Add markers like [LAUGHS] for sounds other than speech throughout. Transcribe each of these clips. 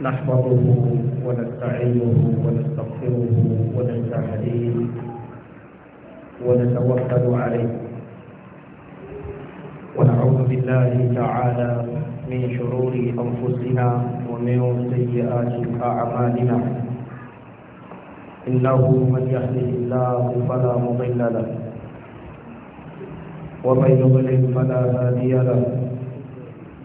نحفظه ونستعينه ونستغفره ونستهديه ونتوكل عليه ونعوذ بالله تعالى من شرور انفسنا ومن سيئات اعمالنا انه من يهده الله فلا مضل له ومن يضلل فلا هادي له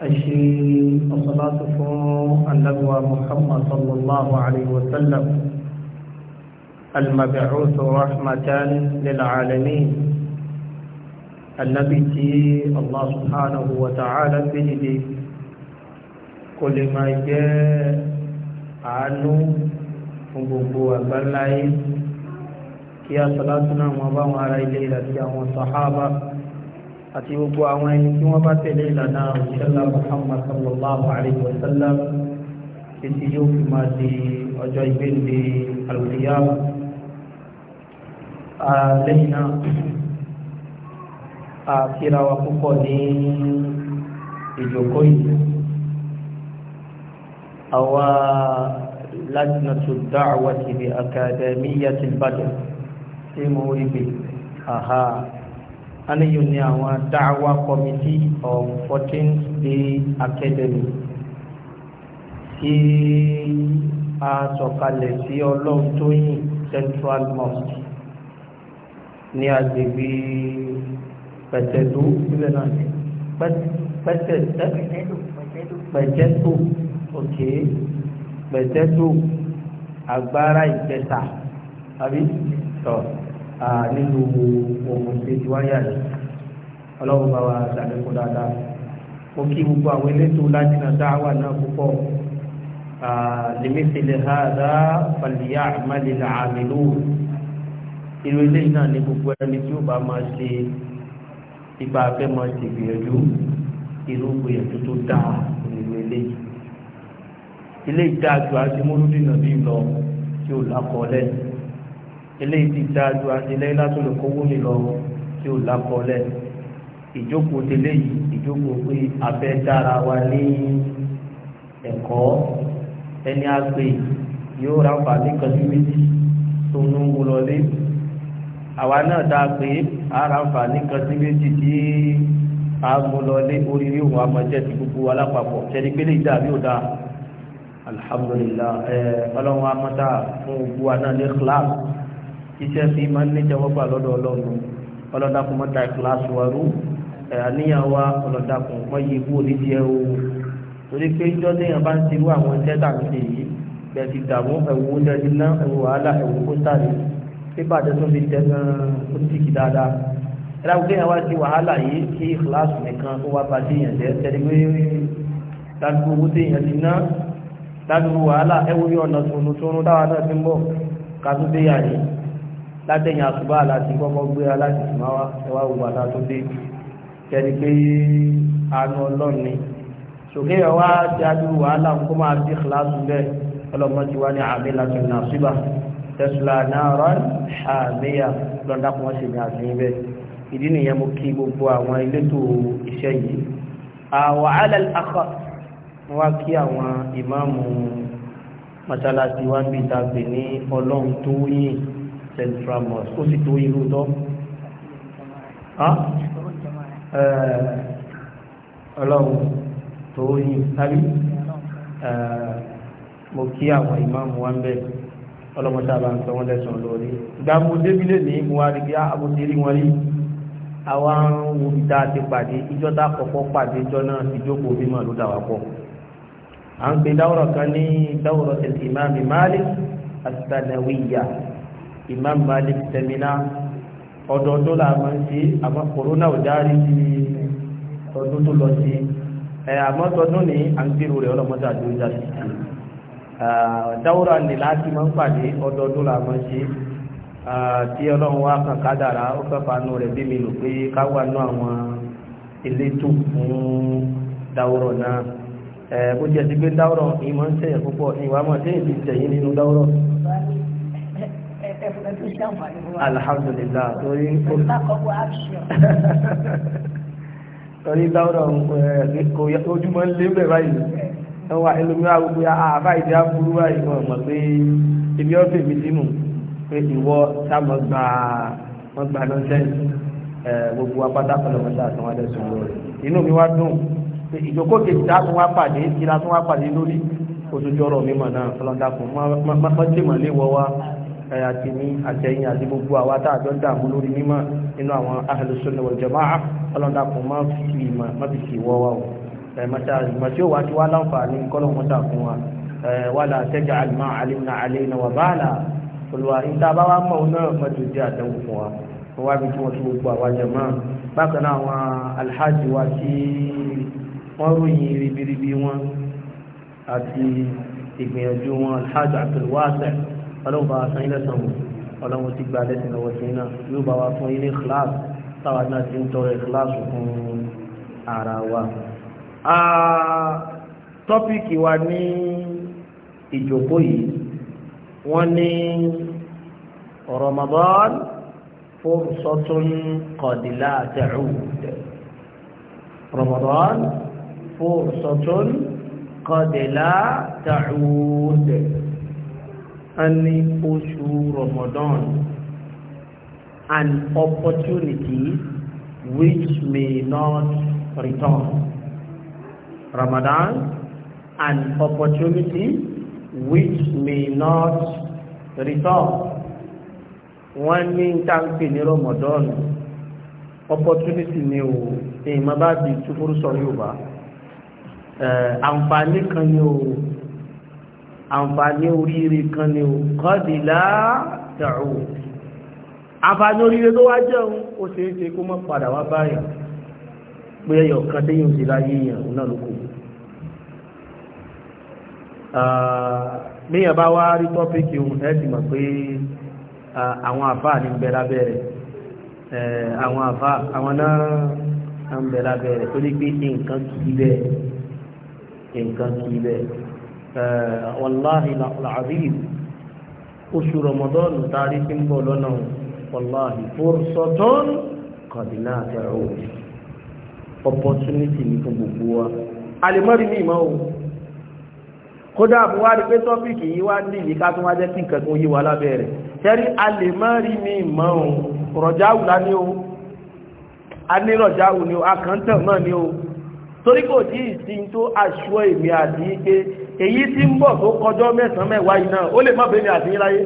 أشي الصلاة النبوة محمد صلى الله عليه وسلم المبعوث رحمة للعالمين النبي تي الله سبحانه وتعالى بيدي كل ما جاء عنه gbogbo àgbáláyé كي a sọ́lá tún àwọn ọba wọn ará àti gbogbo àwọn ẹni tí wọ́n bá tẹ̀lé ìlànà òṣìṣẹ́lá Muhammad sallallahu alayhi wa sallam títí yóò fi máa di ọjọ́ ìgbéǹde al-qiyam lẹ́yìn náà àkíra wa púpọ̀ ní ìjókòó yìí àwa lajnatu da'wati bi akademiyyati al-badr tí mo rí bi aha aléyìn ní àwọn dáwà committee of fourteenth day academy tí a sọ̀kalẹ̀ sí ọlọ́ọ̀tọ́yìn central mosque ní agbègbè pẹ̀tẹ̀dó sílẹ̀ náà ní pẹ̀tẹ̀dó pẹ̀tẹ̀dó ok pẹ̀tẹ̀dó agbára ìjẹta àbí tọ́. So nínú òkun kejì wáyà yìí ọlọ́run bá wa ṣàlékún dáadáa mo kí gbogbo àwọn elétò lájìnà dáhàwà náà púpọ̀ lèmísìlè ha dá fàlìyà àmàlìlà àmìlú irú eléyìí náà ní gbogbo ẹni tí ó bá máa ṣe ipa afẹ́ máa ṣe gbìyànjú irú gbìyànjú tó dáa nínú eléyìí eléyìí dáa ju àti múlùdínà bí lọ tí ò lákọọ́lẹ̀ eléyìí ti dájú àtìlẹ́yìn látò lè kówó mi lọ tí ò lákọọ́lẹ̀ ìjókòó délé yìí ìjókòó pé abẹ́ dára wa ní ẹ̀kọ́ ẹni àgbè yóò ra fàánì kan sí méjì tó ń wú lọlé àwa náà dáa pé ara fàánì kan sí méjì tí a mú lọlé oríire òun amọ̀jẹ́ ti gbogbo alápapọ̀ ṣẹ́ni pélé ìdá mi ò dáa ẹ ọlọ́run amọ́ta fún gbogbo wa náà ní kíláàsì iṣẹ́ sí máa ń níjàwọ́gbà lọ́dọ̀ ọlọ́run ọlọ́dàkùn mọ́ da ìkíláàsì wa rú àníyàn wa ọlọ́dàkùn mọ́ yí ikú òní jẹ́ o torí pé ìjọ téèyàn bá ń tirú àwọn iṣẹ́ dàgbé yìí bẹ̀ẹ̀ ti dààmú ẹ̀wù oúnjẹ níná ẹ̀wù wàhálà ẹ̀wù kóńtà ni pépà tó tó fi tẹ́ gan dáadáa ẹ̀rọ kéèyàn wá sí wàhálà yìí kí ìkíláàsì nìkan ó wá ba téèyàn jẹ́ tẹ́lẹ̀ látẹ̀yìn àsùbá láti kọ́kọ́ gbé aláti ìsìnmáwá ẹwà gbogbo àtà tó dé kẹni pé àánú ọlọ́run ni sòkè ẹwà ti adúrú wàhálà ń kó máa fi kìláàsì bẹ́ẹ̀ ọlọ́mọ ti wá ní àmì láti nà síbà tẹ̀sùlà náà rán àmìyà lọ́dàkùn wọn sì ní àtìyìn bẹ́ẹ̀ ìdí nìyẹn mo kí gbogbo àwọn elétò iṣẹ́ yìí àwàhálà àkọ́ wá kí àwọn ìmáàmù mọ́sálásí wá ń bìtà pè ọlọ́run tó yìn central mosque ó sì tó irú tọ́ ọlọ́run tó yìn tàbí mo kí àwọn ìmáàmù wa ń bẹ̀ ọlọ́mọta bá ń sọ wọ́n lẹ́sùn lórí gbàmù débílé ní mo wá rí bí àbúté rí wọn rí àwa ń wo ìdá àti pàdé ìjọ́ tá kọ́kọ́ pàdé ìjọ́ náà ti jókòó bímọ ló dà wá pọ̀ à ń pe dáwọ̀rọ̀ kan ní dáwọ̀rọ̀ tẹ̀sí ìmáàmù Malik àti tànàwíyà Imam Malik sẹ́mínà ọdọọdún là máa ń ṣe àmọ́ kòrónà ò dárí sí ọdún tó lọ sí ẹ àmọ́ tọdún ní à ń gbèrò rẹ̀ ọlọ́mọdé àdójà sí dáwúrà ní láti máa ń pàdé ọdọọdún là máa ń ṣe tí ọlọ́run wá kan kádàrá ó fẹ́ fanú rẹ̀ bí mi lò pé ká wà ní àwọn elétò fún dáwúrọ̀ náà bó jẹ́ sí pé dáwúrọ̀ ìmọ̀ ń tẹ̀yẹ̀ púpọ̀ ìwà mọ̀ tẹ́yìn ti tẹ̀yìn nínú dáwúrọ̀ alhamdulillah torí [LAUGHS] torí dáwọ́dọ̀ eh, ojúmọ́ ń lé bẹ́ẹ̀ ah, báyìí wọ́n wá ẹlòmíràn gbogbo àbá ìdí aburú báyìí wọ́n mọ̀ pé ibi ọ̀fẹ́ mi dínú pé ìwọ sábà gba wọ́n gba nọ́ńsẹ́ǹsì eh, gbogbo apáta pẹlẹmọta àtàwọn ẹlẹ́sùn lórí inú mi wá dùn ìjókòó kejì tá a tún wá pàdé kí la tún wá pàdé lórí ojoojọ́rọ̀ mi mọ̀ náà fọlọ́dà kò má má má tèmọ̀ lé wọ́ wá àti ní àtẹ̀yìn àti gbogbo àwa tá àjọ ń dààmú lórí mímọ̀ nínú àwọn ahlu sunnah wal jamaa'ah ọlọ́dàkùn má fi ìmọ̀ má fi sì wọ́ wa o ìmọ̀ tí ó wá ti wá láǹfààní kọ́lọ̀ mọ́tà fún wa wala taj'al ma 'alimna 'alayna wa bala olùwà níta bá wá mọ̀ náà mọ́tò jẹ́ àdánwò fún wa wọ́n wá bí tí wọ́n ọlọ́run bá wa san ilé sanwó ọlọ́run ti gba lẹ́sìn lọ́wọ́ sí iná yóò bá wa fún ilé kíláàsì táwa náà ti ń tọrọ kíláàsì fún ara wa. tọ́pìkì wa ní ìjòkó yìí wọ́n ní Ramadan fursatun qad la ta'ud Ramadan fursatun qad la ta'ud a ní oṣù Ramadan an opportunity which may not return Ramadan an opportunity which may not return wọ́n ní táǹkì ní Ramadan opportunity ni o èèmọ́ bá di túfúrú sọ Yorùbá àǹfààní kan ni àǹfààní oríire kan ni ò kọ́dìlá tẹ̀rù àǹfààní oríire tó wá jẹun ó ṣe é ṣe kó mọ́ padà wá báyà pé ẹyọ̀ kan tẹ́yìn òsì láyé èèyàn náà ló kù míyàn bá wá rí tọ́pìkì ohun ẹ mọ̀ pé àwọn àfáà ní bẹ lábẹ́rẹ̀ àwọn àfáà àwọn náà ń bẹ lábẹ́rẹ̀ torí pé nǹkan kìí bẹ́ẹ̀ nǹkan kìí bẹ́ẹ̀ Eh, wàláhì làbíb oṣù rọmọdọ́nù tàrí tí ń bọ̀ lọ́nà wàláhì fòrùsọ̀tọ́n kọ̀dínà àtẹ̀rọ opportunity ní fún gbogbo wa alìmọ́rí ní ìmọ̀ o kódà bó wá rí pé tọ́pìkì yìí wá ní ìyíká tó wá jẹ́ kí nǹkan tó yí wa lábẹ́ tẹ́rí alìmọ́rí ní ìmọ̀ o rọ̀jáwù lá o a ní rọ̀jáwù ní o akàntàn náà ní o torí kò tí ì tó aṣọ èmi àti èyí tí ń bọ̀ tó kọjọ́ mẹ́sàn-án mẹ́wàá yìí náà ó lè má bẹ́ẹ̀ ni àfihàn láyé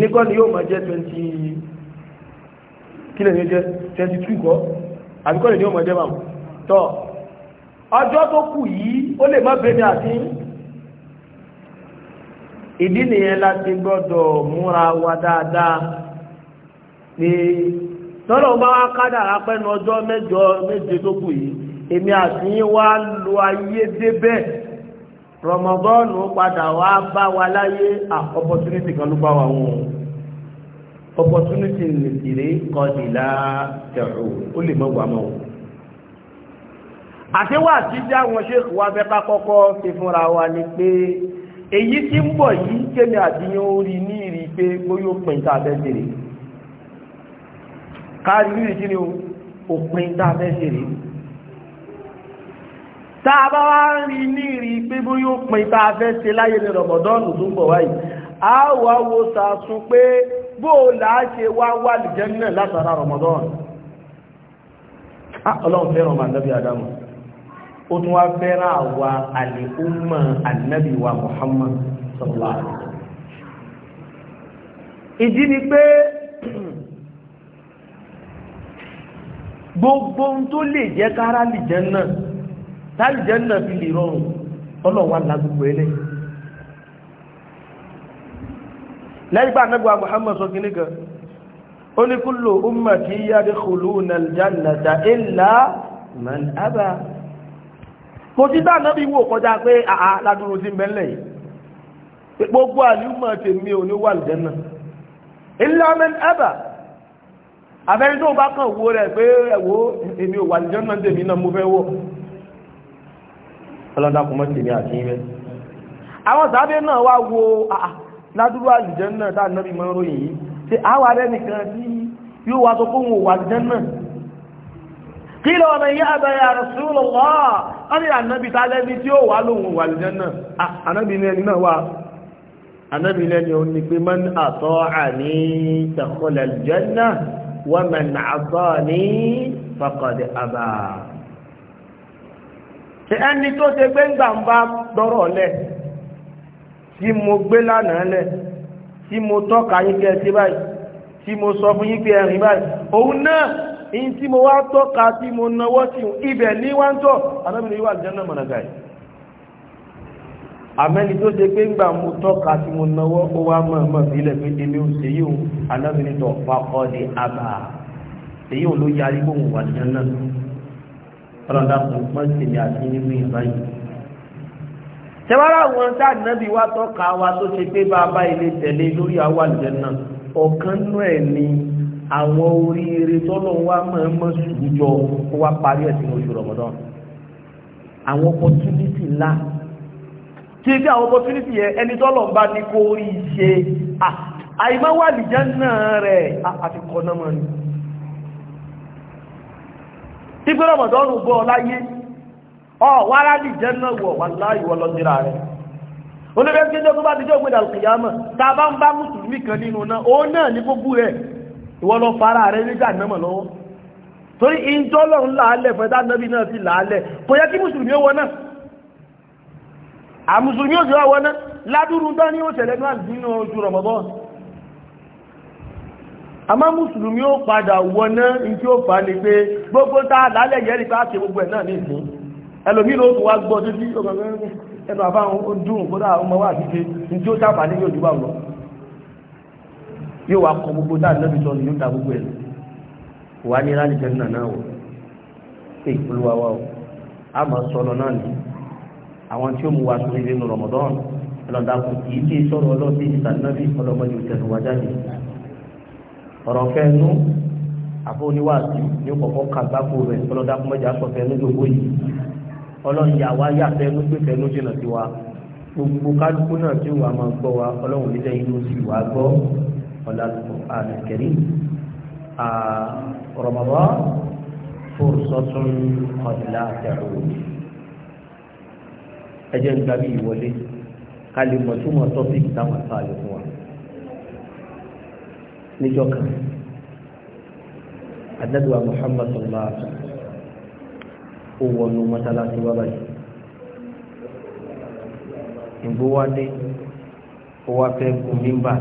ni yóò máa jẹ́ twenty kí lè ní jẹ́ twenty two kọ́ àbíkọ́ lè ní yóò máa jẹ́ báwọn tọ́ ọjọ́ tó kù yìí ó lè má bẹ́ẹ̀ ni àfihàn ìdí nìyẹn láti gbọ́dọ̀ múra wa dáadáa pé tọ́lọ̀ bá kádàrá pẹ́nu ọjọ́ mẹ́jọ méje tó kù yìí èmi àti yín wá lo ayé débẹ̀ rọmọgọ́ọ̀nù padà wá bá wa láyé opportunity kan ló bá wa wọn opportunity nìkìrí kọdìlá tẹ̀rù ó lè mọ́ wà mọ́ àtiwà tí dá wọn ṣe wà bẹ́ bá kọ́kọ́ fi fúnra wa ni pé èyí tí ń bọ̀ yìí kéde àdíyàn orí ní ìrí pé bóyá òpin tá a fẹ́ ṣeré káàrí rí ìdí ni òpin tá a fẹ́ ṣeré tá a bá wá rí ní rí pé bó yóò pin tá a fẹ́ ṣe láyé ní rọ̀mọ̀dọ́nù tó ń bọ̀ wáyìí a wá wo sàásùn pé bó o là á ṣe wá wà lìjẹ́ náà látara rọ̀mọ̀dọ́nù ọlọ́run fẹ́ràn ọmọ ànábì adamu ó tún wá fẹ́ràn àwa àlèkúnmọ̀ ànábì wa Muhammad sallallahu alaihi wasallam ìdí ni pé [CLEARS THROAT] gbogbo ohun tó lè jẹ́ kára lìjẹ́ náà táìjẹ́ náà fi lè rọrùn tọ́lọ̀ wà lágbègbè ẹlẹ́ lẹ́yìn bá anábíwá Muhammad sọ kìíní kan ó ní kullu ummati yadkhuluna al-jannata illa man aba kò sí tá ànábì wò kọjá pé àá ládùúró sí mẹ́lẹ̀ yìí gbogbo àlùmọ̀ tèmi ò ní wà lùjẹ́ náà illa àfẹ́rí tó bá kàn wó rẹ̀ pé ẹ̀wọ́ èmi ò wà lùjẹ́ náà náà mo fẹ́ wọ̀ ọlọ́dàkùn mọ́ tèmi àti ibẹ̀ àwọn sàábé náà wá wo ládúrú àlùjẹ́ náà tá nàbí mọ́ ròyìn yìí tí àwà rẹ̀ nìkan tí yóò wá tó kóhùn òwà àlùjẹ́ náà kí lọ ọmọ ìyá àbẹ̀yà Rasulullah ọdí ànábì tá lẹ́ni tí ó wà lóhùn òwà àlùjẹ́ ànábì ní ẹni náà wà ànábì lẹ́ni ó ní pé man ata'ani dakhala al-jannah wa man asani faqad aba ẹni tó ṣe pé ńgbà ń bá dọ́rọ̀ lẹ̀ tí mo gbé lánàá lẹ̀ tí mo tọ́ka yín kẹ́ ẹ sí báyìí tí mo sọ fún yín pé ẹ̀rìn báyìí òun náà èyí tí mo wá tọ́ka tí mo nawọ́ sí ibẹ̀ ní wá ń tọ́ anábìnrin yóò wà lẹ́jọ́ náà mọ̀nàgà yìí àmẹ́ni tó ṣe pé ńgbà mo tọ́ka tí mo nawọ́ ó wá mọ̀ mọ̀ sílẹ̀ pé èmi ò ṣe yìí o anábìnrin tó fakọ́ di àbà èyí ò ló yarí bóun wà lẹ́jọ́ náà ọlọ́dà fún mọ́sílẹ̀ àti nínú ìbáyìí. tẹ́wárà wọn tá ànábì wá tọ́ka wa tó ṣe pé bàbá ilé tẹ̀lé lórí àwọn àlùjẹ́ náà ọ̀kan nú ẹ̀ ni àwọn oríire tọ́lọ̀ wa máa mọ́ sùúrùjọ kó wá parí ẹ̀sìn oṣù rọ̀mọ́dán àwọn opportunity ńlá tí ebi àwọn opportunity yẹn ẹni tọ́lọ̀ bá ní kó rí ṣe àìmáwá àlùjẹ́ náà rẹ̀ àti kọ́nọ́mọ́ ni ipe rọmọdọ́nù bọ́ láyé ọ wá rádì jẹ́ náà wọ̀ wà láyé wọ́n lọ́dírà rẹ̀ olóbẹ́ tí ó bá ti jẹ́ òpin àlùkìyàmọ̀ tá a bá ń bá mùsùlùmí kan nínú náà ó náà ní gbogbo rẹ̀ ìwọ lọ fara rẹ̀ nígbà náà lọ́wọ́ torí ìjọlọ́run làálẹ̀ fẹ́tà nẹ́bí náà ti làálẹ̀ kò yẹ kí mùsùlùmí ó wọ náà àmùsùlùmí ó sì wọ náà ládùrú dání ó ṣẹlẹ̀ náà nínú oṣù rọmọdọ́nù àmọ́ mùsùlùmí ó padà wọná tí ó fà á ni pé gbogbo tá a lálẹ́ yẹn ni pé a ṣe gbogbo ẹ̀ náà ní ìsìn ẹlòmíì ló tún wá gbọ́ títí ẹnu àbáwọn ó dùn kódà ọmọ wa àti ṣe tí ó sáfà ní yóò dúbà lọ yóò wá kọ gbogbo tá a lọ́bi sọ ni yóò ta gbogbo ẹ̀ wà ní láti jẹ́ nínà náà wọ̀ pé a máa sọ ọ náà ni àwọn tí ó mú wa sórí nínú Ramadan ẹlọ́dàkùn kì í ṣe sọ̀rọ̀ ọlọ́ọ̀bí ìtànàbí ọ̀rọ̀ fẹ́nu àbó oníwàásù ní kọ̀kọ́ kàgbákò rẹ̀ ọlọ́dàkùnmọ́jà sọ fẹ́nu lóko yìí ọlọ́ọ̀yà wa yà fẹ́nu pé fẹ́nu jìnà sí wa gbogbo kálukú náà tí wàá máa gbọ́ wa ọlọ́run nílẹ̀ yìí ló sì wá gbọ́ ọ̀làlùkọ́ àlùkẹ́rì rọ̀mọ̀bọ́ fòrùsọ́tún ọ̀dìlá àtẹ̀rù ẹjẹ́ ń gbàgbé ìwọlé kálí mọ̀túmọ̀ tọ́pìkì táwọn àtàlẹ́ fún wa níjọ́ kan anabiwa muhammad sallallahu alaihi wa sallam ó wọnú mọ́sálásí wá báyìí ìgbó wá dé ó wá fẹ́ gun mímbà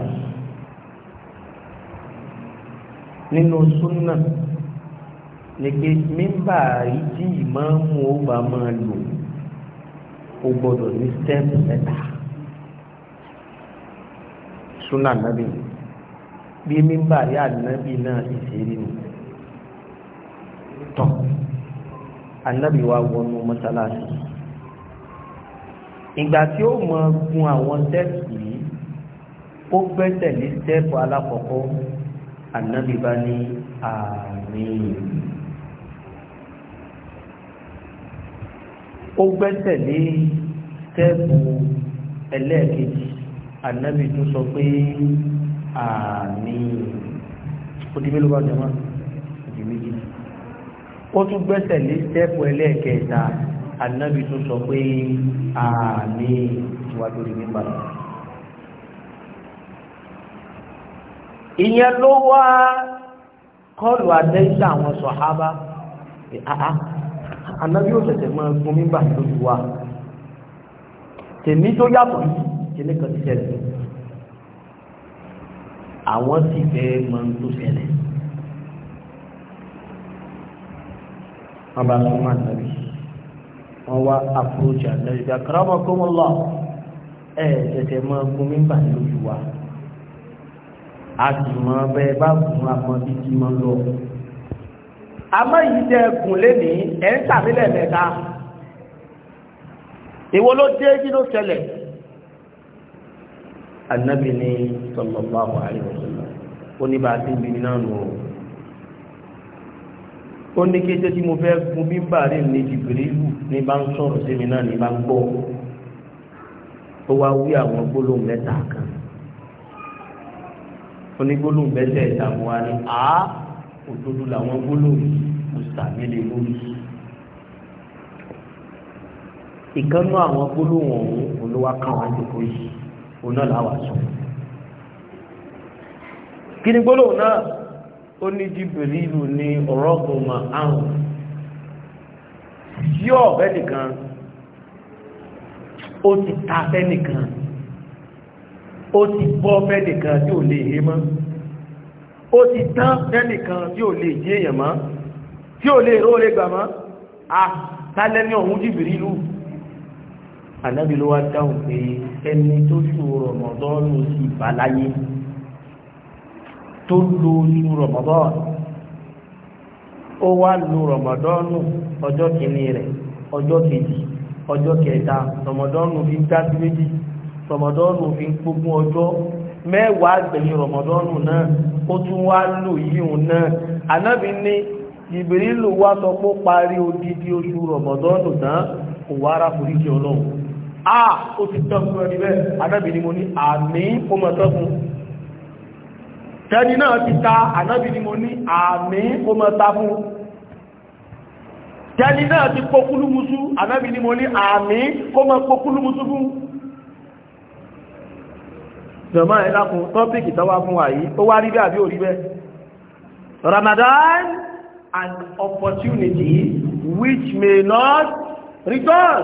nínú súnà ni pé mímbà yìí ìmáàmù ó máa lò ó gbọ́dọ̀ ní stẹ́ẹ̀pù mẹ́ta súnà nàbẹ̀yìí bí mímbà rí ànábì náà ìṣeré ni tọ́ ànábì wa wọnú mọ́sálásí ìgbà tí ó mọ gun àwọn tẹ́ẹ̀sì yìí ó gbẹ́sẹ̀ lé tẹ́ẹ̀pù alákọ̀ọ́kọ́ ànábì bá ní àmín ó gbẹ́sẹ̀ lé ẹlẹ́ẹ̀kejì ànábì tó sọ pé àmín odi mélòó bá jọmọ́ odi méjì ó tún gbẹ́sẹ̀ lé sẹ́ẹ̀pù ẹlẹ́ẹ̀kẹta ànábì tún sọ pé àmín ìwájú rí nípa lọ. ìyẹn ló wá kọlù àdẹ́sí àwọn sọ̀hábà ànábì ò tẹ̀tẹ̀ máa fún mímbà lójú wa tèmi tó yàtọ̀ yìí tèmi kan ti tẹ̀lé àwọn sì fẹ́ mọ tó ṣẹlẹ̀ wọ́n bá sọ máa nàbí wọ́n wá àpòròjì àdáyé bí akọ́rọ́mọ kó mọ́ lọ ẹ̀ tẹ̀tẹ̀ mọ́ gun mímbà lójú wa a sì mọ bẹ́ẹ̀ bá gun amọ́ bí kí lọ. àmọ́ yìí jẹ́ gùn lénìí ẹ̀ ń tàbí lẹ́ẹ̀mẹ́ta ìwọ ló dé kí ló ṣẹlẹ̀ anabi ní sallallahu alaihi wasallam ó ní bá a ti ń bini náà nù ó ní kété tí mo fẹ́ gun bí bàárẹ ní jìbìrìlù ní bá ń sọ̀rọ̀ sí mi náà ní bá ń gbọ́ o wá wí àwọn gbólóhùn mẹ́ta kan o ní gbólóhùn mẹ́ta ìdààmú wa ní a òdodo làwọn gbólóhùn mùsàmì lè lórí ìkànnú àwọn gbólóhùn ọ̀hún olówó kan wá jókòó yìí ọ̀nà làwà sọ kí ni gbólóhùn náà ó ní Jibrilu ní ọ̀rọ̀ gbọmọ àrùn yọ ọ̀rẹ́ nìkan ó ti ta fẹ́ nìkan ó ti bọ́ fẹ́ nìkan tí ò lè he mọ́ ó ti tán fẹ́ nìkan tí ò lè jẹ́ èèyàn mọ́ tí ò lè róore gbà mọ́ àtàlẹ́ ní ọ̀hún Jibrilu ànábì ló wá dáhùn pé ẹni tó sùn rọmọdọ́ọ̀nù sì bá láyé tó lo oṣù rọmọdọ́ọ̀nù ó wá lo rọmọdọ́ọ̀nù ọjọ́ kìíní rẹ̀ ọjọ́ kejì ọjọ́ kẹta rọmọdọ́ọ̀nù fi ń dá sí méjì rọmọdọ́ọ̀nù fi ń gbógun ọjọ́ mẹ́wàá gbẹ̀yìn rọmọdọ́ọ̀nù náà ó tún wá lò yíhun náà ànábì ní ìbìrìlù wá sọ pé ó parí odidi oṣù rọmọdọ́ọ̀nù tán kò wá ara foríṣẹ́ ọlọ́run ah O ti tọ́ fún ẹni bẹ́ẹ̀ anábì ni mo ní àmì ó mọ̀ tọ́ fún tẹni náà ti ta anábì ni mo ní àmì ó mọ̀ ta fún tẹni náà ti pokúlùmùsù anábì ni mo ní àmì ó mọ̀ pokúlùmùsù fún jọmọ́ ẹ̀lákun tọ́pìkì tọ́wà fún wa yìí wá rí bẹ́ Ramadan an opportunity which may not return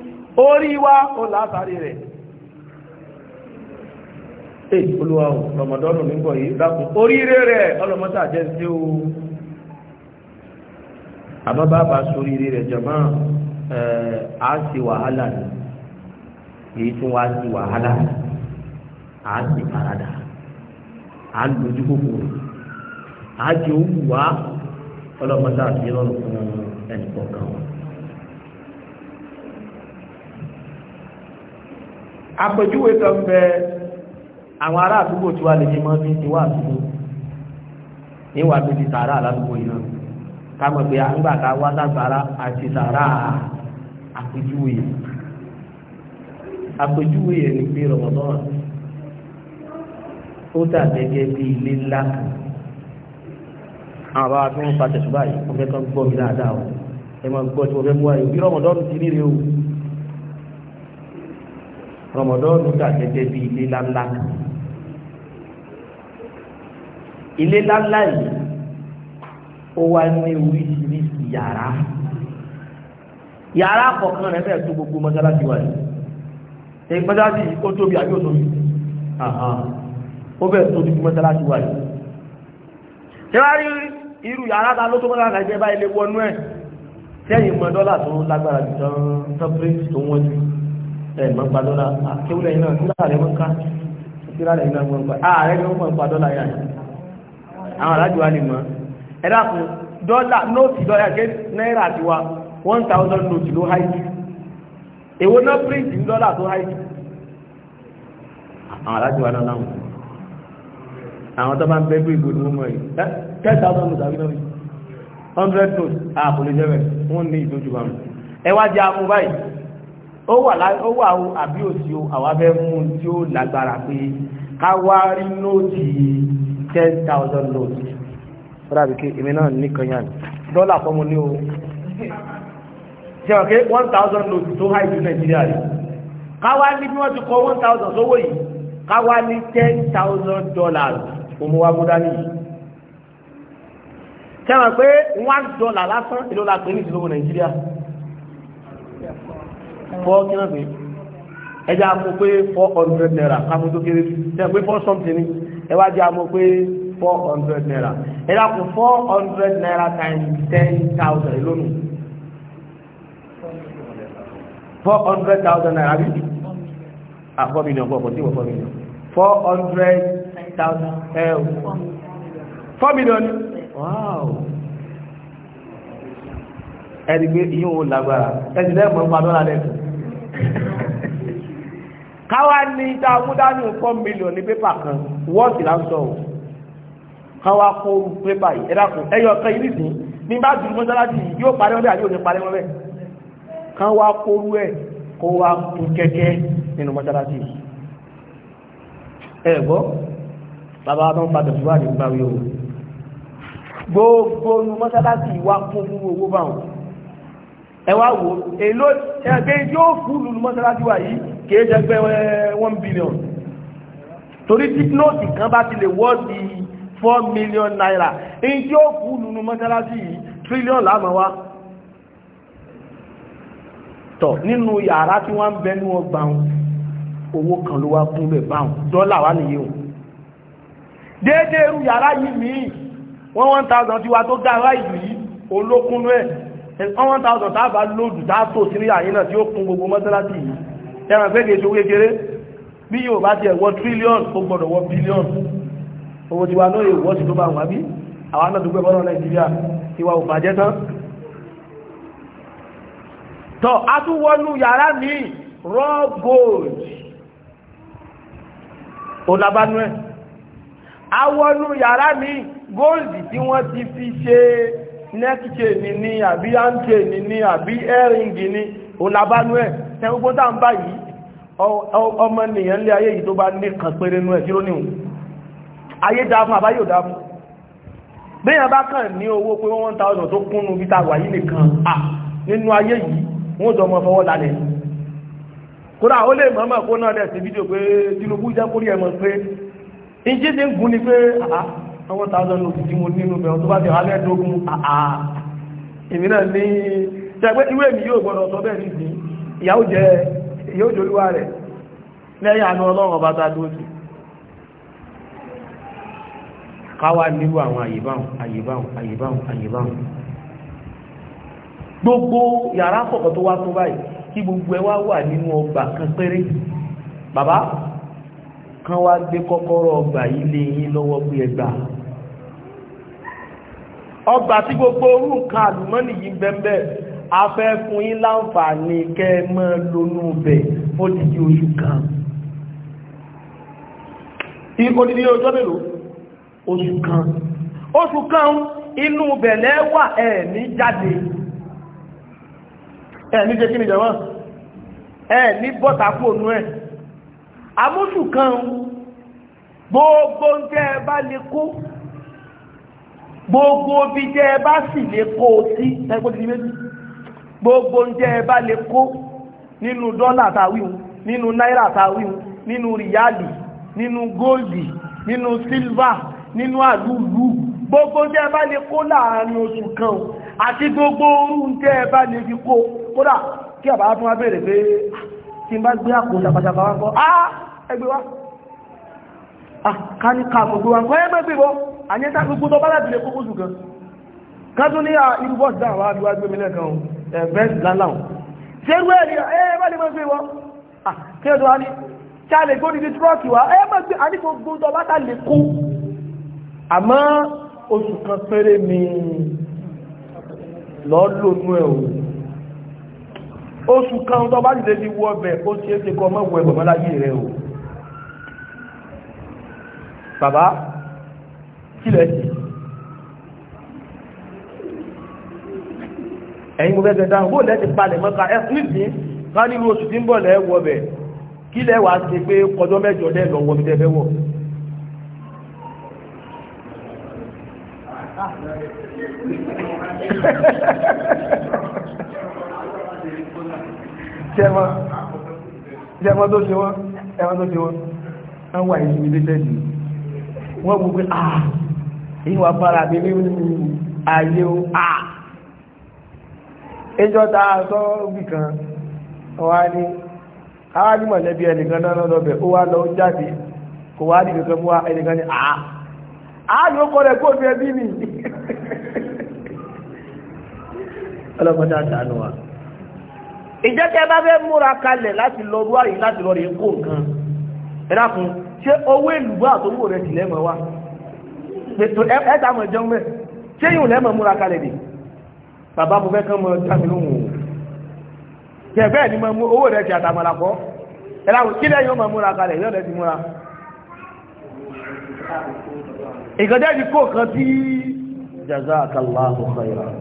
oríwá wá rẹ̀ èyí olúwa o nígbọ̀ yìí dákùn oríire rẹ̀ jẹ́ sí o rẹ̀ jọmọ́ eh, a sì wàhálà ní èyí tún wá sí wàhálà a sì parada a ń jẹ́ wá àti àpèjúwe kan bẹ àwọn ará àdúgbò tí wà lè ní mọ́ bí ti wà àdúgbò ní wà tó ti sàárà aládùúgbò yìí náà ká mọ̀ pé àgbà ká wá sàgbára àti sàárà àpèjúwe àpèjúwe yẹn ni pé rọ̀mọ̀dọ́rọ̀ ó dà gẹ́gẹ́ bí ilé ńlá kan àwọn bàbá tó ń fa tẹ̀sùbáyì mo fẹ́ kàn gbọ́ mi dáadáa o ẹ máa gbọ́ tí mo fẹ́ mú wa yìí bí rọ̀mọ̀dọ́rọ̀ ti rí rèé o rọmọdọ́ọ̀nù dà gẹ́gẹ́ bí ilé ńláńlá kan ilé ńláńlá yìí ó wá ní oríṣiríṣi yàrá yàrá kọ̀ọ̀kan rẹ̀ bẹ́ẹ̀ tó gbogbo mọ́sálásí wa yìí èyí mọ́sálásí ó tóbi àbí ó tóbi ó bẹ́ẹ̀ tó gbogbo mọ́sálásí wa yìí ṣé wàá rí irú yàrá ta ló tó mọ́sálásí àjẹbá ilé wọnú ẹ̀ sẹ́yìn mọ́ dọ́là tó lágbára jù tán tán pírẹ́sì tó wọ́n jù ẹ mọ̀ pa dọ́là àkéwúlẹ̀ yìí náà síra rẹ̀ wọ́n ká síra rẹ̀ náà wọ́n pa ààrẹ ni wọ́n pa dọ́là yà àwọn alájọ wa lè mọ̀ ẹ dákun dọ́là nóòtì dọ́là gé náírà ti wa one thousand nóòtì ló háìtì èwo náà píríǹtì ń dọ́là tó háìtì àwọn alájọ wa náà láwọn àwọn tó bá ń bẹ́gbẹ́ ìgbò ní ọmọ yìí ten thousand notes àbí náà hundred notes àpòlẹ́sẹ̀rẹ̀ wọ́n ní ìdójú wa mọ̀ ẹ wá jẹ́ amú ó wà ó àbí òsì o àwa fẹ́ mú un tí ó lágbára pé ká wá rí nóòtì ten thousand notes fúnra bìí kí èmi náà nìkan yàn dọ́là fọ́mu ní o ṣe wà pé one thousand notes tó háì ju nàìjíríà rẹ̀ ká wá ní bí wọ́n ti kọ one thousand sówó yìí ká wá ní ten thousand dollars òun wá bó dání yìí ṣe wà pé one dollar lásán èlò la pè ní ìdílówó nàìjíríà fọ́ kí náà pé ẹjá mọ̀ pé four hundred naira káfí tó kéré tẹ́ pé four something ni ẹwà jẹ́ mọ̀ pé four hundred naira ẹjá kò four hundred naira times ten thousand lónìí four hundred thousand naira bí ah four million four four sí wọ four million four hundred thousand eh, four million wow ẹni pé ìyóò lágbára ẹni lẹ́ẹ̀mọ́ ń pa dọ́là káwa ní tá a mú dání nǹkan mílíọ̀nù ní pépà kan wọ́ọ̀sì là ń sọ o káwa kó pépà yìí ẹ dákun ẹ yọ ọkàn yìí nìsín ní bá dùn mọ́sálásí yóò parí wọn bẹ́ẹ̀ àbí òní parí wọn bẹ́ẹ̀ káwa kóru ẹ̀ kó wa kú kẹ́kẹ́ nínú mọ́sálásí ẹ gbọ́ bàbá wa tó ń fa tẹ̀síwájú gbáwé o gbogbo nínú mọ́sálásí wa kún fún owó báwọn ẹwà wo èlò ẹgbẹ́ yóò fún lulu mọ́sálásí wa yìí kìí jẹgbẹ́ one billion torí tí nóòtì kan bá ti lè wọ́ọ̀dì four million naira èyí tí ó fún lulu mọ́sálásí yìí trillion láàmọ́ wa tọ̀ nínú yàrá tí wọ́n ń bẹ ní wọn gbà wọn owó kan ló wá fún bẹ̀ báwọn dọ́là wà nìyí one thousand tiwa tó dá ara ìlú yìí olókùnú one thousand tá a bá lóòdù tá a tò sí níyà yín náà tí ó kún gbogbo mọ́sálásí yìí ẹran pé kìí kékeré bí yóò bá tiẹ̀ wọ tírílíọ̀nù ó gbọ́dọ̀ wọ bílíọ̀nù owó tiwa náà yóò wọ́ sí tó bá wọn àbí àwa náà dúpẹ́ bọ́lá nàìjíríà tiwa ò bàjẹ́ tán. tọ́ a tún wọnú yàrá mi raw gold a wọnú yàrá mi gold tí wọ́n ti fi ṣe nẹ́kìchèni ni àbí áńkèni ni àbí ẹ́rìngì ni òlàbánú ẹ̀ tẹ́gbogbo tá ń báyìí ọmọ nìyàn lé ayé yìí tó bá ní kan péré nú ẹ̀ tí ó níhùn ayé dáa fún àbáyé ò dáa fún béèyàn bá kàn ní owó pé one thousand tó kúnnu bí ta wà yìí nìkan à nínú ayé yìí wọ́n jọ mọ fọwọ́ lálẹ́ kódà ó lè mọ̀ọ́mọ̀ kó náà dẹ̀ sí fídíò pé Tinubu jẹ́ kórìí ẹ̀mọ̀ pé ìjíṣẹ́ ń gún ni pé àá ọwọ́ tààzọ́ ní òfin tí mo nínú bẹ̀rọ tó bá ti hálẹ́ dógún àà èmi náà ní ṣẹgbẹ́ ìwé mi yóò gbọ́dọ̀ sọ bẹ́ẹ̀ nìdí ìyàwó jẹ yóò jòlúwà rẹ̀ lẹ́yìn àánú ọlọ́run ọba tá dúró sí káwá nílùú àwọn àyèbáhùn àyèbáhùn àyèbáhùn gbogbo yàrá kọ̀kọ̀ tó wá tó báyìí kí ọgbà tí gbogbo orú nǹkan àlùmọ́nì yìí bẹ́ẹ̀ afẹ́ fún yín láǹfààní kẹ́ ẹ mọ́ lónú bẹ̀ fódìdí oṣù kan ìkòdìdí ọjọ́ mélòó oṣù kan oṣù kan inú bẹ̀lẹ́ wà ẹ̀ ní jáde ẹ̀ ní jẹ́ kí ni jẹ́wọ́n ẹ̀ ní bọ́ta kú ònú ẹ̀ amóṣù kan gbogbo ń tẹ́ bá lè kú gbogbo bí jẹ́ ẹ bá sì lè kó o sí ẹgbẹ́ ti méjì gbogbo jẹ́ ẹ bá lè kó nínú dọ́là tàwíhun nínú náírà tàwíhun nínú ríyálì nínú góòlì nínú sílvà nínú àlúlù gbogbo jẹ́ ẹ bá lè kó láàrin oṣù kan àti gbogbo orú jẹ́ bá lè fi kó kódà kí àbá tún wá bèèrè pé ah, tí n bá gbé àpò wá kọ́ á ah, ẹgbẹ́ wá Ah, káníkà gbogbo wa nǹkan ẹgbẹ́ gbé bọ́ àyẹ́ta gbogbo tó bá láti lè kókó jù gan kájú ní irú bọ́ọ̀sì dáhùn wá bí wá gbé mi lẹ́ẹ̀kan ẹ̀bẹ́ láláhùn ṣé irú ẹ̀rí ẹ bá lè máa gbé wọ́n ah, kí ẹ̀dùn wa ní kí a lè gbó níbi túrọ́ọ̀kì wa ẹ máa gbé àní gbogbo tó bá ta lè kó àmọ́ oṣù kan péré mi lọ́ọ́lọ́nú ẹ̀ o oṣù kan tó bá lè fi wọ ọbẹ̀ ó ṣeé ṣe kọ́ mọ́ wọ ẹ̀ bàbá kílẹ̀ sí ẹ̀yin gbogbo ẹgbẹ̀ dáhùn bóòlẹ̀ ti palẹ̀ mọ́ta ẹ nísìn ká nínú oṣù tí ń bọ̀ lẹ́ wọ bẹ̀ kílẹ̀ wàá ṣe pé kọjọ́ mẹ́jọ lẹ́ lọ wọ mi tẹ́ fẹ́ wọ̀ jẹ́mọ́ [LAUGHS] jẹ́mọ́ tó ṣe wọ́n ẹ̀wọ́n tó ṣe wọ́n wọ́n wà ní ìdílé tẹ́jú wọ́n gbogbo pé àà ìwà fara mi ní ayé o àà ah. ẹjọ́ ta sọ òbí kan wá ní àwọn ní mọ̀lẹ́bí ẹnìkan náà lọ́bẹ̀ ó wá lọ jáde kò wá ní kankan wá ẹnìkan ní àà àà ni kọ́ rẹ̀ kó ẹbí mi [LAUGHS] ọlọ́mọdé àtàánú wa bá fẹ́ múra kalẹ̀ láti lọ rú àyè láti lọ rí kó nǹkan ṣé owó èlùbọ́ àtòwò rẹ̀ sì lẹ́mọ̀ wá ẹ̀ta mọ̀ jẹun mẹ́ ṣé yìí lẹ́mọ̀ múra kalẹ̀ dè bàbá mo fẹ́ kán mọ jámi lóhùn o ṣe bẹ́ẹ̀ ni mo owó rẹ̀ ti àtàmọ̀là kọ́ ẹ láwọn kílẹ̀ yóò mọ̀ múra kalẹ̀ yóò rẹ̀ ti múra ìgbẹ́jẹ́ ti kó kan tí jazakallahu khairan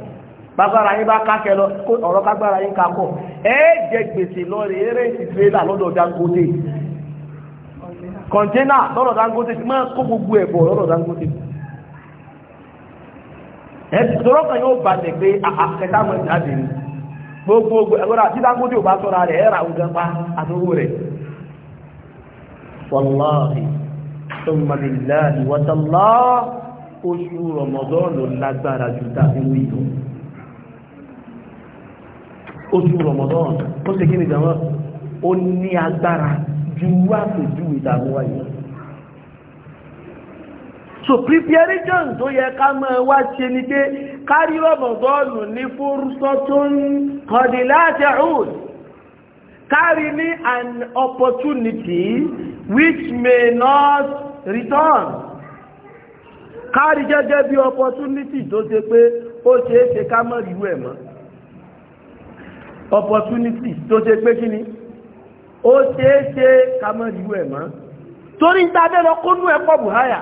bágbára yín bá kákẹ́ lọ ọ̀rọ̀ kágbára yín kakọ̀ ẹ jẹ gbèsè lọ rèé rèé ti tirẹ́là lọ́dọ̀ Dangote kọ̀ǹtẹ́nà lọ́dọ̀ Dangote ti máa kó gbogbo ẹ̀bọ̀ Dangote ẹ̀sọ̀rọ̀ kan yóò balẹ̀ pé àkẹta mọ̀ jáde gbogbo ẹgbẹ́ra tí Dangote ò bá sọ́ra rẹ̀ ẹ̀rà pa rẹ̀ wàláhì oṣù lágbára ju tàbí oṣù ó kí ni jàmọ́ ó ní agbára ju wá àpèjúwe ìdààmú wáyé so preparation tó yẹ ká mọ́ wá ṣe ni pé kárí rọ̀mọ̀dọ́ọ̀nù ní fúrúsọ tó ń kọ̀dí láti ọ̀hún kárí ní an opportunity which may not return kárí gẹ́gẹ́ bí opportunity tó ṣe pé ó ṣe é ṣe ká mọ́ rí rú mọ́ opportunity tó ṣe pé kí ni ó ṣeé ṣe ká mọ́ ìlú ẹ̀ mọ́ torí ta bẹ́ẹ̀ lọ kó nú ẹ̀ pọ̀ bùháyà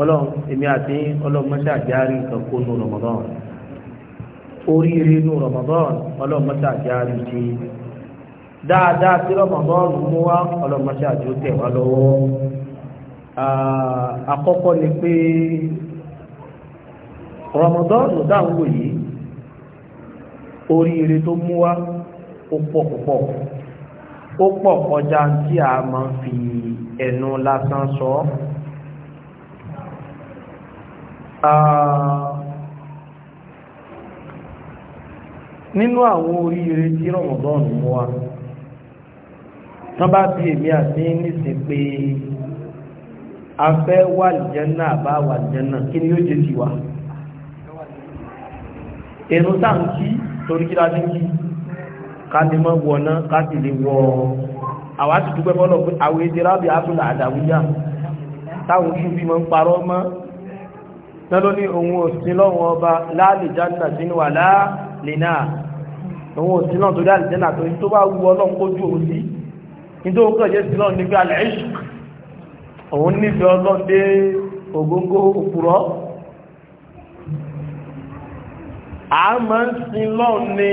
ọlọ́run èmi àti ọlọ́run mọ́ṣá àjárí nǹkan kó nú Ramadan oríire nú Ramadan ọlọ́run mọ́ṣá àjárí ti dáadáa tí Ramadan mú wá ọlọ́run mọ́ṣá àjò tẹ̀ wá lọ́wọ́ àkọ́kọ́ ni pé Ramadan dáhùn wòye oríire tó mú wá ó pọ̀ púpọ̀ ó pọ̀ kọjá tí a máa fi ẹnu lásán sọ nínú àwọn oríire tí Ramadan mú wa tán bá bí èmi àti nísìn pé a fẹ́ wà lìjẹ́nà àbá wà lìjẹ́nà kí ni yóò jẹ́ tiwa èrò táǹkì torí kí la ní kí káti mọ́ wọná káti lè wọ àwọn àti dúpẹ́ fọ́lọ̀ pé àwọn èdè rábì áfúlà àdàwíyà táwọn oṣù bí mọ́ ń parọ́ mọ́ tọ́lọ́ ní ohun òsìn lọ́wọ́ ọba láàlè jáde sínú wà láàlè náà ohun òsìn náà torí àlè jẹ́nà tó ní tó bá wù ọlọ́run kójú òun sí nítorí ó kàn jẹ́ sí náà nígbà lẹ́yìn òun nífẹ̀ẹ́ ọlọ́run dé ògógó òpùrọ́ a máa ń sin lọ́run ní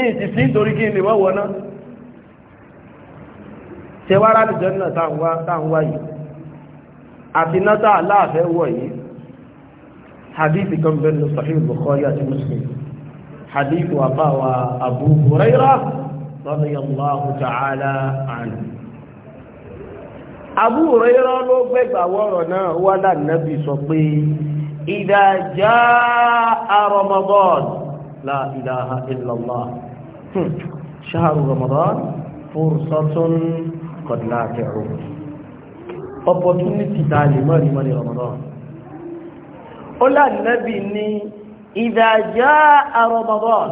ìyìn sí torí kí ni wọ́n wọ́ná ṣe wá ráàlì jẹ́nà táàwá yìí àti náta aláàfẹ́ wọ̀ yìí hadithi kan bẹ́ẹ̀ lọ sahih bukhari àti muslim hadithi wà bá wa abu huraira radiyallahu ta'ala anhu abu huraira ló gbẹgbà wọ́rọ̀ náà wọ́n dà nàbì sọ pé ìdá jaa ramadan la ilaha illallah ṣáàrù ramadan fursatun qad la ta'ud opportunity ta lè mọ́ ní mọ́ni ramadan ó láàrínlẹ́bì ní idha jaa ramadan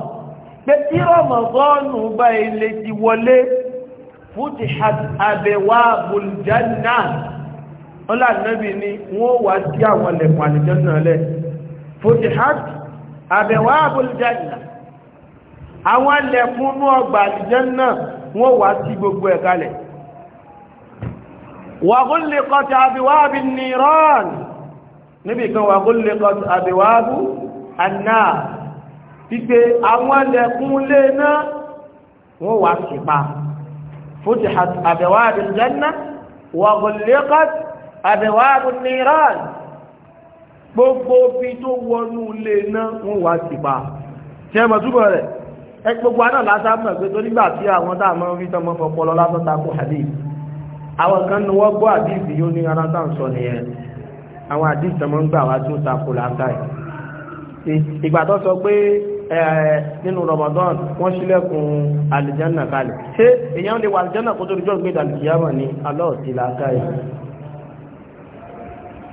pé tí ramadan bá ilé ti wọlé futihat abwabul jannah ó láàrínlẹ́bì ní wọ́n wá sí àwọn lẹ̀kùn àlìjọ́nà lẹ́ futihat àbẹ̀wà àbòlìjáìnà àwọn ilẹ̀kùn ní ọgbà àlìjẹ́nà wọ́n wà sí gbogbo ẹ̀ kalẹ̀ wàgúnlẹ̀kọ́t àbíwábí nìrán níbi kan wàgúnlẹ̀kọ́t àbíwábú àná pípé àwọn ilẹ̀kùn lé náà wọ́n wà gbogbo bí tó wọnú ilé náà wọ́n wá sí pa ṣe mọ̀ túbọ̀ rẹ̀ ẹ gbogbo aná lásán mọ̀ pé tó nígbà tí àwọn tá a máa ń fi tán mọ́ fọpọlọ lásán takò hadith àwọn kan ní wọ́n gbọ́ hadith yóò ní ara tá à ń sọ nìyẹn àwọn hadith tán máa ń gbà wá tó takò lásán yìí ìgbà tó sọ pé nínú Ramadan wọ́n ṣílẹ̀kùn alìjánà kalẹ̀ ṣé èèyàn lè wà alìjánà kó tó rí jọ́ gbé dàlùkìyàmọ̀ ní alọ́ọ̀tì lásán yìí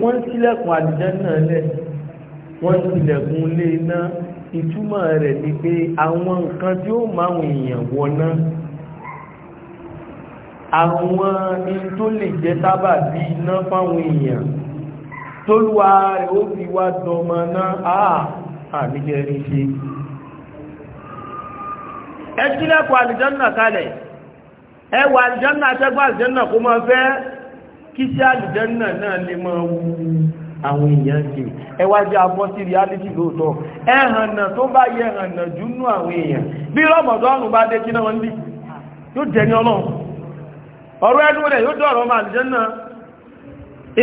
wọ́n ń tilẹ̀kùn àlùjánnà lẹ̀ wọ́n ń tilẹ̀kùn lé iná ìtumọ̀ rẹ̀ ni pé àwọn nǹkan tí ó máa ń èèyàn wọná àwọn in tó lè jẹ́ sábà bí iná fáwọn èèyàn tó lúwa rẹ̀ ó fi wá dọmọ náà àmìjẹ́ rí ṣe ẹ tilẹ̀kùn àlùjánnà kalẹ̀ ẹ wà àlùjánnà atẹ́gbà àlùjánnà kó máa fẹ́ kí sí àlùjànnà náà lè máa wú àwọn èèyàn ṣe ẹwájú abọ́ sí reality lóòótọ́ ẹ̀hànnà tó bá yẹ ẹ̀hànnà jù nú àwọn èèyàn bí rọ́mọ̀dọ́rùn bá dé kí náà wọ́n bí yóò jẹ́ ní ọlọ́run ọ̀rọ̀ ẹnu rẹ̀ yóò dọ̀rọ̀ ọmọ àlùjànnà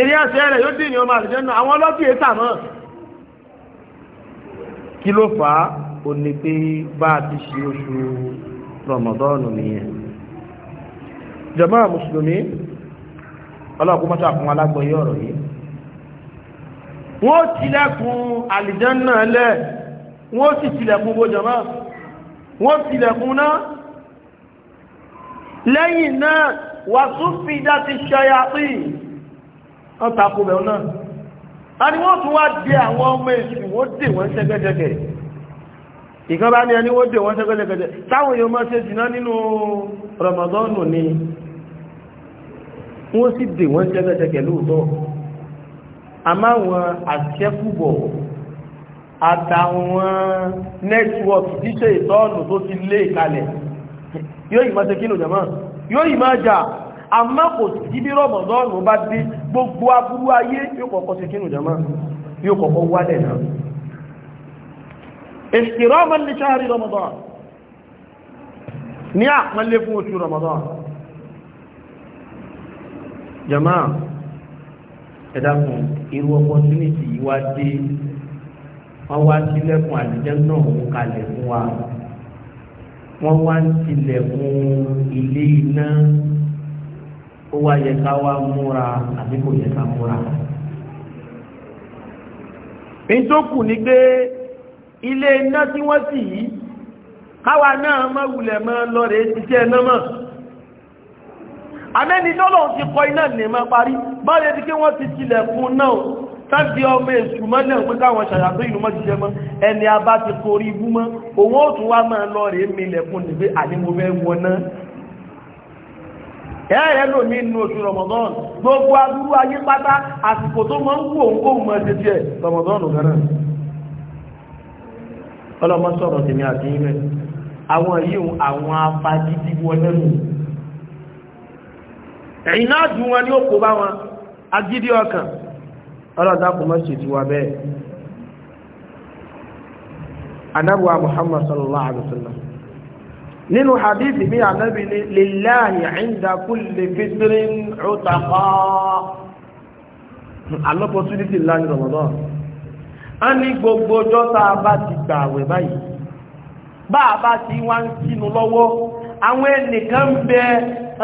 eré àṣẹ rẹ̀ yóò dì ní ọmọ àlùjànnà àwọn ọlọ́bì ètà náà kí ló fà á ó ní pé bá a ti ṣe oṣù rọ̀mọ̀dọ́rùn nìyẹn jàmáà mùsùlùmí ọlọ́ọ̀kú mọ́tò àfún alágbọ̀yé ọ̀rọ̀ yìí wọ́n tilẹ̀kùn àlìjánná lẹ̀ wọ́n sì tilẹ̀kùn bójọ́mọ́ wọ́n tilẹ̀kùn náà lẹ́yìn náà wà tún fi dá ti ṣayá sí wọ́n takò bẹ̀rù náà a ni wọ́n tún wá dé àwọn ọmọ èsì wọ́n dè wọ́n ṣẹ́gẹ́dẹ́gẹ́ ìkan bá ní ẹni wọ́n dè wọ́n ṣẹ́gẹ́dẹ́gẹ́ táwọn èèyàn máa ṣe jìnnà nínú Ramadan ni wọ́n sì dè wọ́n jẹ́gẹ́jẹ́gẹ́ lóòótọ́ àmọ́ àwọn àṣẹ́kùbọ̀ àtàwọn nẹ́tíwọ̀kì tíṣe ìtọ́ọ̀nù tó ti lé ìkalẹ̀ yóò yìí máa ṣe kí lò jẹ́mọ́ yóò yìí máa jà àmọ́ kò sí bí rọ̀mọ̀dọ́ọ̀nù bá dé gbogbo aburú ayé yóò kọ́kọ́ ṣe kí lò jẹ́mọ́ jama'a ẹ̀dàkùn irú opportunity yìí wá dé wọ́n wá tilẹ̀kùn àdìjẹ́ náà mú kalẹ̀ fún wa wọ́n wá ń tilẹ̀kùn ilé iná ó wá yẹ ká wá múra àbí kò yẹ ká múra. èyí tó kù ni pé ilé iná tí wọ́n sì yí káwa náà má wulẹ̀ máa lọ rèé ṣiṣẹ́ náà mọ̀. àmẹ́ni tọ́lọ̀ ti kọ iná nìmọ̀ parí báyẹ̀ tí kí wọ́n ti tilẹ̀ fún náà tàbí ọmọ èṣù mọ́lẹ̀ pé káwọn ṣàyàtọ̀ ìlú mọ́ jíjẹ mọ́ ẹni a bá ti korí ibú mọ́ òun ó tún wá máa lọ rèé milẹ̀ fún nígbé àdínmọ́fẹ́ wọná ẹ̀rẹ́ lò ní inú oṣù Ramadan gbogbo agbúrú ayé pátá àsìkò àwọn yìí àwọn afagídí ẹ̀yìn náà dùn wọn bá wọn agídí ọkàn ọlọ́dà anabuwa muhammad sallallahu alaihi wa sallam nínú hadith bí anabi ni inda kulli fitrin a ní gbogbo ọjọ́ tá a bá ti gbà àwẹ̀ báyìí bá a bá ti wá ń sínú lọ́wọ́ àwọn ẹnìkan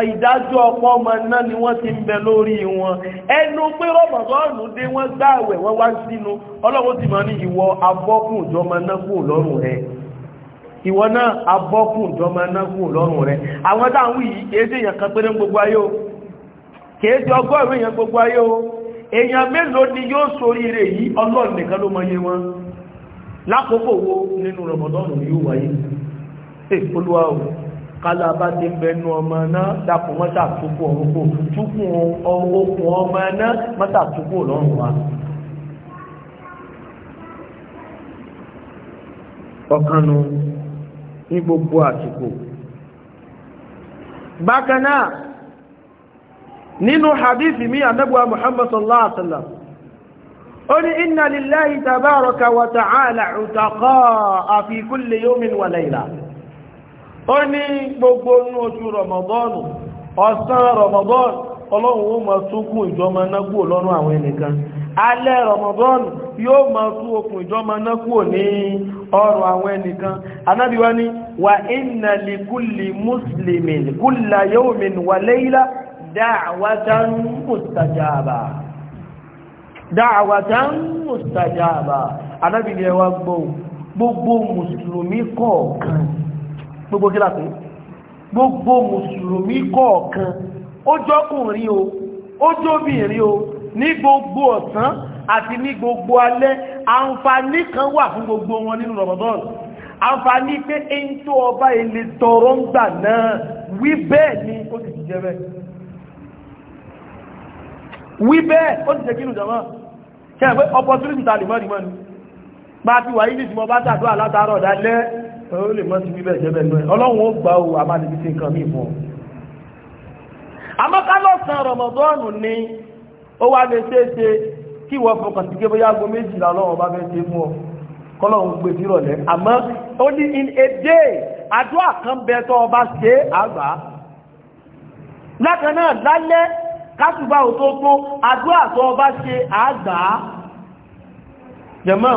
ìdájọ́ ọ̀pọ̀ ọmọ náà ni wọ́n ti ń bẹ lórí wọn ẹnu pé rọ́mọ̀gọ́rùn dé wọ́n gbá wọ́n wá sínú ọlọ́run ti mọ̀ ní ìwọ abọ́kùn ìjọmọ náà kù lọ́rùn rẹ̀ ìwọ náà abọ́kùn ìjọmọ náà kù lọ́rùn rẹ àwọn táwọn yìí kìí èèyàn kan gbogbo ayé o ọgọ́rùn èèyàn gbogbo ayé o èèyàn mélòó ni yóò yìí ọlọ́run kálá bá ti ń bẹnu ọmọ náà dákùn mọ́ta túkù ọ̀rùnkù túkù okùn ọmọ náà mọ́ta túkù lọ́rùn wa ọ̀kanu ní gbogbo àsìkò bákan náà nínú hadithi mi ànábùwà muhammad sallallahu alaihi wasallam ó ní inna lillahi tabaraka wa ta'ala utaqaa fi kulli yawmin wa layla ó ní gbogbo inú oṣù rọmọdọ́nù ọ̀sán rọmọdọ́nù ọlọ́run ó máa túnkún ìjọmọ náà kúrò àwọn ẹnìkan alẹ́ rọmọdọ́nù yóò máa tú okùn ìjọmọ náà ní ọrùn àwọn ẹnìkan li gbogbo mùsùlùmí kọ̀ọ̀kan gbogbo kí láti gbogbo mùsùlùmí kọ̀ọ̀kan ó jọ́kùnrin o ó jóbìnrin o ní gbogbo ọ̀sán àti ní gbogbo alẹ́ àǹfààní kan wà fún gbogbo wọn nínú Ramadan àǹfààní pé èyí tó ọba ilé tọrọ ń gbà náà wí bẹ́ẹ̀ ni ó sì ti jẹ́ bẹ́ẹ̀ wí bẹ́ẹ̀ ó ti jẹ́ kí nù jàmá ṣe é pé opportunity ta lè mọ́ ni mọ́ ni ti wà yí ní ìsìnmọ́ bá ṣàdúrà látàárọ̀ dálẹ́ ó lè mọ́ sí bíbẹ̀ jẹ́ bẹ̀rẹ̀ lọ́yìn ọlọ́run ó gbà ó àmàdìbí sí nǹkan míì fún ọ àmọ́kálọ́sàn ni ó wá lè ṣe é ṣe kí wọ́n fọkàn sí kébóyá aago méjìlá ọlọ́run bá fẹ́ ṣe fún ọ kọ́lọ́run gbé e sí ìrọ̀lẹ́ àmọ́ ó ní in a day àdúrà kan bẹ tó ọba ṣe àgbà lákan náà lálẹ́ kásùbà òtótó àdúrà tó ọba ṣe àgbà jàmáà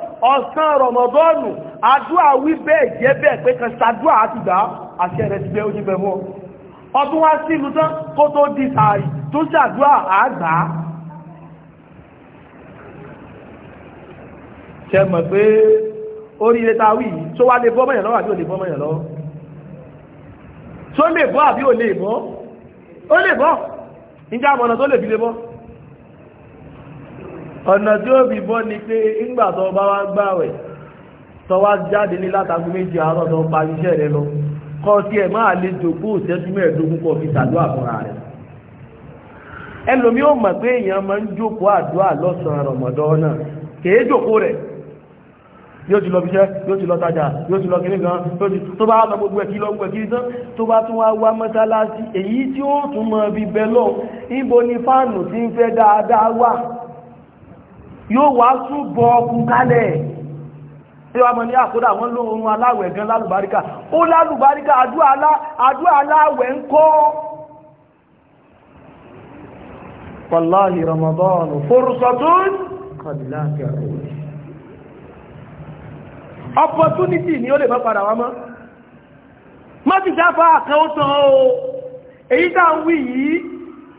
ọ̀sán rọ̀mọ̀dọ́nù àdúà wí bẹ́ẹ̀ jẹ́ bẹ́ẹ̀ pé kan sàdúà àti gbà àṣẹ rẹ̀ ti bẹ́ ojú bẹ̀ mọ́ ọdún wá sí ìlú tán kó tó di sàárì tó sàdúà àgbà ṣe mọ̀ pé oríire ta wí tó wá lè bọ́ mọ̀yàn lọ́wọ́ àbí ò lè bọ́ mọ̀yàn lọ́wọ́ tó lè bọ́ àbí ò lè bọ́ ó lè bọ́ ìjà àmọ̀nà tó lè fi lè bọ́ ọ̀nà tí ó bí bọ́ ni pé ńgbà tó bá wá gbààwẹ̀ tó wá jáde ní látago méjì àárọ̀ tó pa iṣẹ́ rẹ lọ kọ́ sí ẹ̀ máa lè jòkó ìṣẹ́jú mẹ́ẹ̀ẹ́dógún kọ́ fi ṣàdúrà fúnra rẹ̀ ẹlòmí ó mọ̀ pé èèyàn máa ń jókòó àdúrà lọ́sàn-án rọ̀mọ̀dọ́ náà kèé jòkó rẹ̀ yóò ti lọ bíṣẹ́ yóò ti lọ tajà yóò ti lọ kiri gan tó bá lọ gbogbo ẹ̀kí lọ gbogbo ẹ̀kí tán tó bá tún wá wá mọ́sálásí èyí tí ó tún mọ bíbẹ lọ ibo ni fáànù ti ń fẹ́ dáadáa wà yóò wá túbọ̀ ọkùn kálẹ̀ yóò wá mọ̀ ní àkódà wọn ló oorun aláwẹ̀ gan lálùbáríkà ó lálùbáríkà àdúrà aláwẹ̀ ń kọ́ wàláhì Ramadan fursatun kàdìláàkì àkóyè opportunity ni ó lè má padà wá mọ́ má ti dáfà kan ó tán o èyí tá ń wí yìí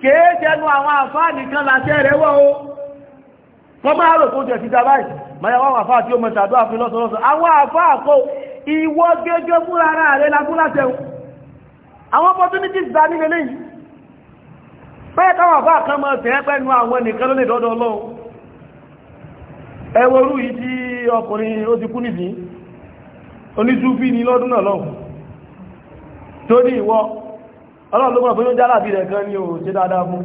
kèé jẹnu àwọn àfáà nìkan làṣẹ rẹ̀ wọ́ o wọ́n máa rò kójú ẹ̀sí dábáyì máa wọ́n àfáà tí ó mọ̀ tàbí àfin lọ́sọ̀lọ́sọ̀ àwọn àfáà kó ìwọ gẹ́gẹ́ fúnra ara rẹ̀ lágúnláṣẹ̀un àwọn opportunities dá nílé lẹ́yìn pẹ́ káwọn àfáà kan mọ̀ tẹ́ pẹ́nu àwọn nìkan ló lè dọ́dọ̀ ọlọ́run ẹwọ́rú yìí tí ọkùnrin ó ti kú nìdí oníṣúfí ni lọ́dún náà lọ́hùn torí ìwọ ọlọ́run ló mọ̀ pé ó jálàbí rẹ̀ kan ní ò ṣe dáadáa fún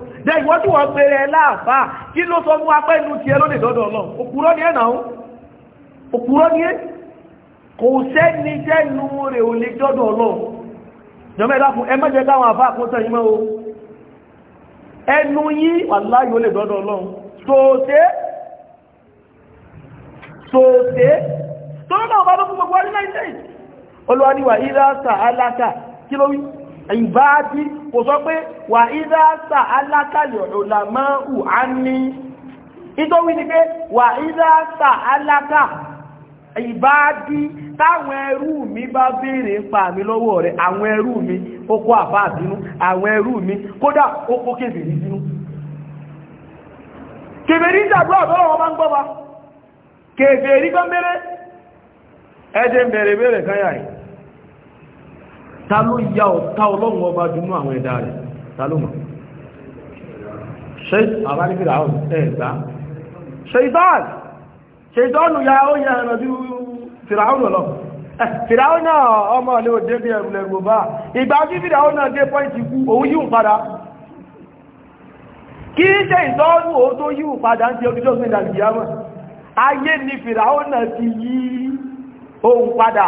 jẹ́ ìwọ́n tí wọ́n pèrè láàfà kí ló sọ fún apẹ́ inú tiẹ̀ lónìí dọ́dọ̀ lọ òkúrọ́ ni ẹ̀ náà òkúrọ́ ni ẹ̀ kò sẹ́ni jẹ́nu rẹ̀ ò lè dọ́dọ̀ lọ jọmọ́ ẹ̀dá fún ẹmọ́jẹ́ káwọn àfá àkótọ́ o ẹnu yí wàláyò lè dọ́dọ̀ lọ sóòtẹ́ sóòtẹ́ tó náà bá lọ́pùpù gbogbo ọdún 19 olúwa ni wà ìrásà aláta kí ló wí ìbáàdí kò sọ pé wà ìdáàsà alákàlẹ̀ ọ̀là máa ní ìtòwí ni pé wà ìdáàsà alákà ìbáàdí táwọn ẹrù mi bá bèèrè ń pa mi lọ́wọ́ rẹ̀ àwọn mi ó àbá sínú àwọn mi kódà ó kó ta ló ya ọ̀tá ọlọ́run ọba dúnú àwọn ẹ̀dá rẹ̀ ta mọ̀ ṣe àbáríkìlà ẹ̀gbá ṣeidán ṣeidán ya ó yẹ ẹ̀rọ bí fìràún lọ fìràún náà ọmọ ilé òdé bí ẹ̀rù lẹ́rù bá ìgbà tí fìràún náà dé pọ́ìntì kú òun yíò padà kí ṣe ìtọ́rù ó tó yíò padà ń ti sí ìdàgbìyàmọ̀ ayé ni fìràún náà ti yí ohun padà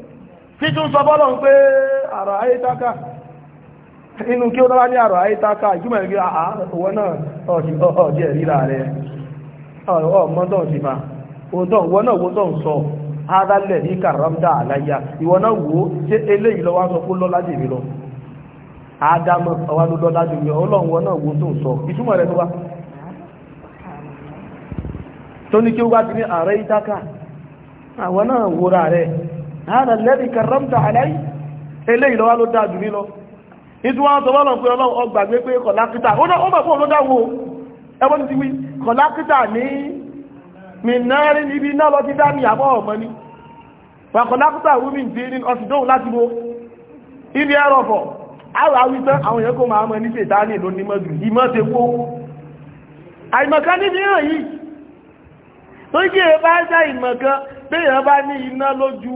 títún sọ bọ́lọ̀ ń pé àrà ayétáká inú kí ó dára ní àrà ayétáká ìjúmọ̀ ẹgbẹ́ náà ríra rẹ̀ ma ọwá ló lọ́lá jèmi ọlọ́run wọ́n náà wọ́n tó sọ ìtumọ̀ rẹ̀ tó wá tó ní kí ó wá ti ní àwọn náà rẹ̀ hàdà lẹ́bí kàrámtà àláyé eléyìí lọ́wọ́ ló dáa jù mí lọ ìtú wọn sọ lọ́nà pé ọlọ́run ọgbàgbé pé kọ̀lákítà ó mọ̀ fún olódà wo ẹwọ́n ti ti wí kọ̀lákítà ní mìnárí níbi iná lọ ti dá mi àbọ̀ ọ̀mọ́ ni wà kọ̀lákítà wúmi ti ní ọ̀sìdóhùn láti wo ibi ẹrọ̀fọ̀ àwọn awítán àwọn èèyàn kò máa mọ ní ṣètánì ló ní mọ́jú ìmọ̀ ti kó àìmọ̀kan níbi hàn yìí tó kí èèyàn bá dá ìmọ̀kan béèyàn bá ní iná lójú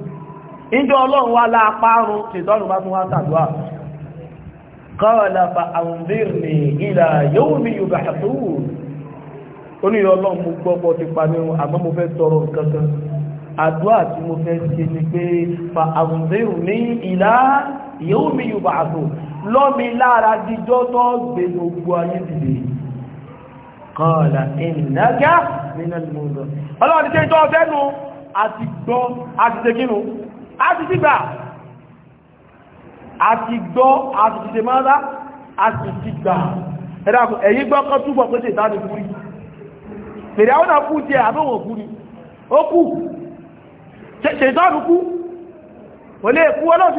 ìjọ ọlọ́run wá láàpárun ṣètọ́nù bá tún wá tàdúwà kọ́ọ̀lọ́fà àwùndírìnì ìlà yóò mi yóò bàtà tó wù oníyọ ọlọ́run mo gbọ́gbọ́ ti pa ní ohun àmọ́ mo fẹ́ tọrọ kankan àdúrà tí lọ́mi lára díjọ́ tó gbé gbogbo ayé dìde kọ́ọ̀lá ìnàgá nínú ìmúdọ̀ ọlọ́run ti ṣe ìjọ ọ̀fẹ́ àti gbọ́ àti ṣe a ti ti gbà a ti gbọ́ a ti ti ṣe máa rá a ti ti gbà ẹ̀dàkùn ẹ̀yí gbọ́ kọ́ túbọ̀ pé ṣe ìdáni fúrí pèrè àwọn àkú jẹ àbẹ́wọ̀n fúrí ó kú ṣètọ́nù kú kò lè kú ọlọ́run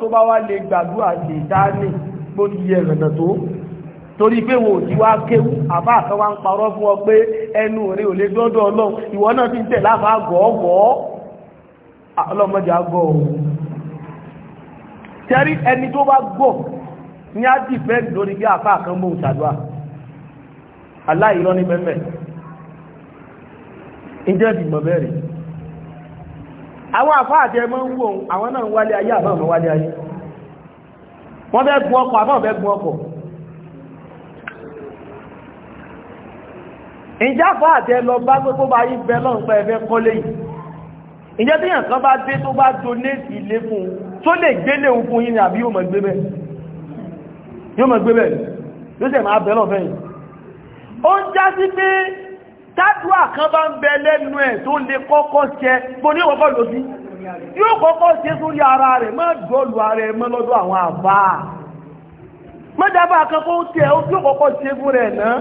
tó bá wá lè gbàdúrà ṣe ìdáni bó ti yẹ ẹ̀rẹ̀nà tó torí pé wo ti wá kéwú àbá àkọwà ń parọ́ fún ọ pé ẹnu rẹ ò lè dọ́dọ̀ ọlọ́run ìwọ náà ti ń tẹ̀ láfàá gọ́ọ̀gọ́ọ̀ Ah, ọlọ́mọdé àgọ́ o tẹ́rí ẹni tó bá gbọ́ ní á dì fẹ́ lórí bí àfáà kan mú ìṣàdúrà aláìrọ́ ní mẹ́mẹ́ ìjẹ́ ìgbìmọ̀ bẹ́ẹ̀rẹ̀ àwọn àfáà jẹ mọ́ ń wò àwọn náà ń wálé ayé àbáwọn wálé ayé wọ́n fẹ́ gun ọkọ̀ àbáwọn fẹ́ gun ọkọ̀ ìjáfáà jẹ lọ bá gbogbo ayé bẹ́ lọ́nà pẹ́ fẹ́ kọ́lé yìí ìjẹ́ tí yàn kan bá dé tó bá donate ilé fún tó lè gbélé òkun yìí ni àbí yóò mọ̀ gbé bẹ́ẹ̀ yóò mọ̀ gbé bẹ́ẹ̀ ló sẹ̀ máa bẹ̀rẹ̀ ọ̀fẹ́ yìí ó ń já sí pé tádùá kan bá ń bẹ lẹ́nu ẹ̀ tó lè kọ́kọ́ ṣẹ bó ní ọkọ̀ lòdì yóò kọ́kọ́ ṣe sórí ara rẹ̀ má dọ́ọ̀lù ara ẹ̀ mọ́ lọ́dọ̀ àwọn àbá mọ́dábà kan kó tẹ̀ ó yóò kọ́kọ́ ṣe fún rẹ̀ náà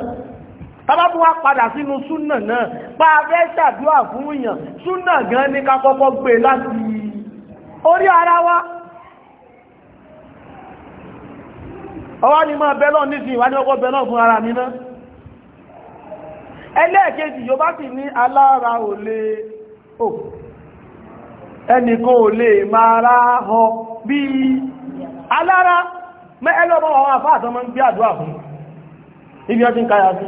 bàbá tún wá padà sínú súnà náà bá a fẹ́ ṣàdúrà fún èèyàn súnà gan ní ká kọ́kọ́ gbé láti orí ara wa ọwá ni máa bẹ́lọ́ nísìn ìwádìí ọkọ̀ bẹ́lọ́ fún ara mi náà ẹlẹ́ẹ̀kejì yóò bá sì ní alára ò lè ò ẹnìkan ò lè máa ra họ bí alára mẹ́ ẹlọ́bọ̀ àwọn àfáà tán máa ń gbé àdúrà fún ibi ọdún káyà sí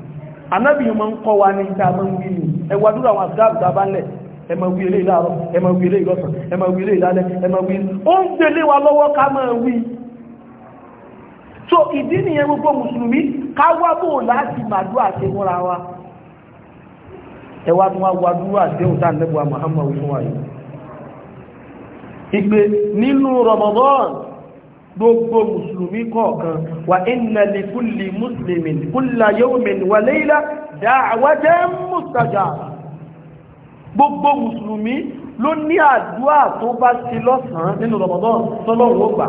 anábì yìí máa ń kọ́ wa ní ìta máa ń wí ni ẹ wá dúró àwọn àgbà àgbà bá lẹ̀ ẹ máa wí eléyìí láàárọ̀ ẹ máa wí eléyìí lọ́sàn ẹ máa wí eléyìí lálẹ́ ẹ máa wí ó ń gbélé wa lọ́wọ́ ká máa wí so ìdí nìyẹn gbogbo mùsùlùmí ká wá bò láti màdúrà ṣe múra wa ẹ wá tún wá wá dúró àdéhùn tá à ń lẹ́bùn àmọ́ àmọ́ òfin wa yìí ìgbé nínú Ramadan gbogbo mùsùlùmí kọ̀ọ̀kan wà inna li kulli muslimin kulla yawmin wa layla da'watan mustajaba gbogbo mùsùlùmí ló ní àdúà tó bá ṣe lọ́sàn-án nínú Ramadan tọ́lọ́run ó gbà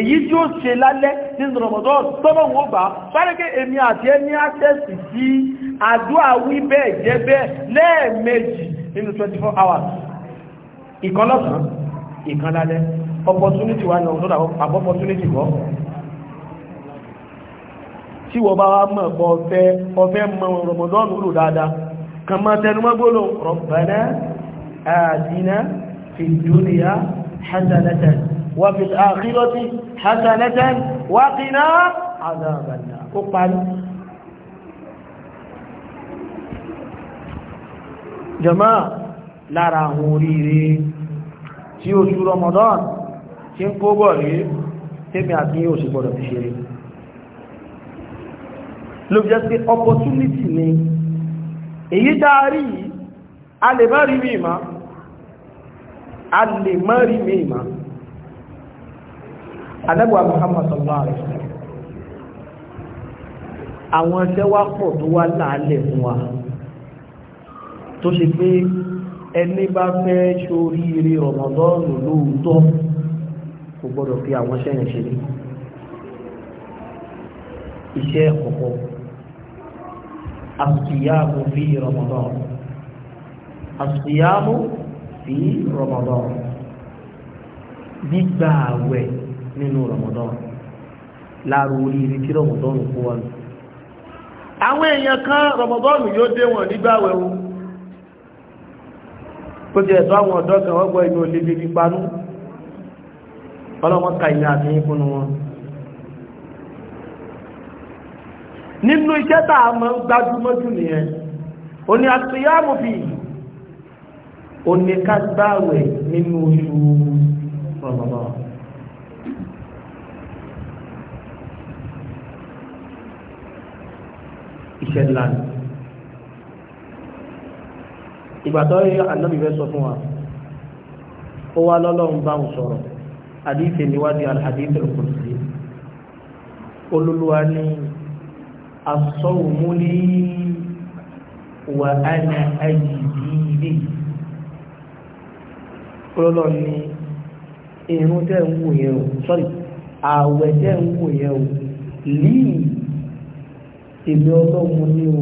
èyí tí ó ṣe 24 hours ìkan lọ́sàn-án ìkan lálẹ́ opportunity wa ni ọ̀hún sọ́dọ̀ àbọ̀ opportunity kọ́ tí wọ́n bá wá mọ̀ pọ̀ ọ̀fẹ́ ọ̀fẹ́ mọ̀ Ramadan lò dáadáa kan máa tẹnumọ́ gbóòlò Rabbana atina fi dunya hasanatan wa fil akhirati hasanatan wa qina adhaban ó parí jama lára àwọn oríire tí oṣù Ramadan tí ń kó bọ̀ rí tẹ́mi àti yóò sì gbọ́dọ̀ fi ṣeré ló fi jẹ́ pé opportunity ni èyí dáárí yìí a lè má rí mìíràn a lè má rí mìíràn anẹ́bùwà Muhammad sallallahu alaihi wasallam àwọn ẹsẹ́ wá pọ̀ tó wá láàálẹ̀ fún wa tó ṣe pé ẹni bá fẹ́ ṣoríire Ramadan lóòótọ́ kò gbọ́dọ̀ fi àwọn sẹ́yìn ṣe ní iṣẹ́ ọ̀pọ̀ asùkìyàmù fi Ramadan asùkìyàmù fi Ramadan gbígbà àwẹ̀ nínú Ramadan láàrú oríire tí Ramadan kó wà nù àwọn èèyàn kan Ramadan yóò dé wọn nígbà àwẹ̀ o kó jẹ́ ẹ̀tọ́ àwọn ọ̀dọ́ kan wọ́n gbọ́ inú olè bíbí panú ọlọ́wọ́n ka ìyá àti ìkúnnú wọn nínú iṣẹ́ tá a máa ń gbájúmọ́jú nìyẹn o ní àtìyámù fi o ní ká gbáwẹ̀ nínú oṣù Ramadan iṣẹ́ lánàá ìgbàtọ́ yìí ànábì sọ fún wa ó wá lọ́lọ́run báwọn sọ̀rọ̀ hadithi ni wadi alhadithi alqudsi oluluwa ni asawmu li wa ana ajzi bi oluluwa ni irun tẹ́ ń wò yẹn o sorry ààwẹ̀ tẹ́ ń wò o líì èmi ọlọ́run ní o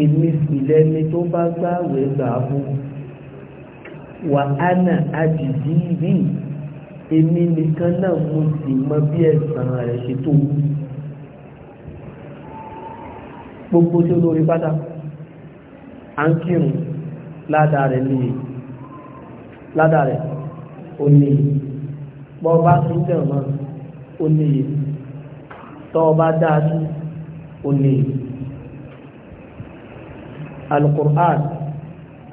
èmi sì lẹ́ni tó bá gbààwẹ̀ gbà fún un wà ánà àdìdí rí èmi nìkan náà mo sì mọ bí ẹ̀sán rẹ̀ ṣe tó gbogbo tí olórí pátá à ń kírun ládàá rẹ̀ lè ládàá rẹ̀ ó ní bọ́ bá tún tẹ̀ mọ́ ó ní tọ́ ọ bá dáa tún ó ní alukur'an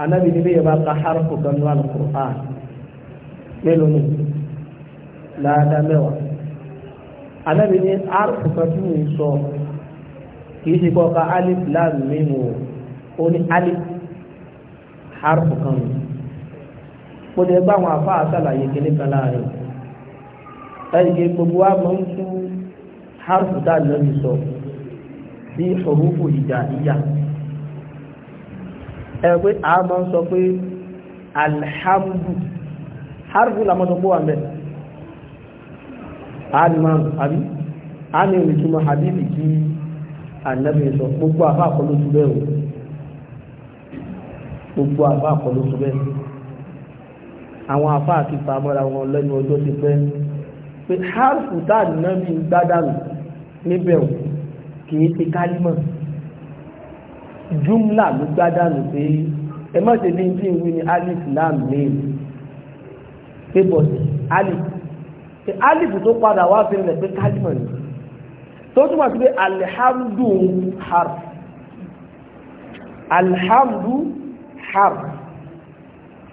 anábì níbi yẹn bá ka hárùkù kan ní alukur'an mélòó ni láàdá mẹ́wàá anábì ní hárùkù kan tí mo ń sọ kì í ṣe kọ́ ka alif láàmì mímu ó ní alif hárùkù kan mi mo lè bá àwọn afá àṣàlàyé kíní kan láàrin ẹ̀yìn gbogbo wa máa ń tú hárùkù tá a lọ́ọ́ yìí sọ sí hurufu ìjà ẹ pé a máa ń sọ pé alhamdu harbu la máa sọ pé wà mẹ́ alimam àbí a ní ìrìtúmọ̀ habibi kí anabi sọ gbogbo àfa àkọlù tó bẹ́ẹ̀ o gbogbo àfa àkọlù tó bẹ́ẹ̀ àwọn àfa àti ìfàmọ́ra wọn lẹ́nu ọjọ́ ti pẹ́ pé harfu tá a nínú bí gbádàrú níbẹ̀ o ti kálímọ̀ júmlà ló gbádànù pé ẹ má ṣe ní tí ń wí ní alif lam mim pébọ̀sì alif ṣe alif tó padà wá fi rìn pé kálímọ̀ ni tó túmọ̀ sí pé alhamdu harf alhamdu harf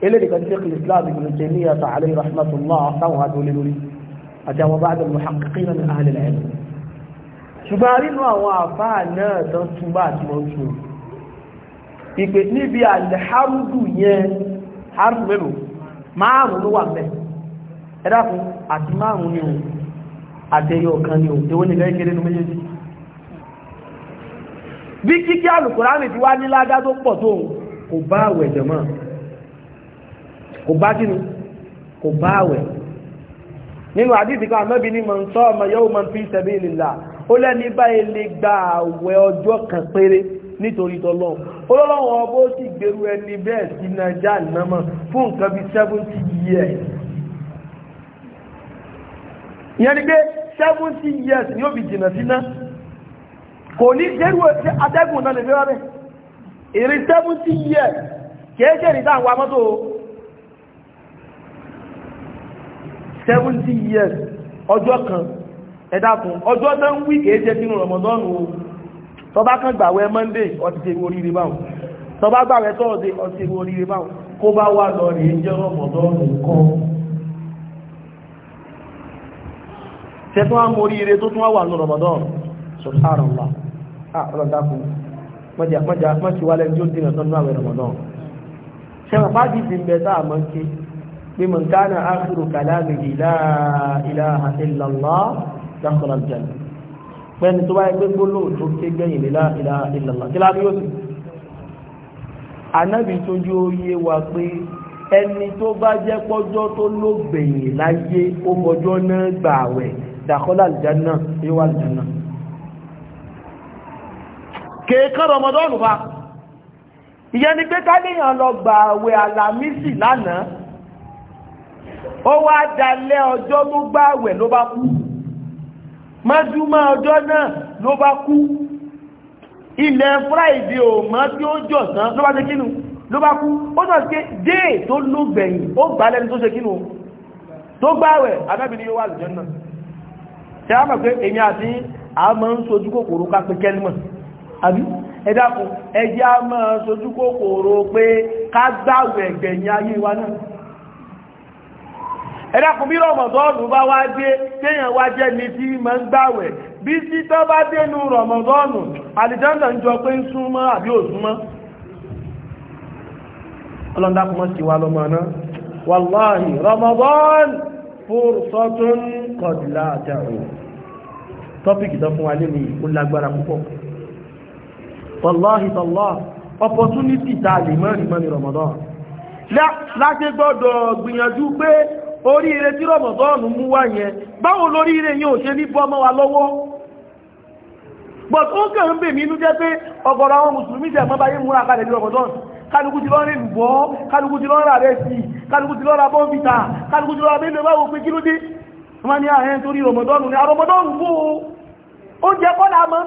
eléyìí kan ṣe kìlì islam ibn Taymiyyah alayhi rahmatullah sáwọn adúlé lórí àti àwọn bá àdàmù haqiqina min ahli al ṣùgbọ́n a nínú àwọn àfáà náà tó túbọ̀ àti mọ̀ ń sùn ìpè níbi alihamudu yẹn harudu mélòó márùn ló wà mẹ́ ẹ àti márùn ni o àtẹyọ kan ni o èwo nìkan ìkéré nu méjèèjì bí kíkí alùkùránì ti wá ní ládá tó pọ̀ tó kò bá àwẹ̀ jẹ̀mọ́ kò bá kínú kò bá àwẹ̀ nínú ní mọ̀ ń ọmọ yóò mọ̀ nítorí tọ́lọ́ olólọ́wọ́ bó sì gbèrú ẹni bẹ́ẹ̀ sí nàjà nàmọ̀ fún nǹkan bí 70 years ìyẹn ni pé 70 years ni ó fi jìnà síná kò ní gbèrú atẹ́gùn náà lè fẹ́ wá bẹ́ẹ̀ ìrìn 70 years kẹ́ẹ́kẹ́ ní táwọn amọ́tò 70 years ọjọ́ kan ẹ̀dàkùn ọjọ́ tán wí kẹ́ẹ́jẹ́ sínú rọmọdọ́nù tó bá kàn gbàwẹ̀ monday ọtí ṣe wo oríire báwọn tó bá gbàwẹ̀ thursday ọtí ṣe wo oríire báwọn kó bá wà lọ rèé jẹ́ rọ̀mọ̀dọ́rùn kan tẹ́tún á mọ oríire tó tún wà ní rọ̀mọ̀dọ́rùn subhanallah ah ọlọ́dàkùn mọ́jà mọ́jà mọ́ṣí wálẹ̀ tí ó dínà tán náà wẹ̀ rọ̀mọ̀dọ́rùn sẹ́wọ̀n fáàdì ti ń bẹ tá a mọ́ pẹ́ni tó báyìí pé gbóló tó ké gbẹ̀yìn lé la ilaha illallah kí lábí yóò sì anábì tó jó yé wa pé ẹni tó bá jẹ́ pọ́jọ́ tó ló gbẹ̀yìn láyé ó fọjọ́ náà gbà wẹ̀ dàkọ́lá àlùjáná yóò wà àlùjáná kéèkán rọmọdọ́nù bá ìyẹn ni pé káníyàn lọ gbà àwẹ̀ àlàmísì lánàá ó wá dalẹ́ ọjọ́ tó gbà àwẹ̀ ló bá kú mọ́júmọ́ ọjọ́ náà ló bá kú ilẹ̀ friday ò mọ́ tí ó jọ sán ló bá ṣe kínú ló bá kú ó sọ sí dé tó ló gbẹ̀yìn ó gbà lẹ́ni tó ṣe kínú tó gbààwẹ̀ adábìnrin yóò wà lùjọ́ náà tẹ́ á mọ̀ pé èmi àti àmọ́ ń sojú kòkòrò ká pé kẹ́límọ̀ àbí ẹ dákun ẹjẹ́ àmọ́ sojú kòkòrò pé ká gbààwẹ̀ gbẹ̀yìn ayé wa náà ẹ̀dàkùn bí rọ̀mọ̀dọ́ọ̀nù bá wá dé téèyàn wá jẹ́ ní tí máa ń gbàwẹ̀ bí títọ́ bá dénú rọ̀mọ̀dọ́ọ̀nù àlìjọ́nà ń jọ pé ń súnmọ́ àbí òsúnmọ́ ọlọ́ndàkùnmọ́ sí wa lọ́mọ náà wàláhì rọ̀mọ̀dọ́ọ̀n fursatun qad la ta'ud tọ́pìkì tó fún wa lé mi oríire tí rọ̀mọ̀dọ́ọ̀nù mú wá yẹn báwo lóríire yẹn ò ṣe ní bọ́ wa lọ́wọ́ but ó kàn ń bè mí inú jẹ́ pé ọ̀gọ̀rọ̀ àwọn mùsùlùmí jẹ́ mọ́ báyé múra kalẹ̀ ní rọ̀mọ̀dọ́ọ̀nù kálukú ti lọ́rin lùbọ́ kálukú ti lọ́ra rẹ̀ sí ni àrọ̀mọ̀dọ́ọ̀nù ah, fún oúnjẹ kọ́lá máa ń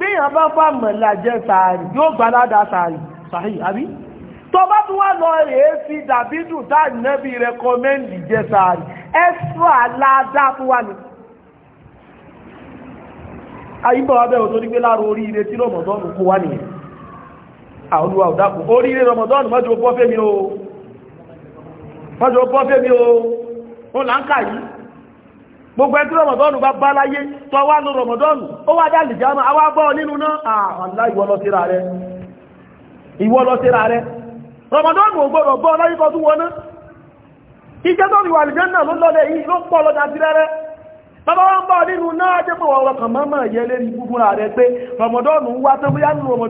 bíyàn bá fà mọ̀lá jẹ́ sàárì yóò gbalada sàárì sàárì àbí tó bá tún wá lọ rèé fi dàbídù táàdì nẹ́bí rẹkọmẹ́ndì jẹ́ sàárì ẹ́sùn àládá tó wà ní àyíbọ̀ abẹ́ òtó ní pé láàrù oríire tí rọmọdọ́nù kó wá nìyẹn àolúwa òdákù oríire rọmọdọ́nù mọ́jọ bọ́fẹ́ mi o mọ́jọ bọ́fẹ́ mi o ó là ń kà yìí gbogbo ẹni tí rọmọdọ́nù bá bá láyé tó wá ní rọmọdọ́nù ó wá dá lìjámà awá bọ́ nínú náà àlá ah, ìwọ lọ síra rẹ ìwọ lọ síra rẹ rọmọdọ́nù ò gbọdọ̀ bọ́ láyé kọ́ tún wọná iṣẹ́ tó rí wà lìjánà ló lọ́lẹ̀ yìí ló pọ̀ lọ́jà sí rẹ́rẹ́ bàbá wọn bọ̀ nínú náà jẹ́ pé wọ́n kàn máa máa yẹ lérí gbogbo rẹ̀ pé rọmọdọ́nù wá tó bóyá nínú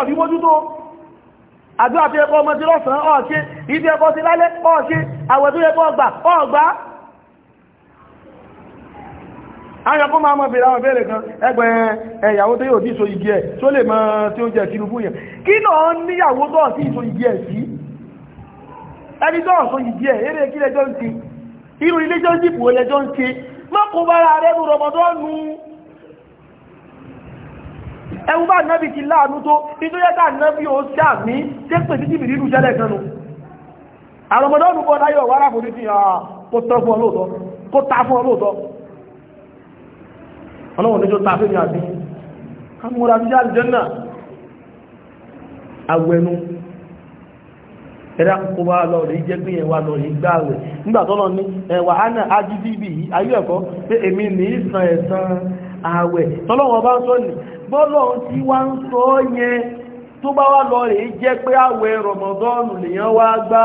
ni wọ́n àdúrà tó yẹ kó ọmọ tí lọ́sàn ó ṣe ibi ẹbọ sí lálẹ́ ó ṣe àwẹ̀ tó yẹ kó ọgbà ọgbà ayọ̀ fún máa mọ̀ bèèrè àwọn ìbéèrè kan ẹgbẹ̀ ẹ̀yàwó tó yóò dí ìṣò igi ẹ̀ tó lè mọ́ tí ó jẹ́ Tinubu yẹn kí náà níyàwó tó sí ìṣò igi ẹ̀ sí ẹni tó ọ̀ṣọ́ igi ẹ̀ eré kí lẹjọ́ ń ti irú ilé jọ́ ń dìbò lẹjọ́ ń ti mọ́kùnbára rẹ̀ rọmọdọ́nù ẹwú bá nábi ti láàánú tó inú yẹ́ta nábi ó sí àmì tí pè sí jìbìrì ìlú ṣẹlẹ̀ kan nù ọdún bọ́ láyé ọ̀wọ́ aráforí ti hàn kó tọ́ fún ọlọ́ọ̀tọ́ kó ta fún ọlọ́ọ̀tọ́ ní ta fún ayé ẹ̀kọ́ pé èmi ní ìsàn ẹ̀sàn ààwẹ̀ tọ́lọ́wọ́ bọ́lọ̀ tí wá ń sọ yẹn tó bá wá lọ rèé jẹ́ pé àwẹ̀ rọ̀mọ̀dọ́nù lèyàn wá gbá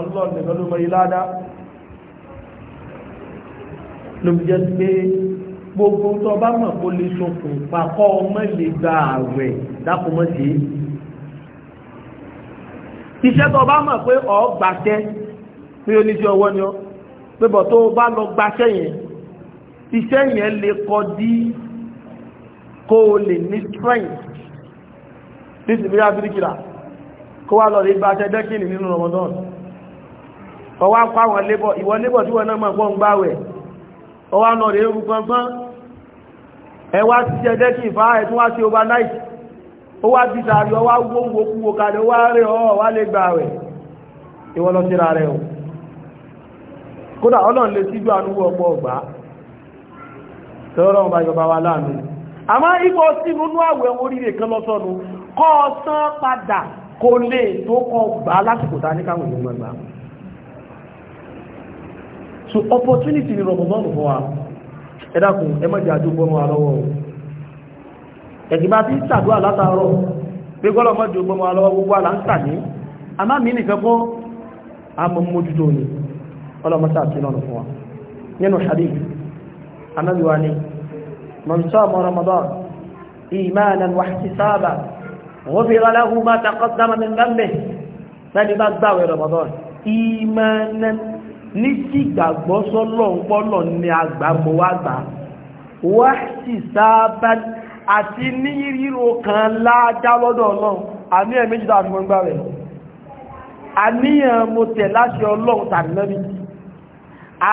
ọlọ́run nìkan ló mọ ìlàdá ló fi jẹ́ pé gbogbo tó bá mọ̀ kó lè sokùn pàkọ́ ọmọ lè gba àwẹ̀ dákùnmọ́ sí i iṣẹ́ tó bá mọ̀ pé ọ̀ gbàṣẹ́ kó o n'i ní strength nísìnyí bí áfíríkìlá kó wá lọ rí bá ṣe dẹ́kìnì nínú Ramadan ọwá pa àwọn lébọ̀ ìwọ lébọ̀ tí wọ́n náà mọ̀ pọ́n gbáwẹ̀ ọwá lọ rí ewu kankan ẹwà ti ṣe dẹ́kìnì ẹ̀ wá sí overnight ó wá sàárì ọwá o àmọ́ ipò sínú inú àwẹ̀ oríire kan lọ́sọ̀nù kọ́ ọ san padà kò lè tó kọ gbà lásìkò tá ní káwọn èèyàn gbà so opportunity ni Ramadan fún wa ẹ dákun ẹ má jẹ́ àjọpọ̀ wọn lọ́wọ́ ẹ̀sìn bá ti ń ṣàdúrà látàárọ̀ pé gọ́lọ̀ mọ́ jù gbọmọ alọ́wọ́ gbogbo àlà ń tà ní a máa mí nìkan fún àmọ́ mójútó ni ọlọ́mọ́sá àti lọ́nà fún wa nínú hadith anábíwá ni من صام رمضان إيمانا واحتسابا غفر له ما تقدم من ذنبه فلما داوي رمضان إيمانا نسي gbàgbọ́ sọ́lọ́run pọ́lọ̀ ni àgbàmọ́ wá gbà wá sì sáábà àti ní ríro kan láàjá lọ́dọ̀ ọlọ́run àníyàn méjì dáa fi mọ́ gbà rẹ̀ àníyàn mo tẹ̀ láti ọlọ́run tàbí lẹ́bí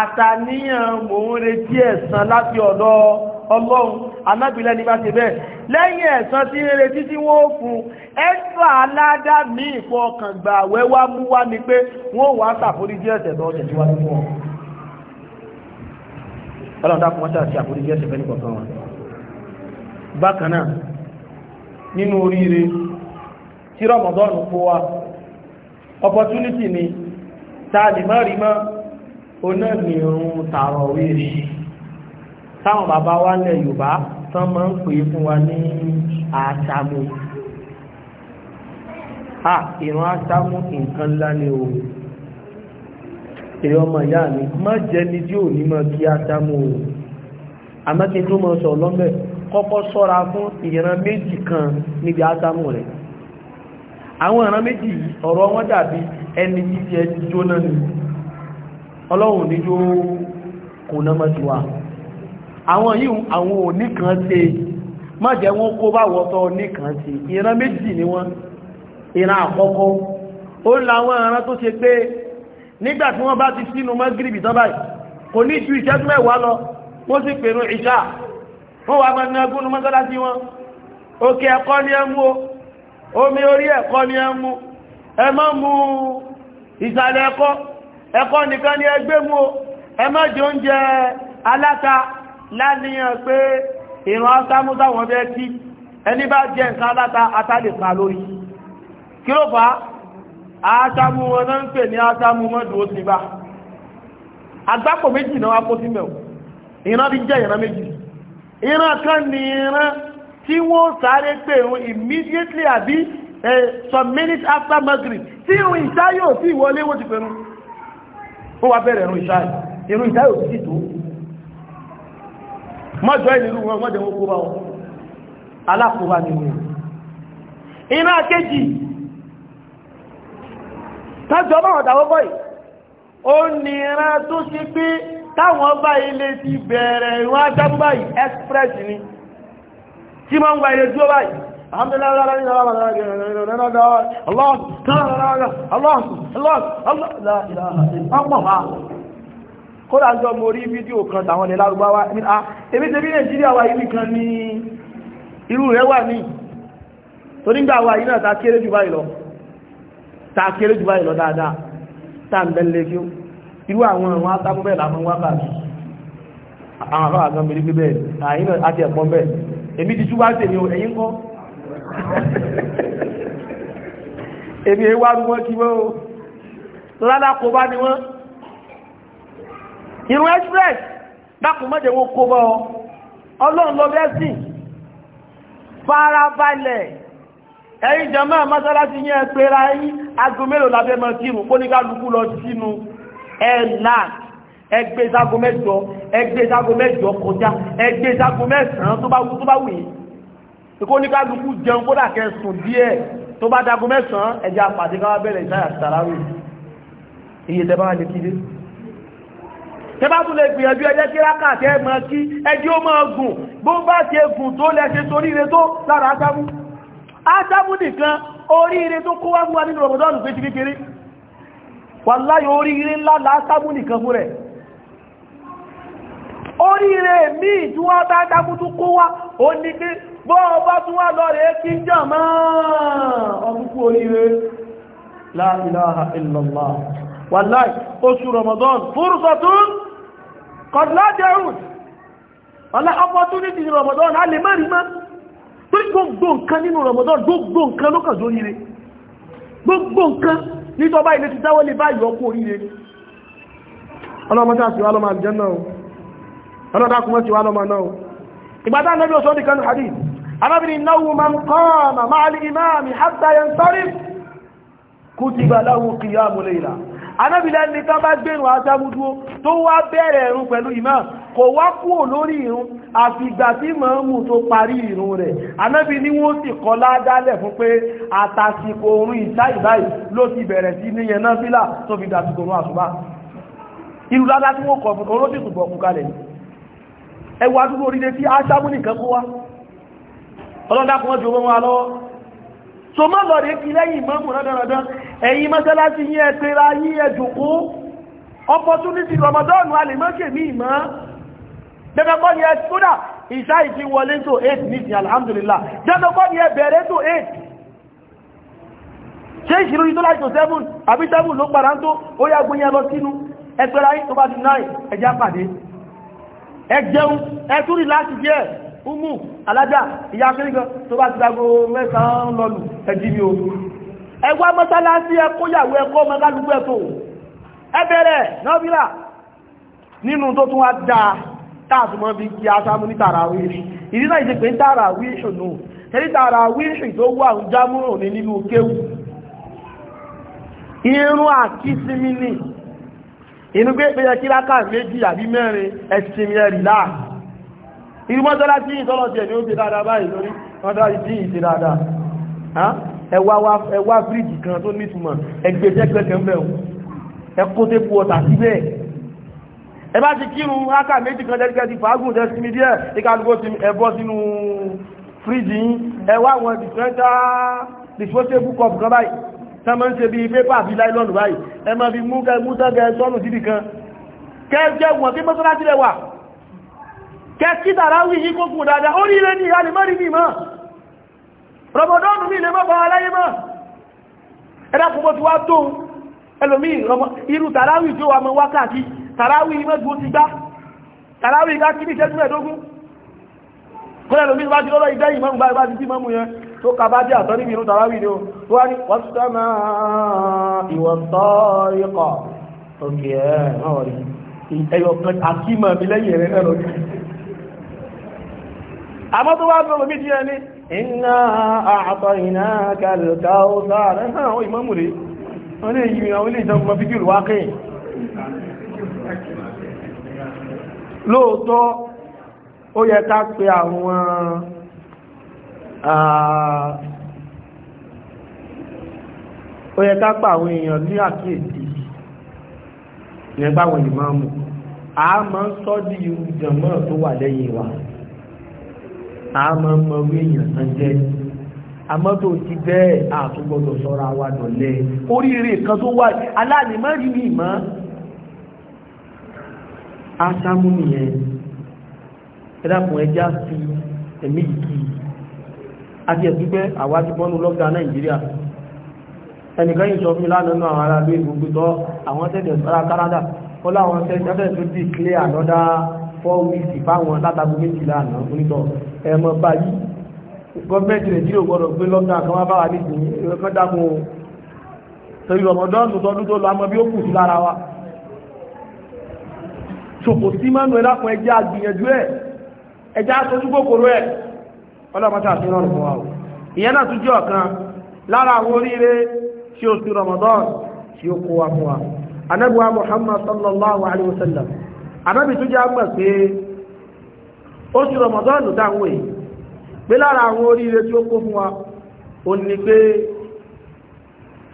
àtàníyàn mò ń retí ẹ̀san láti ọ̀dọ̀ ọlọ́run ọlọ́run anábìlẹ̀ ní bá ti bẹ́ẹ̀ lẹ́yìn ẹ̀san tí ń retí tí wọ́n fún ẹ́sà aládá ní ìfọkàngbà wẹ́wà mú wá ní pé wọ́n wá sàforíjì ẹ̀ṣẹ̀ lọ tẹ̀síwá ní fún wọn ọlọ́run dákun wọ́n sàforí àforíjì ẹ̀ṣẹ̀ fẹ́ nìkọ̀ọ̀kan wọn bákan náà nínú oríire tí rọmọdọ́nù fún wa opportunity ni tá a lè má rí táwọn bàbá wa lẹ̀ yorùbá tán máa ń pè é fún wa ní àṣàmù à ìran àṣàmù nǹkan ńlá ni o èrè ọmọ ìyá mi má jẹ́ ni tí ò ní mọ kí àṣàmù o àmọ́kí tó mọ sọ lọ́mẹ̀ kọ́kọ́ sọ́ra fún ìran méjì kan níbi àṣàmù rẹ̀ àwọn ìran méjì ọ̀rọ̀ wọn dàbí ẹni tí ti ẹ jóná ni ọlọ́run níjó kò náà mọ́ ti wà àwọn yìí àwọn oníkan ṣe má jẹ́ wọ́n kó bá wọ́tọ́ oníkan ṣe ìran méjì ni wọ́n ìran àkọ́kọ́ ó láwọn ìran tó ṣe pé nígbà tí wọ́n bá ti sínú mọ́gírìbì tán báyìí kò ní ju ìṣẹ́jú mẹ́wàá lọ wọ́n sì pèrò ìṣà wọ́n wà máa ní agbónú o omi orí ẹ̀kọ́ ni ẹ mú ẹ má mú ìsàlẹ̀ ẹ̀kọ́ oúnjẹ aláta láníyàn pé ìran asámúsá wọn bẹ́ tí ẹni bá jẹ nǹkan aláta atálèpa lórí kí ló fà á asámú wọn náà ń pè ní asámú mọ́dù ó ti bá agbápò méjì náà kó sí mẹ́wọ̀ ìran bí jẹ́ ìran méjì ìran kan ní ìran tí wọ́n sáré pé òun immediately àbí some minutes after Maghrib tí ìrun ìṣá sí ìwọlé wọ́n ti pẹ̀rún ó wá bẹ̀rẹ̀ ìrun ìṣá ìrun ìṣá sí tó mọ́jọ́ ìlú wọn mọ́jọ́ wọn kó bá wọn alákòóbá ni wọn iná kéjì tájọ́ bá wọn ó nira tó ṣe pé táwọn bá ilé ti bẹ̀rẹ̀ ìwọ̀n ajábú báyìí express ni tí máa ń gba ilé dúró báyìí alhamdulillah kódà jọ mo rí fídíò kan tàwọn ilẹ̀ lárúbáwá ebi tẹ́bí ah, nàìjíríà wà yìí nìkan ní irú rẹ̀ wà ní torígbà wà yìí náà ta kéré jù báyìí lọ ta kéré jù báyìí lọ dáadáa ta ń bẹ́lẹ̀ kí ó irú àwọn àwọn atágúnbẹ̀ làmọ́ wá bà mí àwọn àbá àgbọn mẹ́rin gbígbẹ́ àyínà àti ẹ̀pọ̀n [LAUGHS] wọ́n ìrun express dákùn mọ́jẹ̀ wọn kó bọ́ ọlọ́run lọ bẹ́sìn farabalẹ̀ ẹ̀yin jàmáà mọ́sálásí yẹn pera yín aago mélòó lábẹ́ mọ́ sínú kó ní kálukú lọ sínú ẹ̀ láà ẹgbẹ́ sago mẹ́jọ ẹgbẹ́ sago mẹ́jọ kọjá ẹgbẹ́ sago mẹ́sàn-án tó bá wù tó bá wù yìí kó ní kálukú jẹun kó dàkẹ́ sùn díẹ̀ tó bá dago mẹ́sàn-án ẹjẹ́ àpàdé káwá bẹ̀rẹ̀ ìsáyà sàráwì iye tẹ́ bá wà lè kíde tẹ́bá tún lè gbìyànjú ẹjẹ́ kí rákàtẹ́ mọ́ kí ẹjí ó máa gùn bó bá ṣe gùn tó lẹ́ṣe toríire tó lára ásámú ásámú nìkan oríire tó kó wá nínú rọ̀mọ̀dọ́nù pé ti kékeré wàláyé oríire ńlá lásámú nìkan fún rẹ̀ oríire míì tí wọ́n oṣù rọ̀mọ̀dọ́nù fúrùsọ̀tún kọ̀dọ̀lájẹ̀rùn ọlá opportunity ní Ramadan a lè mẹ́rin mọ́ tó gbogbo nǹkan nínú Ramadan gbogbo nǹkan ló kàn lóríire gbogbo nǹkan ní tọba ilé ti dáwọ́ lè bá ìyọkú oríire ọlọ́mọdá sí wálọ́mà àjẹ́nà o ọlọ́dá kúmọ́ sí wálọ́mà náà o ìgbàdá nẹ́bí ọ̀sọ́ dìkan hadith arábìnrin náwó ma ń kọ́ ọ̀nà máa lè imáàmì hatta yansarif kutiba lahu qiyamul layla anábìlẹ̀ ní tán bá gbẹ̀rùn aṣámúdúó tó wá bẹ̀rẹ̀ ìrun pẹ̀lú imam kò wá kúrò lórí ìrun àfìgbà tí mọ̀ọ́mù tó parí ìrun rẹ̀ anábì ní wọ́n sì kọ́ ládálẹ̀ fún pé àtàsìkò orun ìṣáì báyìí ló ti bẹ̀rẹ̀ sí níyẹn náà fílà tó fi dàsìkò orun àṣùbá irú ládá tí ẹ̀yin mọ́sálásí yí ẹ pera yí ẹ jòkó opportunity Ramadan alìmọ́kè ní ìmọ́ jẹ́dọ́kọ́ ni ẹ kódà ìṣá ìtí wọlé tó 8 ní ti alhamdulillah jẹ́dọ́kọ́ ni ẹ bẹ̀rẹ̀ tó 8 ṣe ìṣirò yìí tó láì tó 7 àbí 7 ló padà ń tó ó yá gbóyẹ lọ sínú ẹ pera yí tó bá ti 9 ẹjá pàdé ẹ jẹun ẹ tún rí láti jẹ́ umu alájà ìyá kéré kan tó bá ti dago mẹ́sàn-án lọ́lù ẹ̀dí mi ò ẹwà mọ́sálásí ẹkóyàwó ẹkọ́ mọ́gálùgbò ẹ̀tọ́ ẹbẹ̀rẹ̀ nọ́bílà nínú tó tún wá dáa táàtùmọ́ bí kí aṣámú ní tàràwí ìdínà ìdípe tàràwí ìṣùnú ẹni tàràwí ìṣùn tó wà ń jámúrò ní nínú kéwù irun àkísímí ní inú pé pé ẹkíláka méjì àbí mẹ́rin ẹ̀sìnmi ẹ̀rìlá irú mọ́sálásí ìtọ́lọ̀ ẹ wá fíríjì kan tó nítumọ̀ ẹgbẹ́ tẹ́gbẹ́ kan bẹ̀ ẹ kó tẹ́pù ọ̀tà síbẹ̀ ẹ bá ti kírun áká méjì kan tẹ́gbẹ́ ti fàágùn tẹ́ sí mi díẹ̀ ìkàlùkò ti ẹbọ́ sínú fíríjì yín ẹ wá wọn dìfẹ́ntà disposable cup kan báyìí tẹ́mọ́ ń ṣe bí pépà bí láìlọ́nù báyìí ẹ máa fi mú tẹ́gẹ́ sọ́nù síbì kan kẹ́ẹ̀jẹ́ wọn tí mọ́sánlá sílẹ̀ wà kẹ́ẹ̀kítàrá wí yí kókùn dáadáa ó rí ilé ní ìhàlì mọ́rí ní ìmọ̀ rọmọdọ́nù mi lè mọ́ bá aláyé mọ́ ẹ̀dá púpọ̀ tí wá tó ẹlòmí irú tàráwì tí wà mọ́ wákàtí tàráwì mẹ́gbó ti gbá tàráwì ká kí ní ìṣẹ́jú mẹ́ẹ̀dógún kọ́lá ẹlòmí bá ti lọ́lọ́ ìdẹ́yìn mọ́mù bá ti tí mọ́mù yẹn tó ka bá jẹ́ àtọ́ níbi irú tàráwì ni ó tó wá ní wọ́sítọ́mà ìwọ̀ntọ́ ikọ̀ òkè ẹ̀ náà rí ẹyọ kan mi lẹ́yìn àmọ́ tó wá lọ́lọ́ mi ti yẹn ni iná àtọ̀ iná kàlùkà ó sáàrẹ náà ó ìmọ́mù rí wọ́n lè yí àwọn ilé ìjọba fíkì rú wákè lóòótọ́ ó yẹ ká pe àwọn ah, ó yẹ ká pa àwọn èèyàn ní àkíyèsí nígbàwọn ìmọ́mù a máa ń sọ́ di ìrùjọ̀mọ́ tó wà lẹ́yìn wa àmọ́ mọ orí èèyàn tán jẹ́ àmọ́ tó ti bẹ́ẹ̀ àtúgbọ́dọ̀ sọ́ra wa dọ̀lẹ́ oríire kan tó wà aláàlímọ́rí mi mọ́ ásámú nìyẹn ẹ̀dàkùn ẹjá fi ẹ̀mí ìkì àti ẹ̀dúgbẹ́ àwájú bọ́nú lọ́gbà Nàìjíríà ẹnìkan yìí sọ fún mi lánàá náà ara bí gbogbo tọ́ àwọn tẹ́jẹ̀ sára Canada ó láwọn tẹ́jẹ̀ tó declare another four weeks fáwọn látàgbé méjìlá àná onítọ̀ ẹ̀mọ́ báyìí gọ́ọ̀mẹ́ntì nàìjíríà gbọ́dọ̀ gbé lọ́gbà kan wá bá wà nídìí ẹ̀kọ́ dákun o torí ọmọdọ́ọ̀nù tọdún tó lọ àmọ́ bí ó kù sí lára wa ṣòkò sí mánu ẹlákun ẹjẹ́ àgbìyànjú ẹ̀ ẹjẹ́ aṣojú kòkòrò ẹ̀ ọlọ́mọta àti ìrọ̀rùn fún wa o ìyẹn náà tún jẹ́ ọ̀kan lára àwọn oríire ṣe oṣù ramadan ṣe ó kó wa fún wa anábùwá muhammad sallallahu alaihi wasallam àbẹ́bì tó jẹ́ àgbà pé oṣù rọmọdọ́nù dáwọn èyí pé lára àwọn oríire tí ó kó fún wa ò ní pé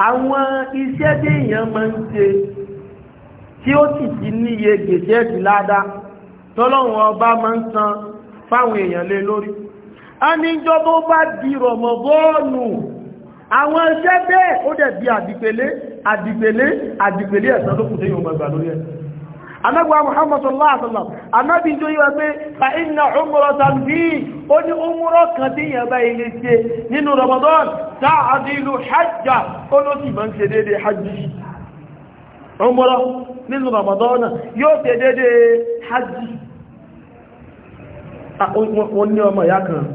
àwọn iṣẹ́ tí èèyàn máa ń ṣe tí ó sì ti níye gbèsè ẹ̀sì ládàá tọ́lọ́run ọba máa ń san fáwọn èèyàn lé lórí a ní ìjọba bá di rọmọdọ́nù àwọn iṣẹ́ bẹ́ẹ̀ ó dẹ̀ di àdìpẹ̀lẹ́ àdìpẹ̀lẹ́ àdìpẹ̀lẹ́ ẹ̀san tó kù sí ìwọ̀n gbàgbà lórí ẹ̀sìn anagba muhammad sallallahu alaihi wasallam anabi jo yiwa pé fa inna umratan bi ó umro kan tí yan ninu ile ṣe nínú ramadan ta'dilu hajja ó lọ ti man ṣe dédé hajji umro ninu ramadan yó te dédé hajji a ní ọmọ ìyá kan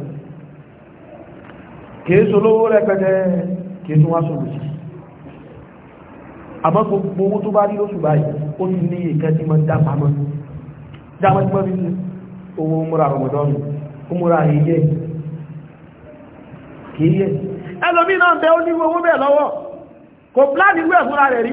kìí sọ lówó rẹpẹtẹ kìí tún wá sọ àmọ́ gbogbo owó tó bá rí lóṣù báyìí ó ní ní ìkan tí wọ́n dá pamọ́ dámọ́ tí wọ́n fi owó múra rọmọdọ́nù ó múra èyẹ kéyẹ ẹlòmíì náà bẹ ó ní owó bẹ́ẹ̀ lọ́wọ́ kò pláàni wẹ́ fúnra rẹ̀ rí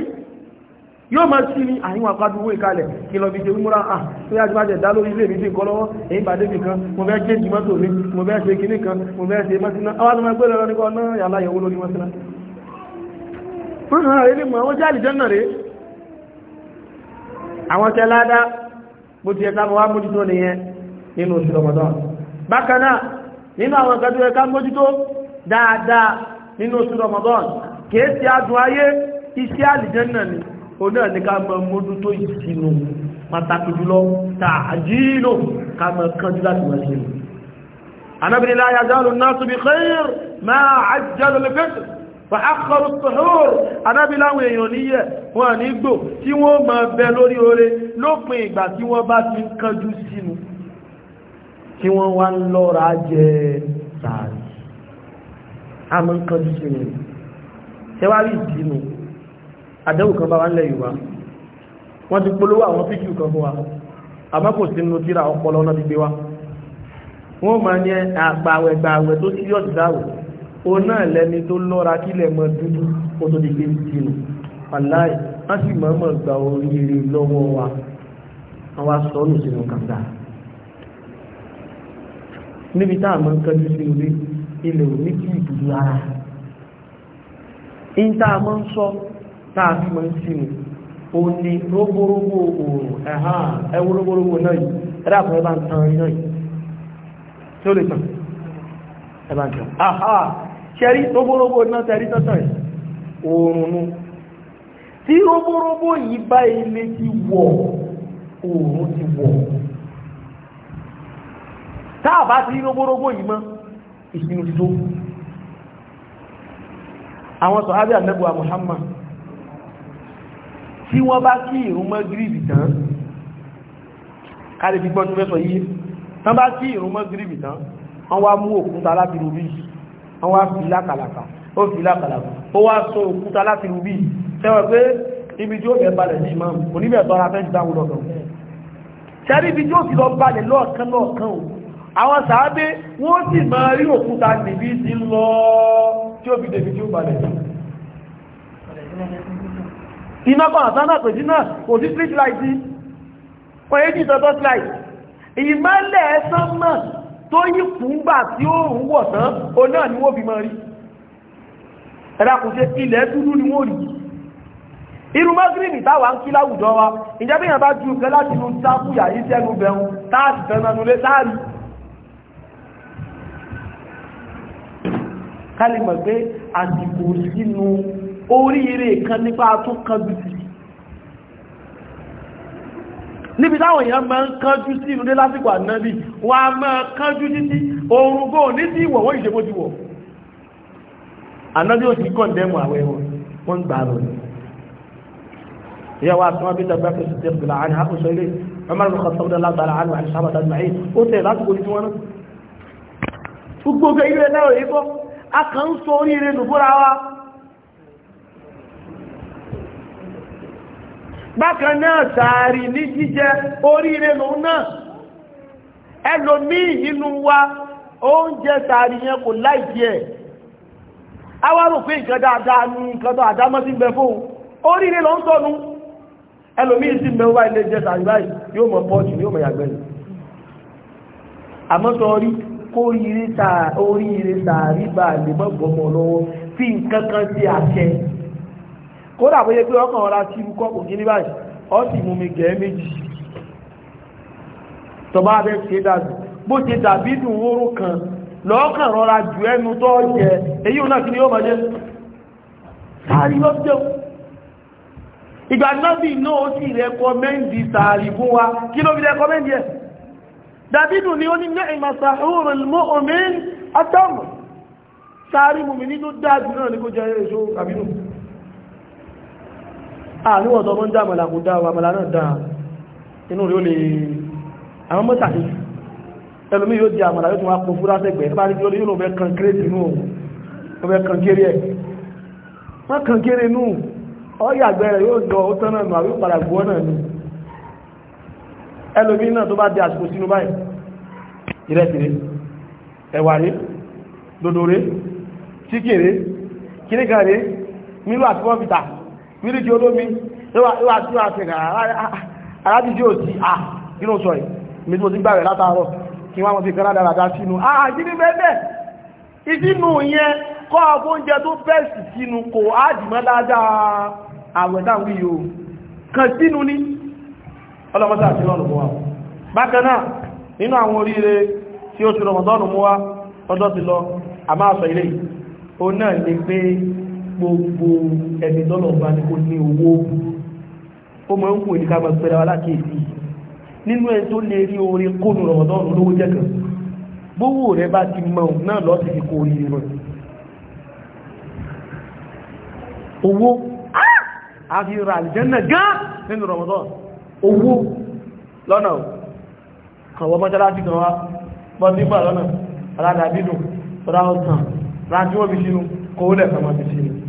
yóò máa sí ní àyíwọ̀n àpádúwó ìkalẹ̀ kí lọ fi ṣe múra à ah, tó yá jùmájẹ̀ dá lórí ilé mi sí nǹkan lọ́wọ́ èyí bá débì kan mo fẹ́ gé jùmọ́tò mi mo fẹ́ ṣe kinní kan mo fẹ́ ṣe mọ́síná àwọn àti máa gbé lọ́rọ́ nípa náà yàrá yẹ̀wó lórí mọ́síná wọ́n rán rẹ̀ nímọ̀ wọ́n jáàlì jọ́nà rẹ̀ àwọn tẹ́ ládá bó ti ẹ̀ká mọ́ wá mójútó nìyẹn nínú oṣù Ramadan bákan náà nínú àwọn ìkàtí ẹ̀ká mójútó dáadáa nínú oṣù Ramadan kìí sí adùn ayé iṣẹ́ àlìjẹ́nà ni ó náà ní ká mọ́ mójútó ìsinú pàtàkì jùlọ tààjìlò wà á kọrù sọ̀hóòrò anábìláwọn èèyàn níyẹ̀ wọn ní gbò tí wọ́n máa bẹ lórí oore lópin ìgbà tí wọ́n bá ti ń kánjú sínú tí wọ́n wá ń lọ́ra jẹ sàárì a mọ́ ń kánjú sínú ṣẹwárí ìdínú àdẹ́wò kan bá wá ń lẹ̀ yorùbá wọ́n ti polówó àwọn fíkì kan fún wa àmọ́ kò sí nínú tíra ọpọlọ náà ti gbé wa wọ́n máa ní àgbàwẹ̀gbàwẹ̀ tó sí yọ̀dìdáwẹ̀ o náà lẹni tó lọ́ra kílẹ̀ mọ́ dúdú ó tó di pé tìlù aláì wọ́n sì mọ́ mọ́ gba oríire lọ́wọ́ wa wọ́n wá sọ́nù sínú kàńdà níbi tá àmọ́ kẹjú sí orí ilẹ̀ ò ní kí ìdúdú ara in tá a mọ́ ń sọ tá a fi mọ́ ń sinmi ó ní rógbórógbó òòrùn ẹ̀há ẹwú náà yìí ẹ̀dá kan ẹbá ń tan iná yìí tí ó lè tàn ẹbá ń tàn áhà ṣẹ́rí róbóróbó náà tẹ́rí tọ́tọ̀ ẹ̀ oòrùn nú tí róbóróbó yìí bá ilé ti wọ̀ oòrùn ti wọ̀ táàbá ti róbóróbó yìí mọ́ ìsinú ti tó àwọn sọ̀hábí àmẹ́bùwà Muhammad tí wọ́n bá kí ìrún mọ́ gírìbì tán káàdì fi gbọ́n tó mẹ́sọ̀ yìí tán bá kí ìrún mọ́ gírìbì tán wọ́n wá mú òkúta láti rubí àwọn afìlá kàlàkà ó fìlá kàlàkà ó wá sọ òkúta láti rubí tẹ́wọ̀ pé ibi tí ó bẹ̀ balẹ̀ ní imam oníbẹ̀ tọ́ra fẹ́ jùlọ àwọn ọ̀dọ̀ ṣẹ́rí ibi tí ó sì lọ balẹ̀ lọ́ọ̀kan lọ́ọ̀kan o àwọn sàábé wọ́n sì máa rí òkúta níbi tí ń lọ tí ó fi débi tí ó balẹ̀ iná kan àtánà pèsè náà kò sí street light sí wọ́n yé ẹ̀sán náà tó yí kùngbà tí ó ń wọ̀ tán o náà ni wọ́n fi mọ́ rí ẹ̀dá kò ṣe ilẹ̀ dúdú ni wọ́n rí irú mọ́gírìnì táwà ń kí láwùjọ wa ìjẹ́bí yàn bá ju nǹkan láti inú sáfùyà yìí sẹ́nu bẹ̀rún táàtì fẹ́nanulé sáàrí kálí pé àsìkò sínú oríire kan nípa tó níbi táwọn èèyàn máa ń kánjú sí inú dé lásìkò ànábì wọ́n a máa kánjú títí oorun bó ní sí ìwọ̀ wọ́n ìṣẹ́bó ti wọ̀ ànábì ó ti kọ̀ndẹ́mù àwẹ̀ wọn wọ́n ń gbà lọ ní ìyàwó àtúnwá bí dàgbà fèsì tẹ́ gbìlà àní àkóso ilé ọmọ ìlú kan ń sọ oríire nù wa bákan náà sàárì ní jíjẹ oríire lòun náà ẹlòmíì nínú wa oúnjẹ yẹn kò láìsí ẹ̀ wá rò pé nǹkan dáadáa ní nǹkan àdámọ́ sí gbẹ fóun oríire ló tọ́nu ẹlòmíì sí mẹ́wàá ilé jẹ sàárì báyìí yóò mọ̀ pọ́ọ̀jù yóò mọ̀ yàgbẹ́ fi nkankan si àṣẹ kódà bóyá pé ọkàn ọ̀rá tí irú kọ́pù gíní báyìí ọ sì mú mi gẹ̀ẹ́ méjì tọba abẹ́ ṣe dàbí bó ṣe dàbí dùn oró kan lọ́ọ̀kàn rọra jù ẹnu tó jẹ èyí ò náà kí ni ó mọ̀jẹ́ sáàrí ló jẹun ìgbà nọ́bì náà ó sì rẹkọmẹ́ndì sáàrí fún wa kí ló fi rẹkọmẹ́ndì ẹ̀ dàbí dùn ni ó ní mẹ́rin masa òórùn mọ́ ní tó dáa jù náà ní kó jẹ èso àbínú àníwọ̀ tó mọ́ ń dá àmàlà kò dá àmàlà náà dá inú rí ó lè àwọn mọ́ta ní ẹlòmí yóò di àmàlà yóò tún wá kó fúra sẹ́gbẹ̀ẹ́ bá ní kí ó lè yóò fẹ́ kan kéré sínú ó fẹ́ kan kéré ẹ̀ má kan kéré nù ọ̀yàgbẹ́ rẹ̀ yóò jọ ó tán náà nù àwí padà gbọ́ náà nù ẹlòmí náà tó bá di àsìkò mílò àti wọ́n fi mílíkì olómi ìwà tí wà sí arábíjì òsì ah kí ló sọ yìí mi mo ti gbà kí wọ́n mọ̀ sí kan ládàá ah sínú ah kí ní bẹ́ẹ̀ yẹn oúnjẹ tó bẹ́ẹ̀sì sínú kò ájìmọ́ dáadáa kan sínú àti wa bákan náà nínú àwọn oríire tí ó ti rọmọdọ́nù wa ti lọ ilé náà pé gbogbo ẹni tọ́lọ̀ bá ní kó ní owó ó mọ̀ ń kò ní káàmà pẹ̀lú wa lákèésí nínú ẹ tó lè rí orin kónú rọ̀mọ̀dọ́nù lówó jẹ́ kan gbówó rẹ bá ti mọ̀ náà lọ́ sí kó rí rẹ̀ owó àfi ah! ra àlìjẹ́nà gán nínú rọ̀mọ̀dọ́nù owó lọ́nà kàwọ́ mọ́ṣáláṣí kan wá bọ́ nígbà lọ́nà aládàbídùn rá ọ̀sán rájú wọ́n fi sínú kó lẹ̀ kàmà fi sínú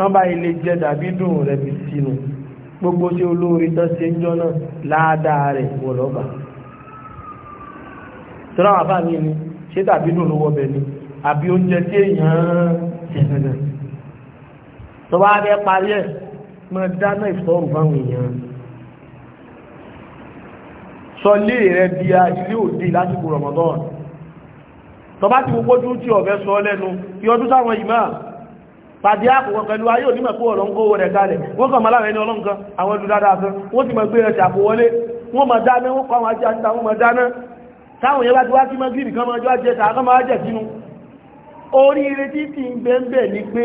tán bá ilé jẹ dàbí dùn rẹ̀ fi sínú gbogbo tí olóore tán ṣe ń jọ náà ládàá rẹ̀ wọ̀ lọ́ba tọ́lá wà bá ni ṣé dàbí dùn ló wọ́ bẹ̀ ni àbí oúnjẹ tí èèyàn jẹ dandan tó bá fẹ́ parí ẹ̀ máa dáná ìfọ́rù fáwọn èèyàn sọ lé rẹ di ilé òde lásìkò Ramadan tó bá ti gbogbo ojú tí ọ̀fẹ́ sọ lẹ́nu fi ọdún sáwọn ìmáà pàdé àpòwọ̀ pẹ̀lú ayé onímọ̀ pé ọ̀rọ̀ ń kówó rẹ̀ kalẹ̀ wọ́n kàn máa láwọn ẹni ọlọ́nkan àwọn ẹlú dáadáa fún wọ́n ti mọ̀ gbé ẹ̀ṣẹ̀ àpòwọlé wọ́n mọ̀ dáná wọ́n kọ́ àwọn ajé àti àwọn mọ̀ dáná táwọn yẹn bá ti wá kan máa jọ máa sínú oríire tí ń ni pé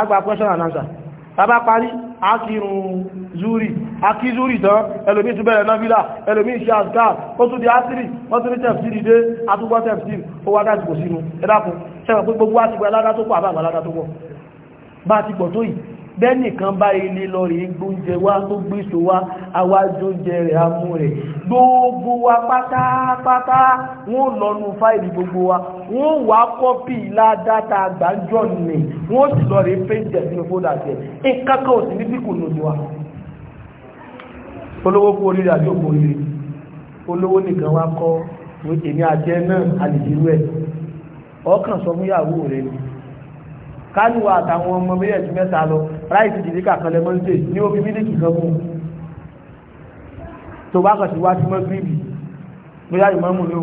àgbà question and answer bàbá parí akírun zuri akí zuri tán ẹlòmí tún bẹ̀rẹ̀ náfílà ẹlòmí iṣẹ́ àṣíkà ó tún di ásírì wọ́n tún ní tẹ̀fìsìrì dé àtúgbọ́ tẹ̀fìsìrì ó wá dájú kò sínú ẹ̀dàkùn sẹ́wọ̀n pé gbogbo àtìgbà aládá tó pọ̀ àbá àgbà aládá tó pọ̀ bá ti pọ̀ tó yìí bẹ́nìkan bá ilé lọ rí gbóúnjẹ wá tó gbéṣò wá awájóúnjẹ rẹ̀ amú rẹ̀ gbogbo wa pátápátá wọ́n lọ́nu fáìlì gbogbo wa wọ́n wá kọ́pì ládátà àgbájọ́ nì wọ́n sì lọ rí péńtẹ̀ sínú fódà tẹ̀ ìkákọ̀ òsì ní bíkù lòdì wa olówó kú oríire àbí òkú oríire olówó nìkan wá kọ́ èmi àti ẹ náà àlèjìrú ẹ̀ ọkàn sọ fún ìyàwó rẹ̀ ni kánú àtàwọn ọmọ méjèèjì mẹ́ta lọ ráìsì jìdíkà kan lẹ́mọ́ ń tè ní omi mílíkì kan mú tó bá kàn sí ah, wá sí mọ́gírìbì bóyá ìmọ̀mù ni ó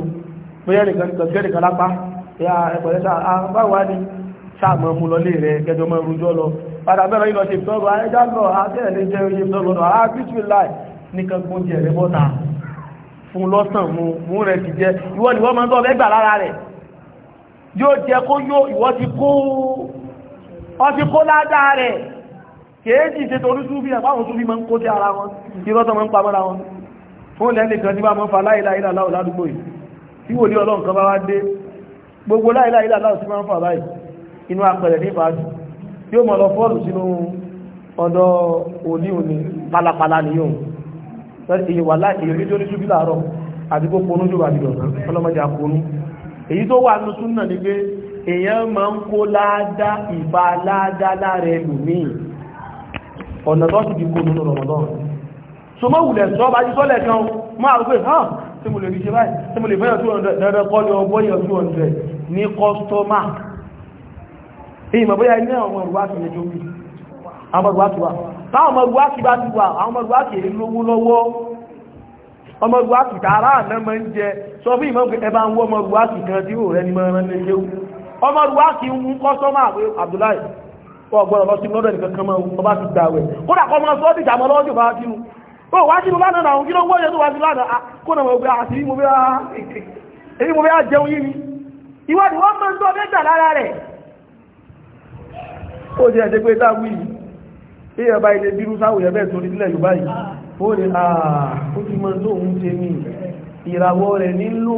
bóyá nìkan nìkan ya ẹ̀pọ̀lẹ́ sá báwo ni sáàmọ̀ mú lọlé rẹ̀ kẹjọ mọ́ ìrújọ́ lọ padà bẹ́rẹ̀ yìí lọ ṣe tọ́rọ ayéjá lọ akẹ́ẹ̀lẹ́ jẹ́ oye tọ́rọ lọ àbíṣùláì nìkan gbóúnjẹ rẹ̀ bọ́ta fún lọ́sàn mú ni wọ́n máa ń tọ́ ọbẹ̀ gbà lára rẹ̀ yóò jẹ́ kó yóò ìwọ ti kó ọ rẹ̀ kéèjì ṣe torí súnfí àpáwọn súnfí ma ń kó sí ara wọn ìrọ́tọ̀ ma ń pamọ́ra wọn fún lẹ́nìkan tí bá mọ́ fa láìláìláà ládùúgbò yìí tí wò ní ọlọ́run kan bá wá dé gbogbo láìláìláà sí máa ń fà báyìí inú apẹ̀rẹ̀ ní ìfàájú tí ó mọ̀ lọ fọ́ọ̀lù sínú ọ̀dọ̀ òní òní pálapàla nìyóò èyí wà láì èyí tó ní súnfí láàárọ̀ àti kó ponú jù àti dọ̀tán ọlọ́mọdé àponú èyí tó wà nínú súnà ni pé èèyàn máa ń kó láádá ìbá láádá láàrẹ ẹlòmíì ọ̀nà tó ti fi kó nínú Ramadan so mọ́ wùlẹ̀ sọ bá jí sọ́lẹ̀ kan máa rú pé hàn tí mo lè rí ṣe báyìí tí mo lè fẹ́yàn 200 dandan kọ́ ní ọgbọ́ yọ 200 ní kọ́stọ́mà èyí mọ̀ bóyá ilé àwọn ọmọrùwákì ní jókì àwọn ọmọrùwákì wà táwọn ọmọrùwákì bá ti wà àwọn ọmọrùwákì èyí lówó lọ́wọ́ ọmọrùwákì tààrà àná mọ́ ń jẹ sọ fún ìmọ̀ ẹbá ń wọ́ ọmọrùwákì kan tí ó rẹ ní mọ́ ọmọrùwákì ń kọ́stọ́mà Abdullahi ọgbọ́n lọ sí lọ́dọ̀ nìkan kan mọ́ bá ti gbà wẹ̀ kódà kọ́ máa sọ́ọ́dì ìjàmọ́ lọ́jọ́ bá kínú ó wá sínú lánàá àwọn kí ló wọ́n yẹn tó wá sí lánàá ah, kó nà mọ̀ pé àti ah, mo bẹ́ á ah, jẹun yí ni ìwádìí wọ́n máa ń tọ́ bẹ́ẹ̀ tà lára rẹ̀ ó jẹ́ ẹ̀jẹ̀ pé táwí yìí ẹ̀yẹ̀ báyìí lè bírú sáwò yẹ̀bẹ̀ torí sílẹ̀ yóò báyìí ó rí àà ó ti mọ́ tóun ṣe mí ìràwọ̀ rẹ̀ nílò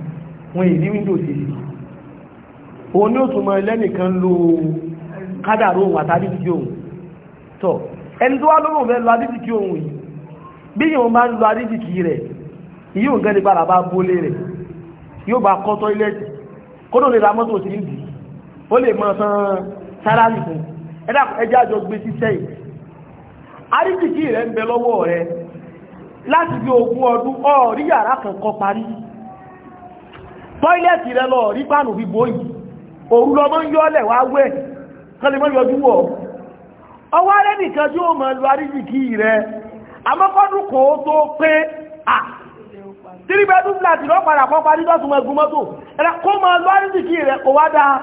wọn èdí wíńdò sí i òun ní òtún mọ ẹlẹ́nìkan lo kádàrú òun àtàdí ti òun tọ ẹni tó wá lóhùn fẹ́ lo adídìkì òun yìí bí yóò máa ń lo adídìkì rẹ̀ yóò gẹ́ ní padà bá bólé rẹ̀ yóò bá kọ́ tọ́ílẹ̀tì kódò lè ra mọ́tò sí ìdí ó lè mọ san sálárì fún ẹ̀dá ẹjẹ́ àjọ gbé sí sẹ́yìn adídìkì rẹ̀ ń bẹ lọ́wọ́ rẹ̀ láti bí ogún ọdún ọ̀rí yàrá kan kọ́ parí tọ́ílẹ̀tì rẹ lọ rí pàánù fi bóyì òun lọ mọ́ ń yọ́lẹ̀ wá wẹ̀ kọ́lẹ̀ mọ́ yọjú wọ̀ ọwọ́ rẹ̀ nìkan tí ó mọ̀ lu aríjìkí rẹ amọ́kọ́dún kò tó pé à tírí bẹ́ẹ̀ dúpọ̀ àti lọ́ padà kọ́ parí lọ́sùn ẹgbùn mọ́tò ẹ̀rẹ́ kó mọ̀ lu aríjìkí rẹ kò wá dáa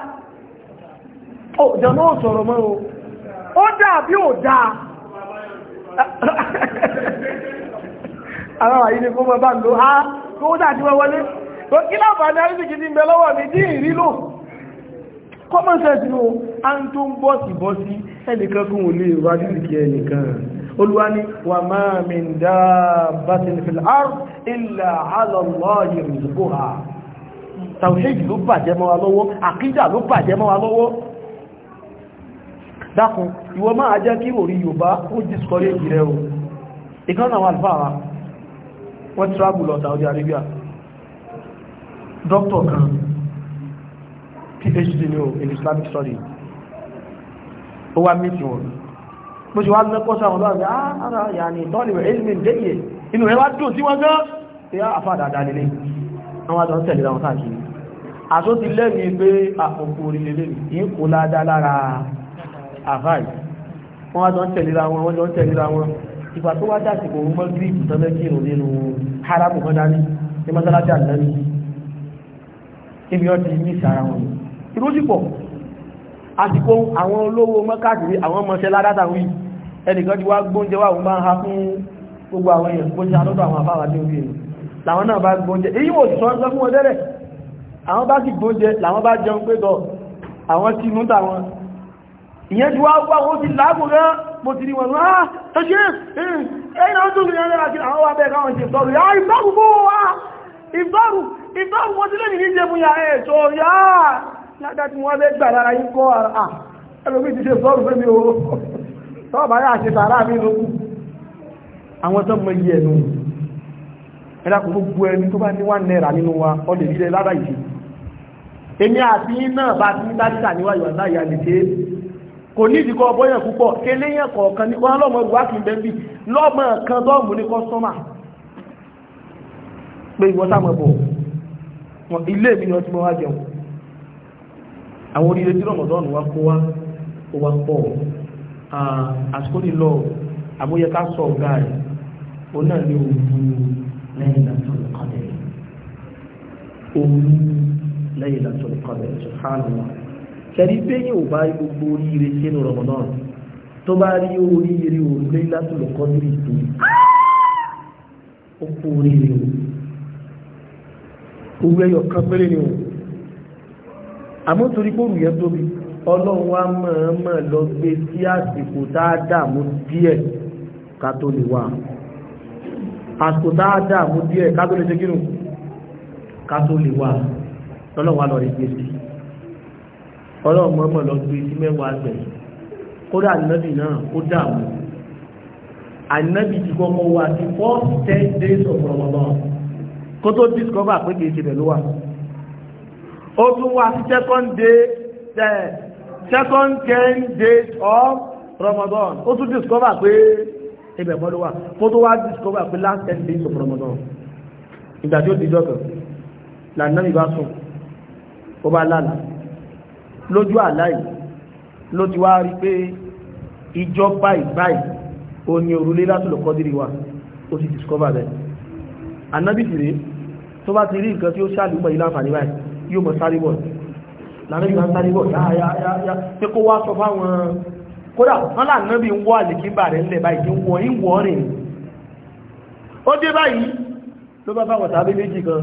ó jẹmọ́ ò sọ̀rọ̀ mọ́ o ó dáa bí ò dáa àwọn [LAUGHS] àyíní kó mọ̀ bá ń lo á kó dáa ti wọ́n wọlé tó kí láǹfààní àríṣìkí ti ń bẹ lọ́wọ́ mi tí ìrílò common sense ní a ń tó ń bọ́sì bọ́sí ẹnìkan kún ò lè wá dìrìkì ẹnìkan olúwa ni wà máa min dabbatin fil ard illa ala Allahi rizquha tàwíṣẹ́jì ló bàjẹ́ mọ́ wa lọ́wọ́ àkídà ló bàjẹ́ wọ́n travel lọ Saudi Arabia Doctor kan phd ní o in islamic study ó wá mítì wọn bó ṣe wá lẹ́kọ́ sáwọn lọ́wọ́ ah, ara yà ní ìtọ́lẹ̀ rẹ̀ ilmi dẹ́yẹ inú rẹ̀ wá dùn sí ah, wọ́n gán pé àfà dáadáa lélẹ̀ àwọn àjọ ń tẹ̀lé àwọn káàkiri àtó ti lẹ́ni pé àpòpò ah, orílẹ̀-èdè yìí kò ládá lára àfà yìí wọ́n àjọ ń tẹ̀lé àwọn wọ́n jọ ń tẹ̀lé àwọn ìgbà tó wá dásìkò mọ́ gíríìpù tán mẹ́kì haramu kan dání ní mọ́sálásí àdáni ibi wọn ti ní ìsara wọn irú sì pọ̀ àsìkò àwọn olówó mọ́kàkiri àwọn ọmọọṣẹ́ ládàtà wí ẹnìkan ti wá gbóúnjẹ wà wọn bá ń ha fún gbogbo àwọn èèyàn gbóúnjẹ alọ́dọ̀ àwọn afáwà ní orí èrò làwọn náà bá gbóúnjẹ èyí wò sọ ń sọ fún wọn tẹ́lẹ̀ àwọn bá sì gbóúnjẹ làwọn bá jẹun pé tọ àwọn tí inú tàwọn ìyẹn ti wá wá wọ́n ti láàgùn rán mo ti rí wọn rán ṣe ẹ̀yìn àwọn tó rí ẹ̀rẹ́ àti àwọn wà bẹ́ẹ̀ káwọn ṣe ìtọ́rù ìtọ́ wọn sílé ní ìjẹmú ya ẹ̀ẹ́tọ́ yá látàtí wọ́n bẹ́ gbà lára yí kọ́ àà ah, ah, ẹlòmí ti ṣe sọ́rù fẹ́ mi o tọ́ọ̀bá yá ṣe sàárà mi ló kù àwọn tó mọ iye ẹnu ẹ̀dàkùn gbogbo ẹni tó bá ní wà náírà nínú wa ọ lè rílẹ̀ lára ìṣe èmi àti náà bá ti ń dáríkà níwájú àtàyà lè ṣe kò ní ìdíkọ̀ ọbọ̀yàn púpọ̀ kéléyàn kọ̀ọ̀kan ní wọ́n lọ́mọ ìwà kìí bẹ́ẹ̀bì lọ́mọ kan tọ́ọ̀mù ní kọ́sọ́mà pé ìwọ́sàmọ̀ bọ̀ ilé mi wọ́n ti mọ́ wá jẹun àwọn oríire tí rọmọdán wá kó wá ó wá pọ̀ àsìkò nílọ àbóyẹ ká sọ ọ̀gá rẹ̀ ó náà ní òru lẹ́yìn látọ̀ lọ́kọ̀dẹ̀ òru lẹ́yìn látọ̀ lọ́kọ̀dẹ̀ subhanallah kẹrí bẹ́yìn ò bá gbogbo oríire sínú rọmọdán tó bá rí oríire òru lẹ́yìn látọ̀ lọ́kọ̀dẹ̀ tó ó kú oríire òru owó ẹyọ kan péré ni òun àmọ́ torí pé òrùyẹ tóbi ọlọ́run wa mọ̀ọ́mọ̀ lọ gbé sí àsìkò tá a dààmú díẹ̀ ká tó lè wà àsìkò tá a dààmú díẹ̀ ká tó lè ṣe kínú ká tó lè wà lọ́lọ́run wa lọ rí gbé sí ọlọ́run mọ̀ọ́mọ̀ lọ gbé sí mẹ́wàá gbẹ̀yìn kódà ànábì náà ó dààmú ànábì ti kọ́kọ́ wá sí four ten days of Ramadan kó tó discover pé kìí ṣe pẹ̀lú wa ó tún wá sí second day uh, second ten days of Ramadan ó tún discover pé ibẹ̀ bọ́ ló wà kó tó wá discover pé last ten days of Ramadan ìgbà tí ó dìjọ́ kan lànà ìbá sùn ó bá lánàá lójú àláì ló ti wá rí pé ìjọ báyìí báyìí ó ní òrùlé látòlòkọ́ dìrì wa ó ti discover bẹ́ẹ̀ ànábì sì rèé tó bá ti rí nǹkan tí ó ṣàlùmọ̀ ilé àǹfààní báyìí yóò mọ̀ sáré bọ̀ lànàbì máa ń sáré bọ̀ yáyáyá pé kó wá sọ fáwọn kódà wọn lànàbì ń wọ àlèkíbà rẹ̀ ńlẹ̀ báyìí tí ń wọ ń wọ rìn ó dé báyìí ló bá fáwọn tàbí méjì kan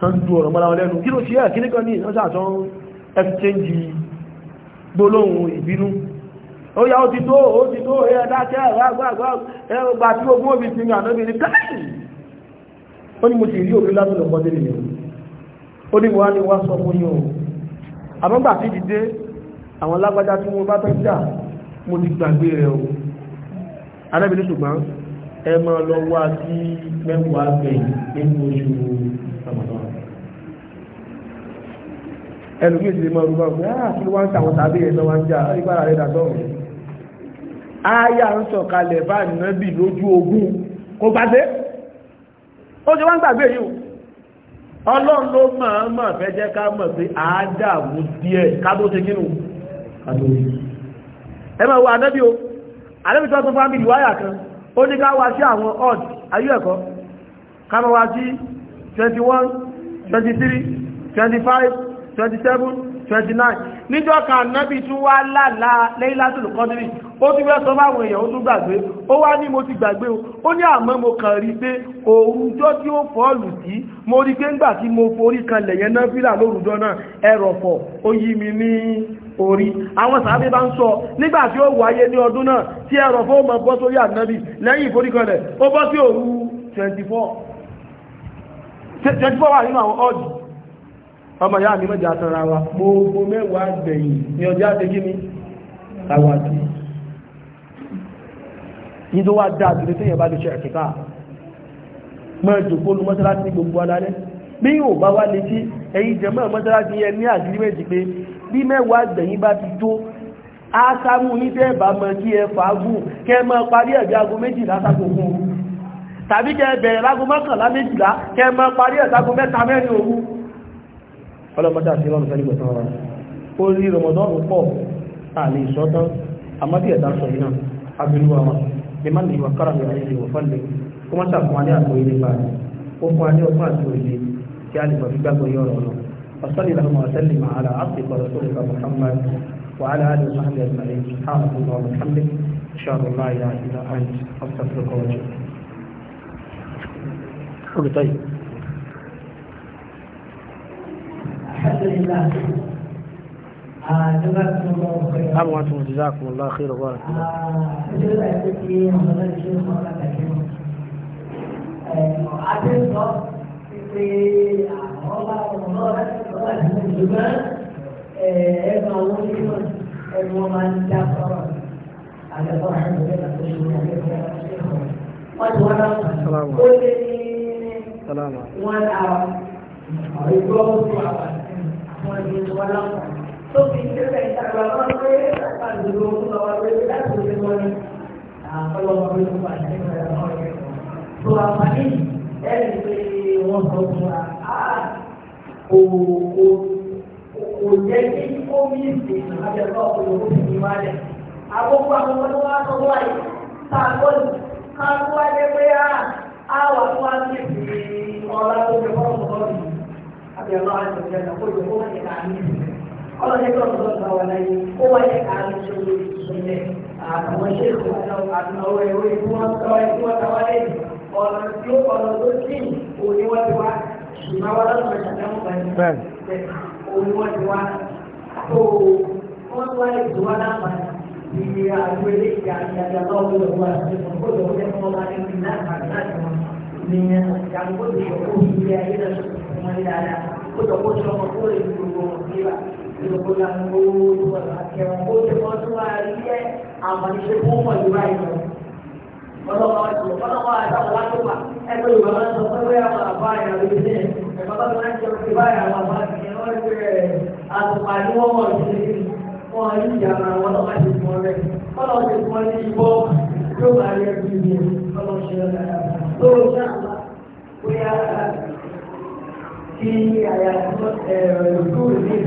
tán du ọ̀rọ̀ mọ́ra wọn lẹ́nu kí ló ṣe ẹ̀ kí ní kan ní ìránṣẹ́ àtọ́ exchange gbólóhùn ìbínú ó yá ó ti tó ó ti tó ẹ̀ dákẹ́ ẹ̀ gbàgbà ẹ̀ gbà tí ogún òbí ti ń ànábì ní káyìí ó ní mo sì rí òbí látọ̀lọ̀ kọ́dé nìyẹn ó ní mo wá ní wá sọ fún yín o àmọ́gbà sí ti dé àwọn lágbájá tí mo bá tán jà mo ti gbàgbé rẹ̀ o arábìnrin ṣùgbọ́n ẹ máa lọ wá sí mẹ́wàá gbẹ̀yìn nínú oṣù Ramadan ẹnu bí ìsìnlẹ̀ mọ̀rún bọ́n fún àà kí wọ́n ń tàwọn tàbí ẹ̀nà wọn jà ìbára rẹ̀ dàtọ́rùn ayà ń sọ̀kalẹ̀ bá nìyàn bí lójú ogun kó bá dé ó ṣe wá ń gbàgbé yìí ọlọ́run ló máa mọ̀ fẹ́ jẹ́ ká mọ̀ pé àádáàmú díẹ̀ kádó ṣe kínú kàdórí ẹ máa o ànábì tó tún fámìlì wáyà kan ó ní ká wá sí àwọn ọ̀d ayé ẹ̀kọ́ ká máa wá sí 21 23 25 27 29 níjọ́ kan ànábì tún wá lálàá Laylatul Qadri ó ti fẹ́ sọ báwọn èèyàn ó tún gbàgbé ó wá ní mo ti gbàgbé o ó ní àmọ́ mo kàn rí pé òòrùjọ́ tí ó fọ́ọ̀lù sí mo rí pé ńgbà tí mo forí kanlẹ̀ yẹn náà fílà lórújọ́ náà ẹrọ̀fọ̀ ó yí mi ní orí àwọn bá ń sọ nígbà tí ó wáyé ní ọdún náà tí ẹrọ̀fọ̀ ó mọ bọ́ sórí ànábì lẹ́yìn 24 wà nínú àwọn ọmọ ìyá mi mẹ́jọ àtàrà wa gbogbo mẹ́wàá gbẹ̀yìn ni ọjọ́ àti kí ni yìí tó wá dáa jùlọ tó yẹn bá lè ṣe ẹ̀kíkà máa jòkó lu mọ́sálásí ní gbogbo alálẹ́ bí yóò bá wá létí ẹ̀yin jẹ̀mọ́ mọ́sálásí yẹn ní àgírímẹ́ǹtì pé bí mẹ́wàá gbẹ̀yìn bá ti tó ásámú ní tẹ́ẹ̀bà mọ̀ kí ẹ fàágùn kẹ mọ́ parí ẹ̀bí ago méjìlá ságogun ooru tàbí kẹ bẹ̀rẹ̀ lágo mọ́kànlá méjìlá kẹ mọ́ parí ẹ̀ságo mẹ́ta mẹ́rin ooru bímánì ìwà káràmì àyẹ̀lẹ̀ ìwà fọ́lẹ̀ kó má sàkún alẹ́ àgbọ̀ ilé bá rẹ̀ ó fún alẹ́ ọgbọ́n àti òye tí a lè bọ̀ fi gbàgbọ́ yọ̀rọ̀ ọ̀nà ọ̀sán ìlànà ọ̀sẹ́lì màálà àti ìkọ̀rọ̀ sórí ìgbà Muhammad وعلى آله وصحبه أجمعين سبحانك اللهم وبحمدك أشهد أن لا إله إلا أنت أستغفرك وأتوب إليك. الحمد لله àwọn àti òjìjá kùn láàkí rọ̀wọ́ rẹ̀. Ẹgbẹ́ àwọn onímọ̀ ẹgbẹ́ máa ń dá sọ́rọ̀. Àgbẹ̀kọ́ àwọn ìgbẹ́ àti òṣèlú ẹgbẹ́ wọ́n ti wọ́n náà ó lé ní one hour. Ìgbọ́ oṣù àwọn àti wọ́n ti wọ́n náà tó fi ṣẹ́fẹ̀ ìtàgbà máa ń pé àgbàdo ogun lọ́wọ́ pé láti ṣe wọ́n ní àpẹẹrẹ ọmọ orí fún àti ẹgbẹ́ ọmọ rẹ̀. tó àǹfààní ẹ̀rí pé wọ́n sọ fún wa á kò kò kò jẹ́ kí ó mí ìsè àbẹ̀kọ́ òyìnbó sì ní wá lẹ̀. àkókò àwọn ọmọ wa sọ wá yìí tá a gbọ́dọ̀ ká tó wá jẹ́ pé á á wà fún wa sí ìsè ọ̀la tó fẹ́ fọ́ọ̀mù lọ́ọ̀dù àbẹ̀kọ́ àti ìjọba kó ìjọba ó ọlọ́dẹ tó ń bọ̀ sọ láyé ó wáyé àárín tó lè ṣẹlẹ̀ àtàwọn ṣe ìlú àtàwọn ẹ̀rọ ìlú wọn sọ ẹ̀kú wọn tàwọn lẹ́yìn ọ̀nà tí ó ọ̀nà tó dín òní wọn ti wá ṣùgbọ́n wọn lọ́sọ̀ ìṣàdáwọ̀ báyìí òní wọn ti wá tó wọn tó wáyé tó wá láǹfààní ìdí àwọn ilé ìyá ìyàgbà náà wọ́n lọ́wọ́ àti ìfọ̀kọ́lọ́ wọn lẹ́kọ́ wọn láti fi láǹfààní láti wọn ní ìyàgbọ́ ìṣòkò ìdílé ayé náà ṣòkò fún wọn dáadáa ó jọ kó ṣọmọ kó lè fi gbogbo wọn ìṣòro làwọn owó ìwọ̀n àti ẹ̀wọ̀n kó tẹ̀ wọ́n tún máa rí ẹ́ àǹfààní ṣe fún ọmọ ìlú báyìí lọ. ọlọ́wọ́ ọlọ́wọ́ àtàwọn látọ̀pà ẹgbẹ́ Yorùbá máa ń sọ pé bẹ́ẹ̀ àwọn àbá ìyàwó ilé ẹ̀fọ́ bá máa ń jẹ oṣù báyìí àwọn àbá ìyàwó ilé àtùpà ní wọ́n mọ̀ ìṣẹ́lẹ̀ wọn ní ìjàmbá wọn lọ́wọ́ ti fún ọ rẹ̀ ọlọ́wọ́ ti fún ọ ní ìbọ́ yóò máa rí ẹbí mi ọlọ́wọ́ ṣe ọ̀dà lórí sáà bóyá kí àyà ìlú ìlú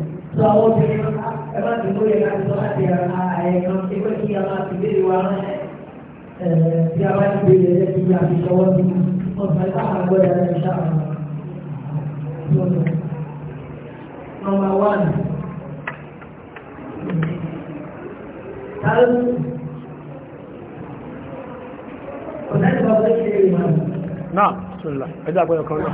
sọ àwọn obìnrin náà ẹ má ti múlẹ̀ láti sọ láti ara ẹ̀ kan ṣe pé kí a máa ti béèrè wa rẹ̀ ẹ̀ tí a bá ti béèrè ẹ̀ ti yà fi ṣọwọ́ sí i wọ́n fẹ́ káwọn agbọ́dọ̀ ẹ̀ ṣá Nọmba wán. Tálọ́ ọ̀sán ìgbà wọlé ṣe é rí màá. Náà, sọ̀rọ̀ ẹ̀dá àgbẹ̀yọ̀ kan náà.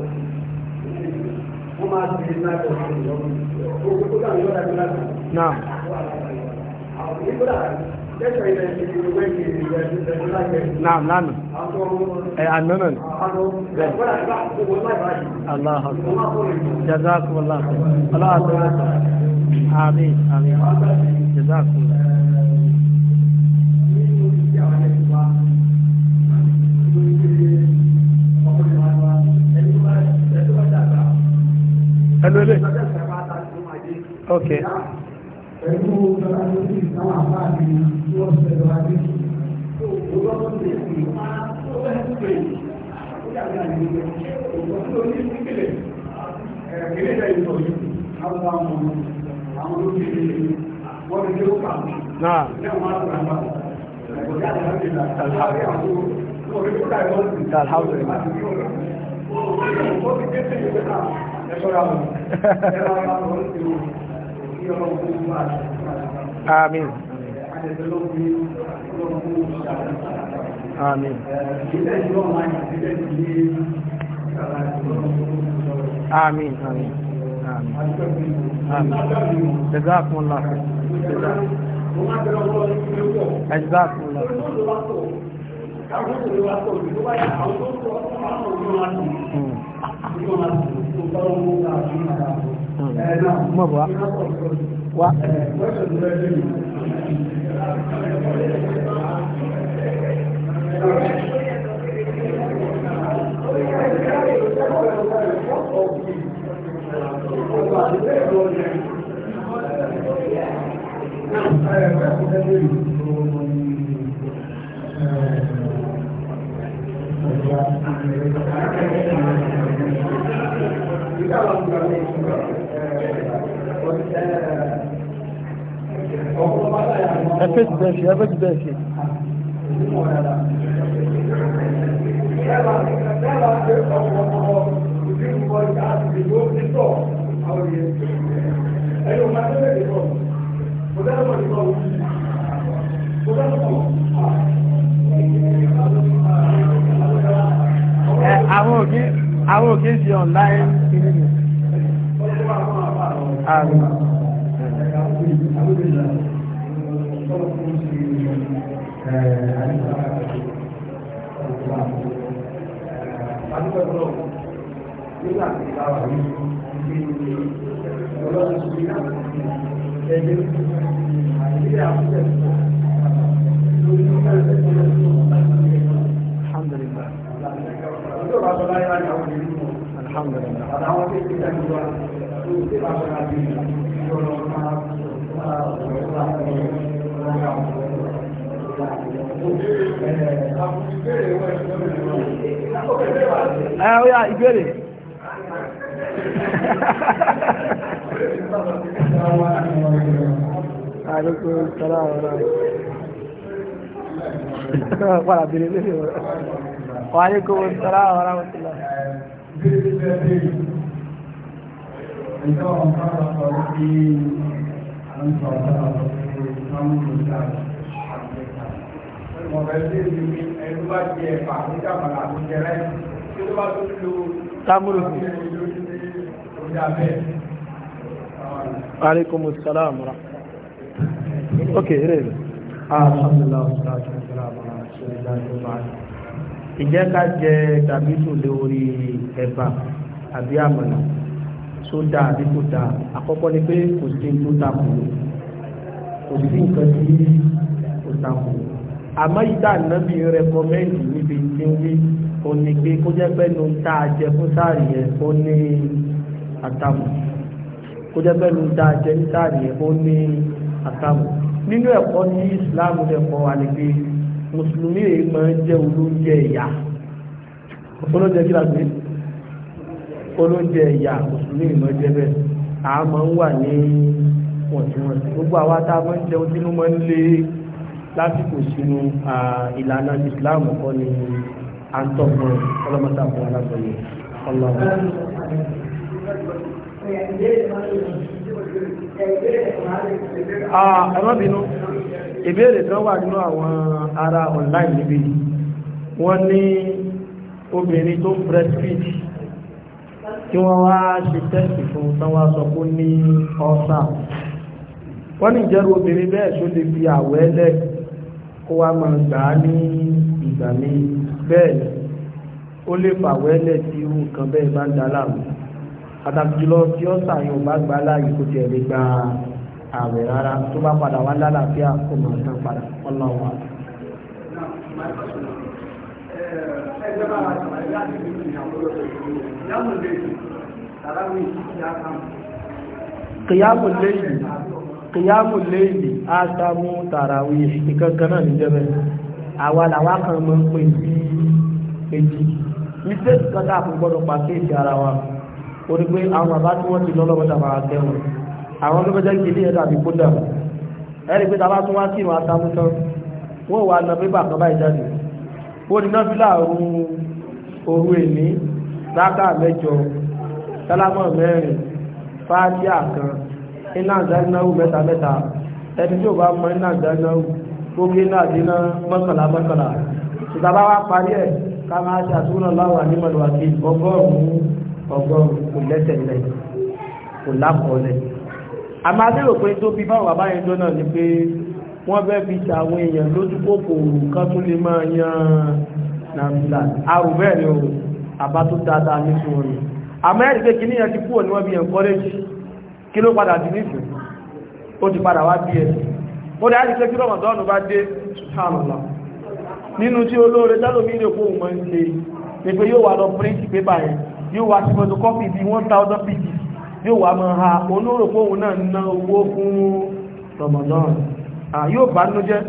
Naam. Naam, naam. Eh, annanan. Allah Jazakumullah. Allah Amin, amin. Jazakumullah. pẹ̀lú ilé ok Náà. Alhamdulillah. Alhamdulillah. Àmín. Àmín. Àmín. Àmín. Àmín. جزاكم الله خير جزاكم الله خير mọ̀ bọ̀ wá. Thank you. Efes beşi, efes beşi. Thank you. Eh, àwọn òkè ṣe online ìrìnà àrùn Nígbà tí a wà ní ilé ọlọ́run sí ìrìnà ẹgbẹ́ ìrìnà àìlera fún ẹ̀sùn lórí ọ̀pẹ́ ìrìnà. bá sọ láyé láti àwọn ìlú mọ̀ àtàwọn tí ọ̀rọ̀. Wàhálíkò sọ́lá ọ̀rá òtìlá. Tamuru. Aleykum salaam wa rahmatulah. Ok, ire. Alhamdulilah, wa salatu wa salam ala rasulillah wa ala ìjẹ́ ká jẹ tàbí tò lé orí ẹ̀bà àbí àmàlà tó dáa àbí kò dáa àkọ́kọ́ ni pé kò sí tó takò kò sí nǹkan tí kò takò àmọ́ ìdá nàbí rẹkọmẹ́ǹdì níbi tí ń wí ó ní pé kó jẹ́ pé nu tá a jẹ fún sáàrì yẹn ó ní àtàmù kó jẹ́ pé nu tá a jẹ ní sáàrì yẹn ó ní àtàmù nínú ẹ̀kọ́ ní Islam ẹ̀kọ́ wa ni pé mùsùlùmí rẹ̀ máa ń jẹ́ olóúnjẹ ẹ̀yà olóúnjẹ kí láti olóúnjẹ ẹ̀yà mùsùlùmí rẹ̀ máa ń jẹ́ bẹ́ẹ̀ a máa ń wà ní wọ̀ntúnwọ̀ntún gbogbo àwa tá a máa ń jẹun sínú máa ń lé lásìkò sínú ìlànà Islam kọ́ ni à ń tọ́gbọ́n ọlọ́mọta fún alágbọ̀nyẹ ọlọ́run. ẹ̀rọ bínú ìbéèrè kan wà nínú àwọn ará online níbi wọ́n ní obìnrin tó breastfeed tí wọ́n wá ṣe tẹ́sì fún tánwà sọ kó ní ọ́sà wọ́n ní jẹ́rù obìnrin bẹ́ẹ̀ tó lè fi àwẹ̀ lẹ̀ kó wá máa gbà á ní ìgbà mi bẹ́ẹ̀ ó lè fàwẹ̀ lẹ̀ tí irú nǹkan bẹ́ẹ̀ bá ń dá láàmú pàtàkì jùlọ tí ọ́sà yóò bá gbà láàyè kó tiẹ̀ lè gbà á àwẹ̀ rárá tó bá padà wá lálàáfíà kò tán padà ọlọ́wà. kìyàmù léyìí kìyàmù léyìí ásámú tàràwí ìkankan náà níjẹ́bẹ̀ àwa làwa kan ń pè èjì kan gbọ́dọ̀ pàṣẹ ìṣe ara wa orí pé àwọn bàbá tí wọ́n ti lọ́lọ́wọ́ àwọn ló bẹ́jẹ́ kìí ẹ̀dà àbí kódà ẹ̀rí pé tàbá tún wá sí ìrìn àtàmú tán wọ́n wà nà pépà kan báyìí jáde ó ní náà fílà òru èní láká mẹ́jọ sálámọ̀ mẹ́rin fáájíà kan iná àdánáwó mẹ́ta mẹ́ta ẹni tí ò bá mọ iná àdánáwó ó gé náà dínà mọ́kànlá mọ́kànlá ìtàbá wa parí ẹ̀ ká máa ṣe àtúnà láwà ní mọ̀lúwàkì ọgọ́rùn-ún ọgọ́rùn-ún kò lẹ́sẹ̀ lẹ̀ kò lápọ̀ lẹ̀ àmọ́ adérò pé tó bí báwọn bàbá yẹn jọ náà ni pé wọ́n fẹ́ fi ṣàwọn èèyàn lójú kòkòrò kan tún lè máa yan nàìjíríà àrùn bẹ́ẹ̀ ni o àbá tó dáadáa ní fún wọn àmọ́ ẹ̀rí pé kìíní yẹn ti kúrò ní wọ́n bí encourage kí ló padà dì nísìn ó ti padà wá bí ẹ̀ ó dá ẹ̀rí pé kí rọ̀mọ̀dọ́nù bá dé ṣàlùlà nínú tí olóore tẹ́lómi lè kó òun mọ́ ń ṣe pé yóò wà lọ print paper yẹn yóò wá sí photocopy bí one pages yóò wà máa ha onóròpóhùn náà ná owó fún Ramadan yóò bá nú jẹ́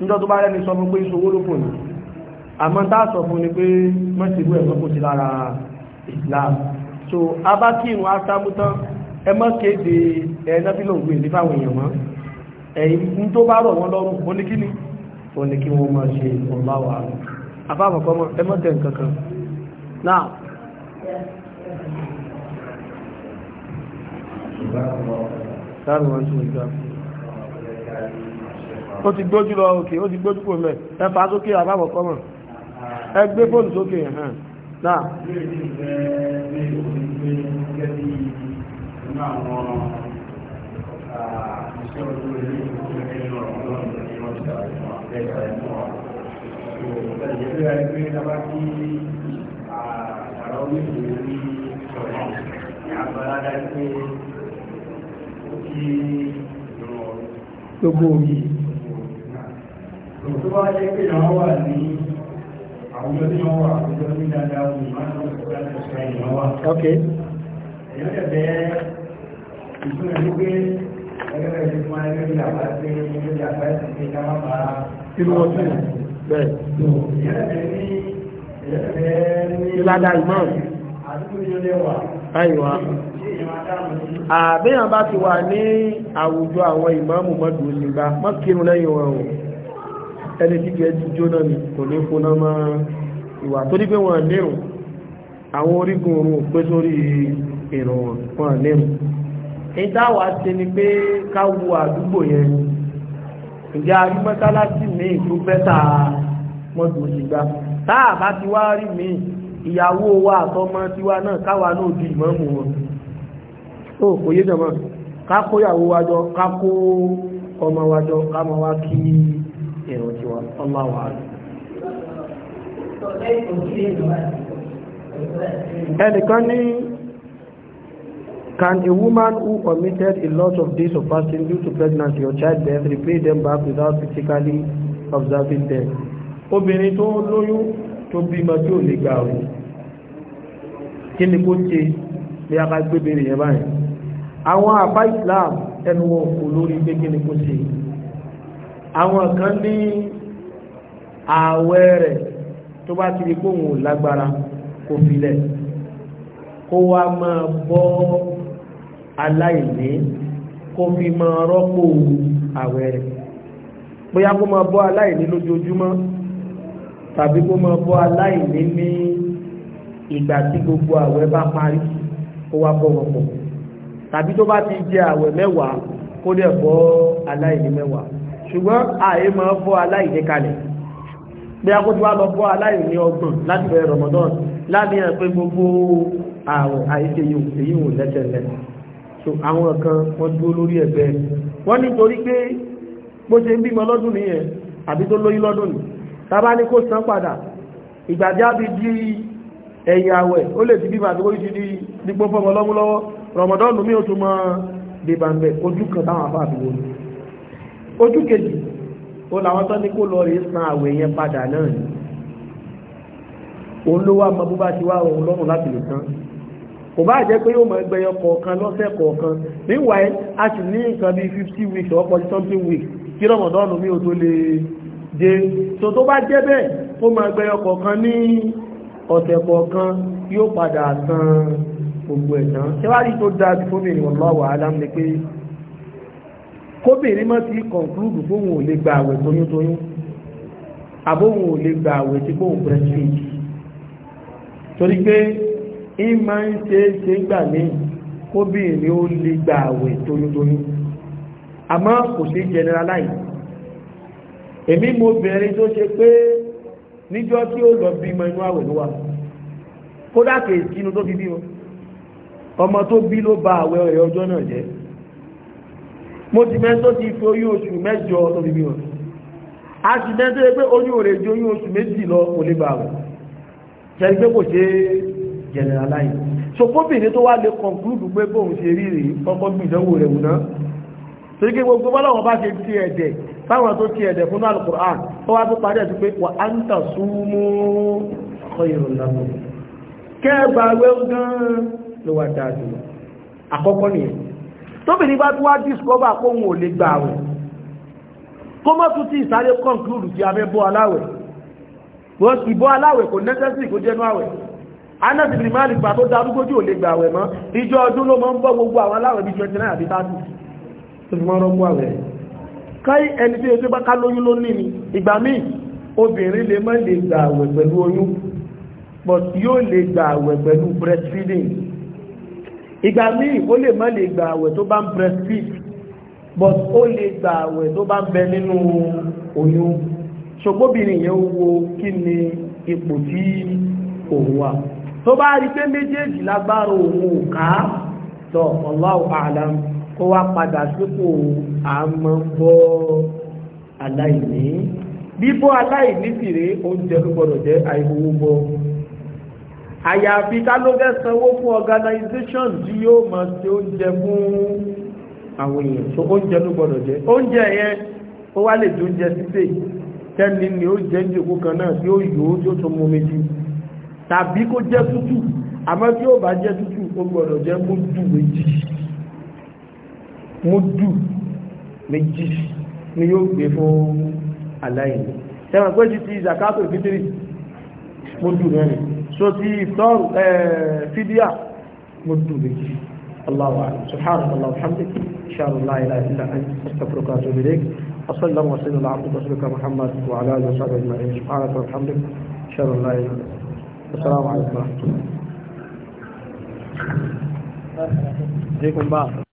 níjọ́ tó bá rẹ́ni sọ fún pé ìṣòwò ló ní àmọ́ sọ fún ni pé mọ́sílú ẹ̀mọ́ kò sí lára Islam so abákírun asámútán ẹmọ́ kéde ẹ̀ẹ́nàbílòǹgbè nífàwọn èèyàn mọ́ ẹ̀yìn tó bá rọ̀ wọ́n lọ́rùn oníkíní oníkí wọ́n máa ṣe ọláwà àbábọ̀kọ́mọ́ ẹmọ́tẹ̀ nǹkankan láàrin wọn sí ìjọ ó ti gbójú lọ òkè ó ti gbójú kò mẹ́ ẹfà sókè àbábọ̀ kọ́mọ̀ ẹ gbé fóònù sókè hàn náà Thank you sí gbogbo omi tó bá jẹ́ pé náà wà ní àwùjọ tí wọ́n wà àwùjọ ní dáadáa wù máa ń lọ láti ṣe ìyàn wà èyàn lè bẹ́ ní pé ẹgbẹ́ ti fún ẹgbẹ́ bí àbá sí ilé àbá sí pé ká má bàa irú ọtún bẹ́ẹ̀ èyàn lè ní ìlàdà ìmọ̀ àìwá àbíyàn bá ti wà ní àwùjọ àwọn ìmáàmù mọ́dù nígbà mọ́ kírun lẹ́yìn wọn o ẹni tí kẹ́ ti jóná ní kò ní fúnná mọ́ ìwà tó ní pé wọ́n nírun àwọn orígun oòrùn pé sórí ìrùn wọn nírun ìyàwó wa àtọmọ tiwa náà káwa náà di ìmọ̀mù wọn ó kò yé jọmọ́ ká ìyàwó wa jọ ọmọ wa jọ wá kí èrò tiwa ọmọ wa ẹnìkan ní Can a woman who committed a lot of days of fasting due to pregnancy or childbirth repay them back without physically observing them? Obìnrin tó lóyún tó bímọ tí ò lè gbà ò kí ni kó ṣe ní aka gbé bèrè yẹn báyìí àwọn àbá Islam ẹnu wọn kò lórí pé kí ni kó ṣe àwọn kan ní ààwẹ̀ rẹ̀ tó bá ti di pé òun ò lágbára kò kó wá máa bọ́ aláìní kó fi máa rọ́pò ààwẹ̀ rẹ̀ bóyá kó máa bọ́ aláìní lójoojúmọ́ tàbí kó máa bọ́ aláìní ní ìgbà tí gbogbo àwẹ̀ bá parí kó wá bọ́ wọn pọ̀ tàbí tó bá ti jẹ àwẹ̀ mẹ́wàá kó dẹ̀ bọ́ aláìní mẹ́wàá ṣùgbọ́n àyè máa bọ́ aláìní kalẹ̀ pé akótó wa lọ bọ́ aláìní ọgbọ̀n láti bẹ̀rẹ̀ rọmọdọ́n láti hàn pé gbogbo àwẹ̀ àyíṣe yòó èyí ò lẹ́sẹ̀ lẹ́sẹ̀ so àwọn kan wọ́n dúró lórí ẹ̀ bẹ́ẹ̀ wọ́n nítorí pé bó ṣe ń bímọ lọ́dún nìyẹn àbí tó lóyún lọ́dún nìyẹn tàbá ní kó san padà ìgbàjáde di ẹ̀yìn àwẹ̀ ó lè ti bíbà tó ti di dípò fọmọ lọ́múlọ́wọ́ rọmọdọ́nù mí ó tún mọ́ dìbàǹbẹ̀ ojú kan táwọn afá àbúrò ní ojú kejì ó làwọn tán ní kó lọ rí san àwẹ̀ yẹn padà náà ni òun ló wá mọ bó bá ti wá òun lọ́rùn láti lè san kò bá jẹ́ pé yóò mọ ẹgbẹ́yọ kọ̀ọ̀kan lọ́sẹ̀ kọ̀ọ̀kan meanwhile a sì ní nǹkan bíi fifty weeks or forty something weeks kí rọmọdọ́nù mí ó tó lè dé tó tó bá jẹ́ bẹ́ẹ̀ ó máa gbẹ ọkọ̀ kan ní ọ̀sẹ̀ kọ̀ọ̀kan yóò padà san gbogbo ẹ̀tàn ṣẹ́wárí tó dáa ju fóbìnrin wallahu a'lam ni pé kóbìnrin mọ́ ti kọ̀ǹkúrúdù fóun ò lè gba àwẹ̀ toyúntoyún àbóhun ò lè gba àwẹ̀ tí fóun breastfeed torí pé ń máa ń ṣe é ṣe gbà ní kóbìnrin ó lè gba àwẹ̀ toyúntoyún àmọ́ kò sí generalize èmi mo bẹ̀rẹ̀ tó ṣe pé níjọ́ tí ó lọ bímọ inú àwẹ̀ ló wà kódà kè sínú tó fi bímọ ọmọ tó bí ló ba àwẹ̀ ọ̀rẹ́ ọjọ́ náà jẹ́ mo ti mẹ́ tó ti fi oyún oṣù mẹ́jọ tó fi bímọ a sì mẹ́ tó yẹ pé oyún òrè ju oyún oṣù méjì lọ kò lè ba àwẹ̀ ṣẹ́ni pé kò ṣe generalize sopobìnrin tó wá lè conclude pé bóun ṣe rí rèé kọ́kọ́ gbìdánwò rẹ̀ wù náà torí pé gbogbo bọ́lá wọn bá ṣe ti ẹ̀dẹ̀ táwọn tó ti ẹ̀dẹ̀ fún al-Qur'an tó wá tó parí ẹ̀sùn pé wà á ń tà súnmú khayrun lakum kẹ́ẹ̀bà wẹ́gán ló wà dáadù àkọ́kọ́ nìyẹn tóbìnrin bá tún wá discover kóhun ò lè gbà àwẹ̀ kó mọ́ tún ti ìsáré conclude ti abẹ́bọ́ aláwẹ̀ wọ́n sì bọ́ aláwẹ̀ kò necessary kó jẹ́nu àwẹ̀ Anas ibn Malik pàtó darúgbójú ò lè gbà àwẹ̀ mọ́ ìjọ ọdún ló mọ́ ń bọ́ gbogbo àwọn aláwẹ̀ bíi twenty nine àbí thirty tó fi mọ́ rọ́gbọ́ àwẹ̀ rẹ̀ káyí ẹni tí ètò bá ká lóyún ló ní ni ìgbà míì obìnrin lè má lè gbà àwẹ̀ pẹ̀lú oyún but yóò lè gbà àwẹ̀ pẹ̀lú breastfeeding ìgbà míì ó lè má lè gbà àwẹ̀ tó bá ń breastfeed but ó lè gbà àwẹ̀ tó bá ń bẹ nínú oyún ṣògbóbìnrin yẹn wo kí ni ipò tí òun wà tó bá rí pé méjèèjì lágbára òun ò ká tọ Allahu a'lam kó wá padà sípò àmọ́ bọ́ aláìní bíbọ́ aláìní sì rèé oúnjẹ ló gbọ́dọ̀ jẹ́ àìmọ̀wó bọ́ àyàfi ká ló fẹ́ sanwó fún organization tí yóò máa ṣe oúnjẹ fún àwọn èèyàn tó oúnjẹ ló gbọ́dọ̀ jẹ́ oúnjẹ yẹn ó wá lè jẹ oúnjẹ sísè tẹ́ni ni ó jẹ́ ìjòkó kan náà tí ó yòó tí ó tún mú mi jù tàbí kó jẹ́ tútù àmọ́ tí ó bá jẹ́ tútù ó gbọ́dọ̀ jẹ́ mú jù méjì múdù méjì ni yóò gbé fún aláìní tẹ́wọ̀n pé ti ti zakato fitiri múdù mẹ́rin so ti iftar fidia múdù méjì Allahu a'lam subhanallah walhamdulillah inshallah la ilaha illa anta astaghfiruka wa atubu ilayk وسلم محمد وعلى اله وصحبه اجمعين سبحانك وبحمدك اشهد السلام عليكم ورحمه